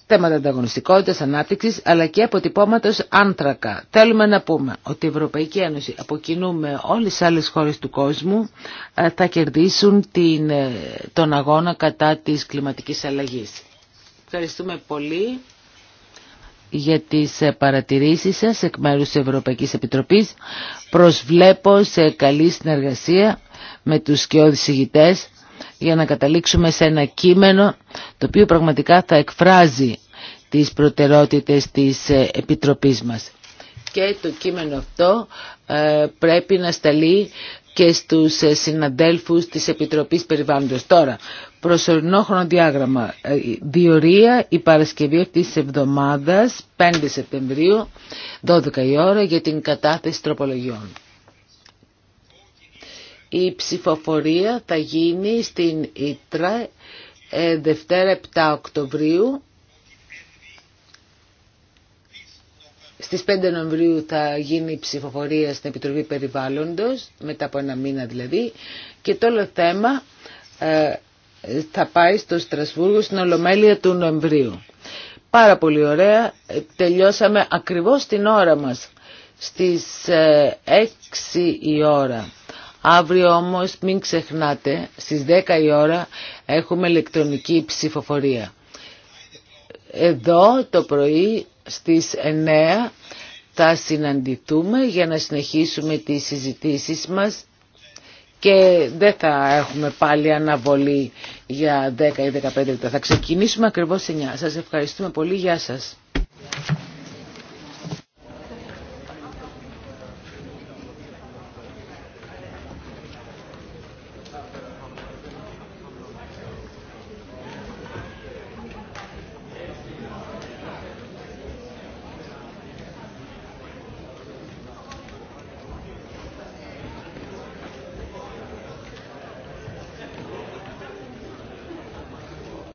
θέματα ανταγωνιστικότητας, ανάπτυξης, αλλά και αποτυπώματος άνθρακα. Θέλουμε να πούμε ότι η Ευρωπαϊκή Ένωση από κοινού με όλες τις άλλες χώρες του κόσμου ε, θα κερδίσουν την, ε, τον αγώνα κατά της κλιματικής αλλαγής. Ευχαριστούμε πολύ για τις ε, παρατηρήσεις σας εκ μέρους της Ευρωπαϊκής Επιτροπής. Προσβλέπω σε καλή συνεργασία με τους και ηγητές για να καταλήξουμε σε ένα κείμενο το οποίο πραγματικά θα εκφράζει τις προτεραιότητες της ε, Επιτροπής μας. Και το κείμενο αυτό ε, πρέπει να σταλεί και στους ε, συναντέλφους της Επιτροπής Περιβάλλοντος. Τώρα, προσωρινό χρονοδιάγραμμα. Διορία η Παρασκευή αυτής της εβδομάδας, 5 Σεπτεμβρίου, 12 η ώρα, για την κατάθεση τροπολογιών. Η ψηφοφορία θα γίνει στην Ήτρα ε, Δευτέρα 7 Οκτωβρίου. Στις 5 Νοεμβρίου θα γίνει η ψηφοφορία στην Επιτροπή Περιβάλλοντος, μετά από ένα μήνα δηλαδή, και το όλο θέμα ε, θα πάει στο Στρασβούργο στην Ολομέλεια του Νοεμβρίου. Πάρα πολύ ωραία, τελειώσαμε ακριβώς την ώρα μας, στις 6 ε, η ώρα. Αύριο όμως μην ξεχνάτε, στις 10 η ώρα έχουμε ηλεκτρονική ψηφοφορία. Εδώ το πρωί στις 9 θα συναντηθούμε για να συνεχίσουμε τις συζητήσεις μας και δεν θα έχουμε πάλι αναβολή για 10 ή 15 λεπτά. Θα ξεκινήσουμε ακριβώς 9. Σας ευχαριστούμε πολύ. Γεια σας.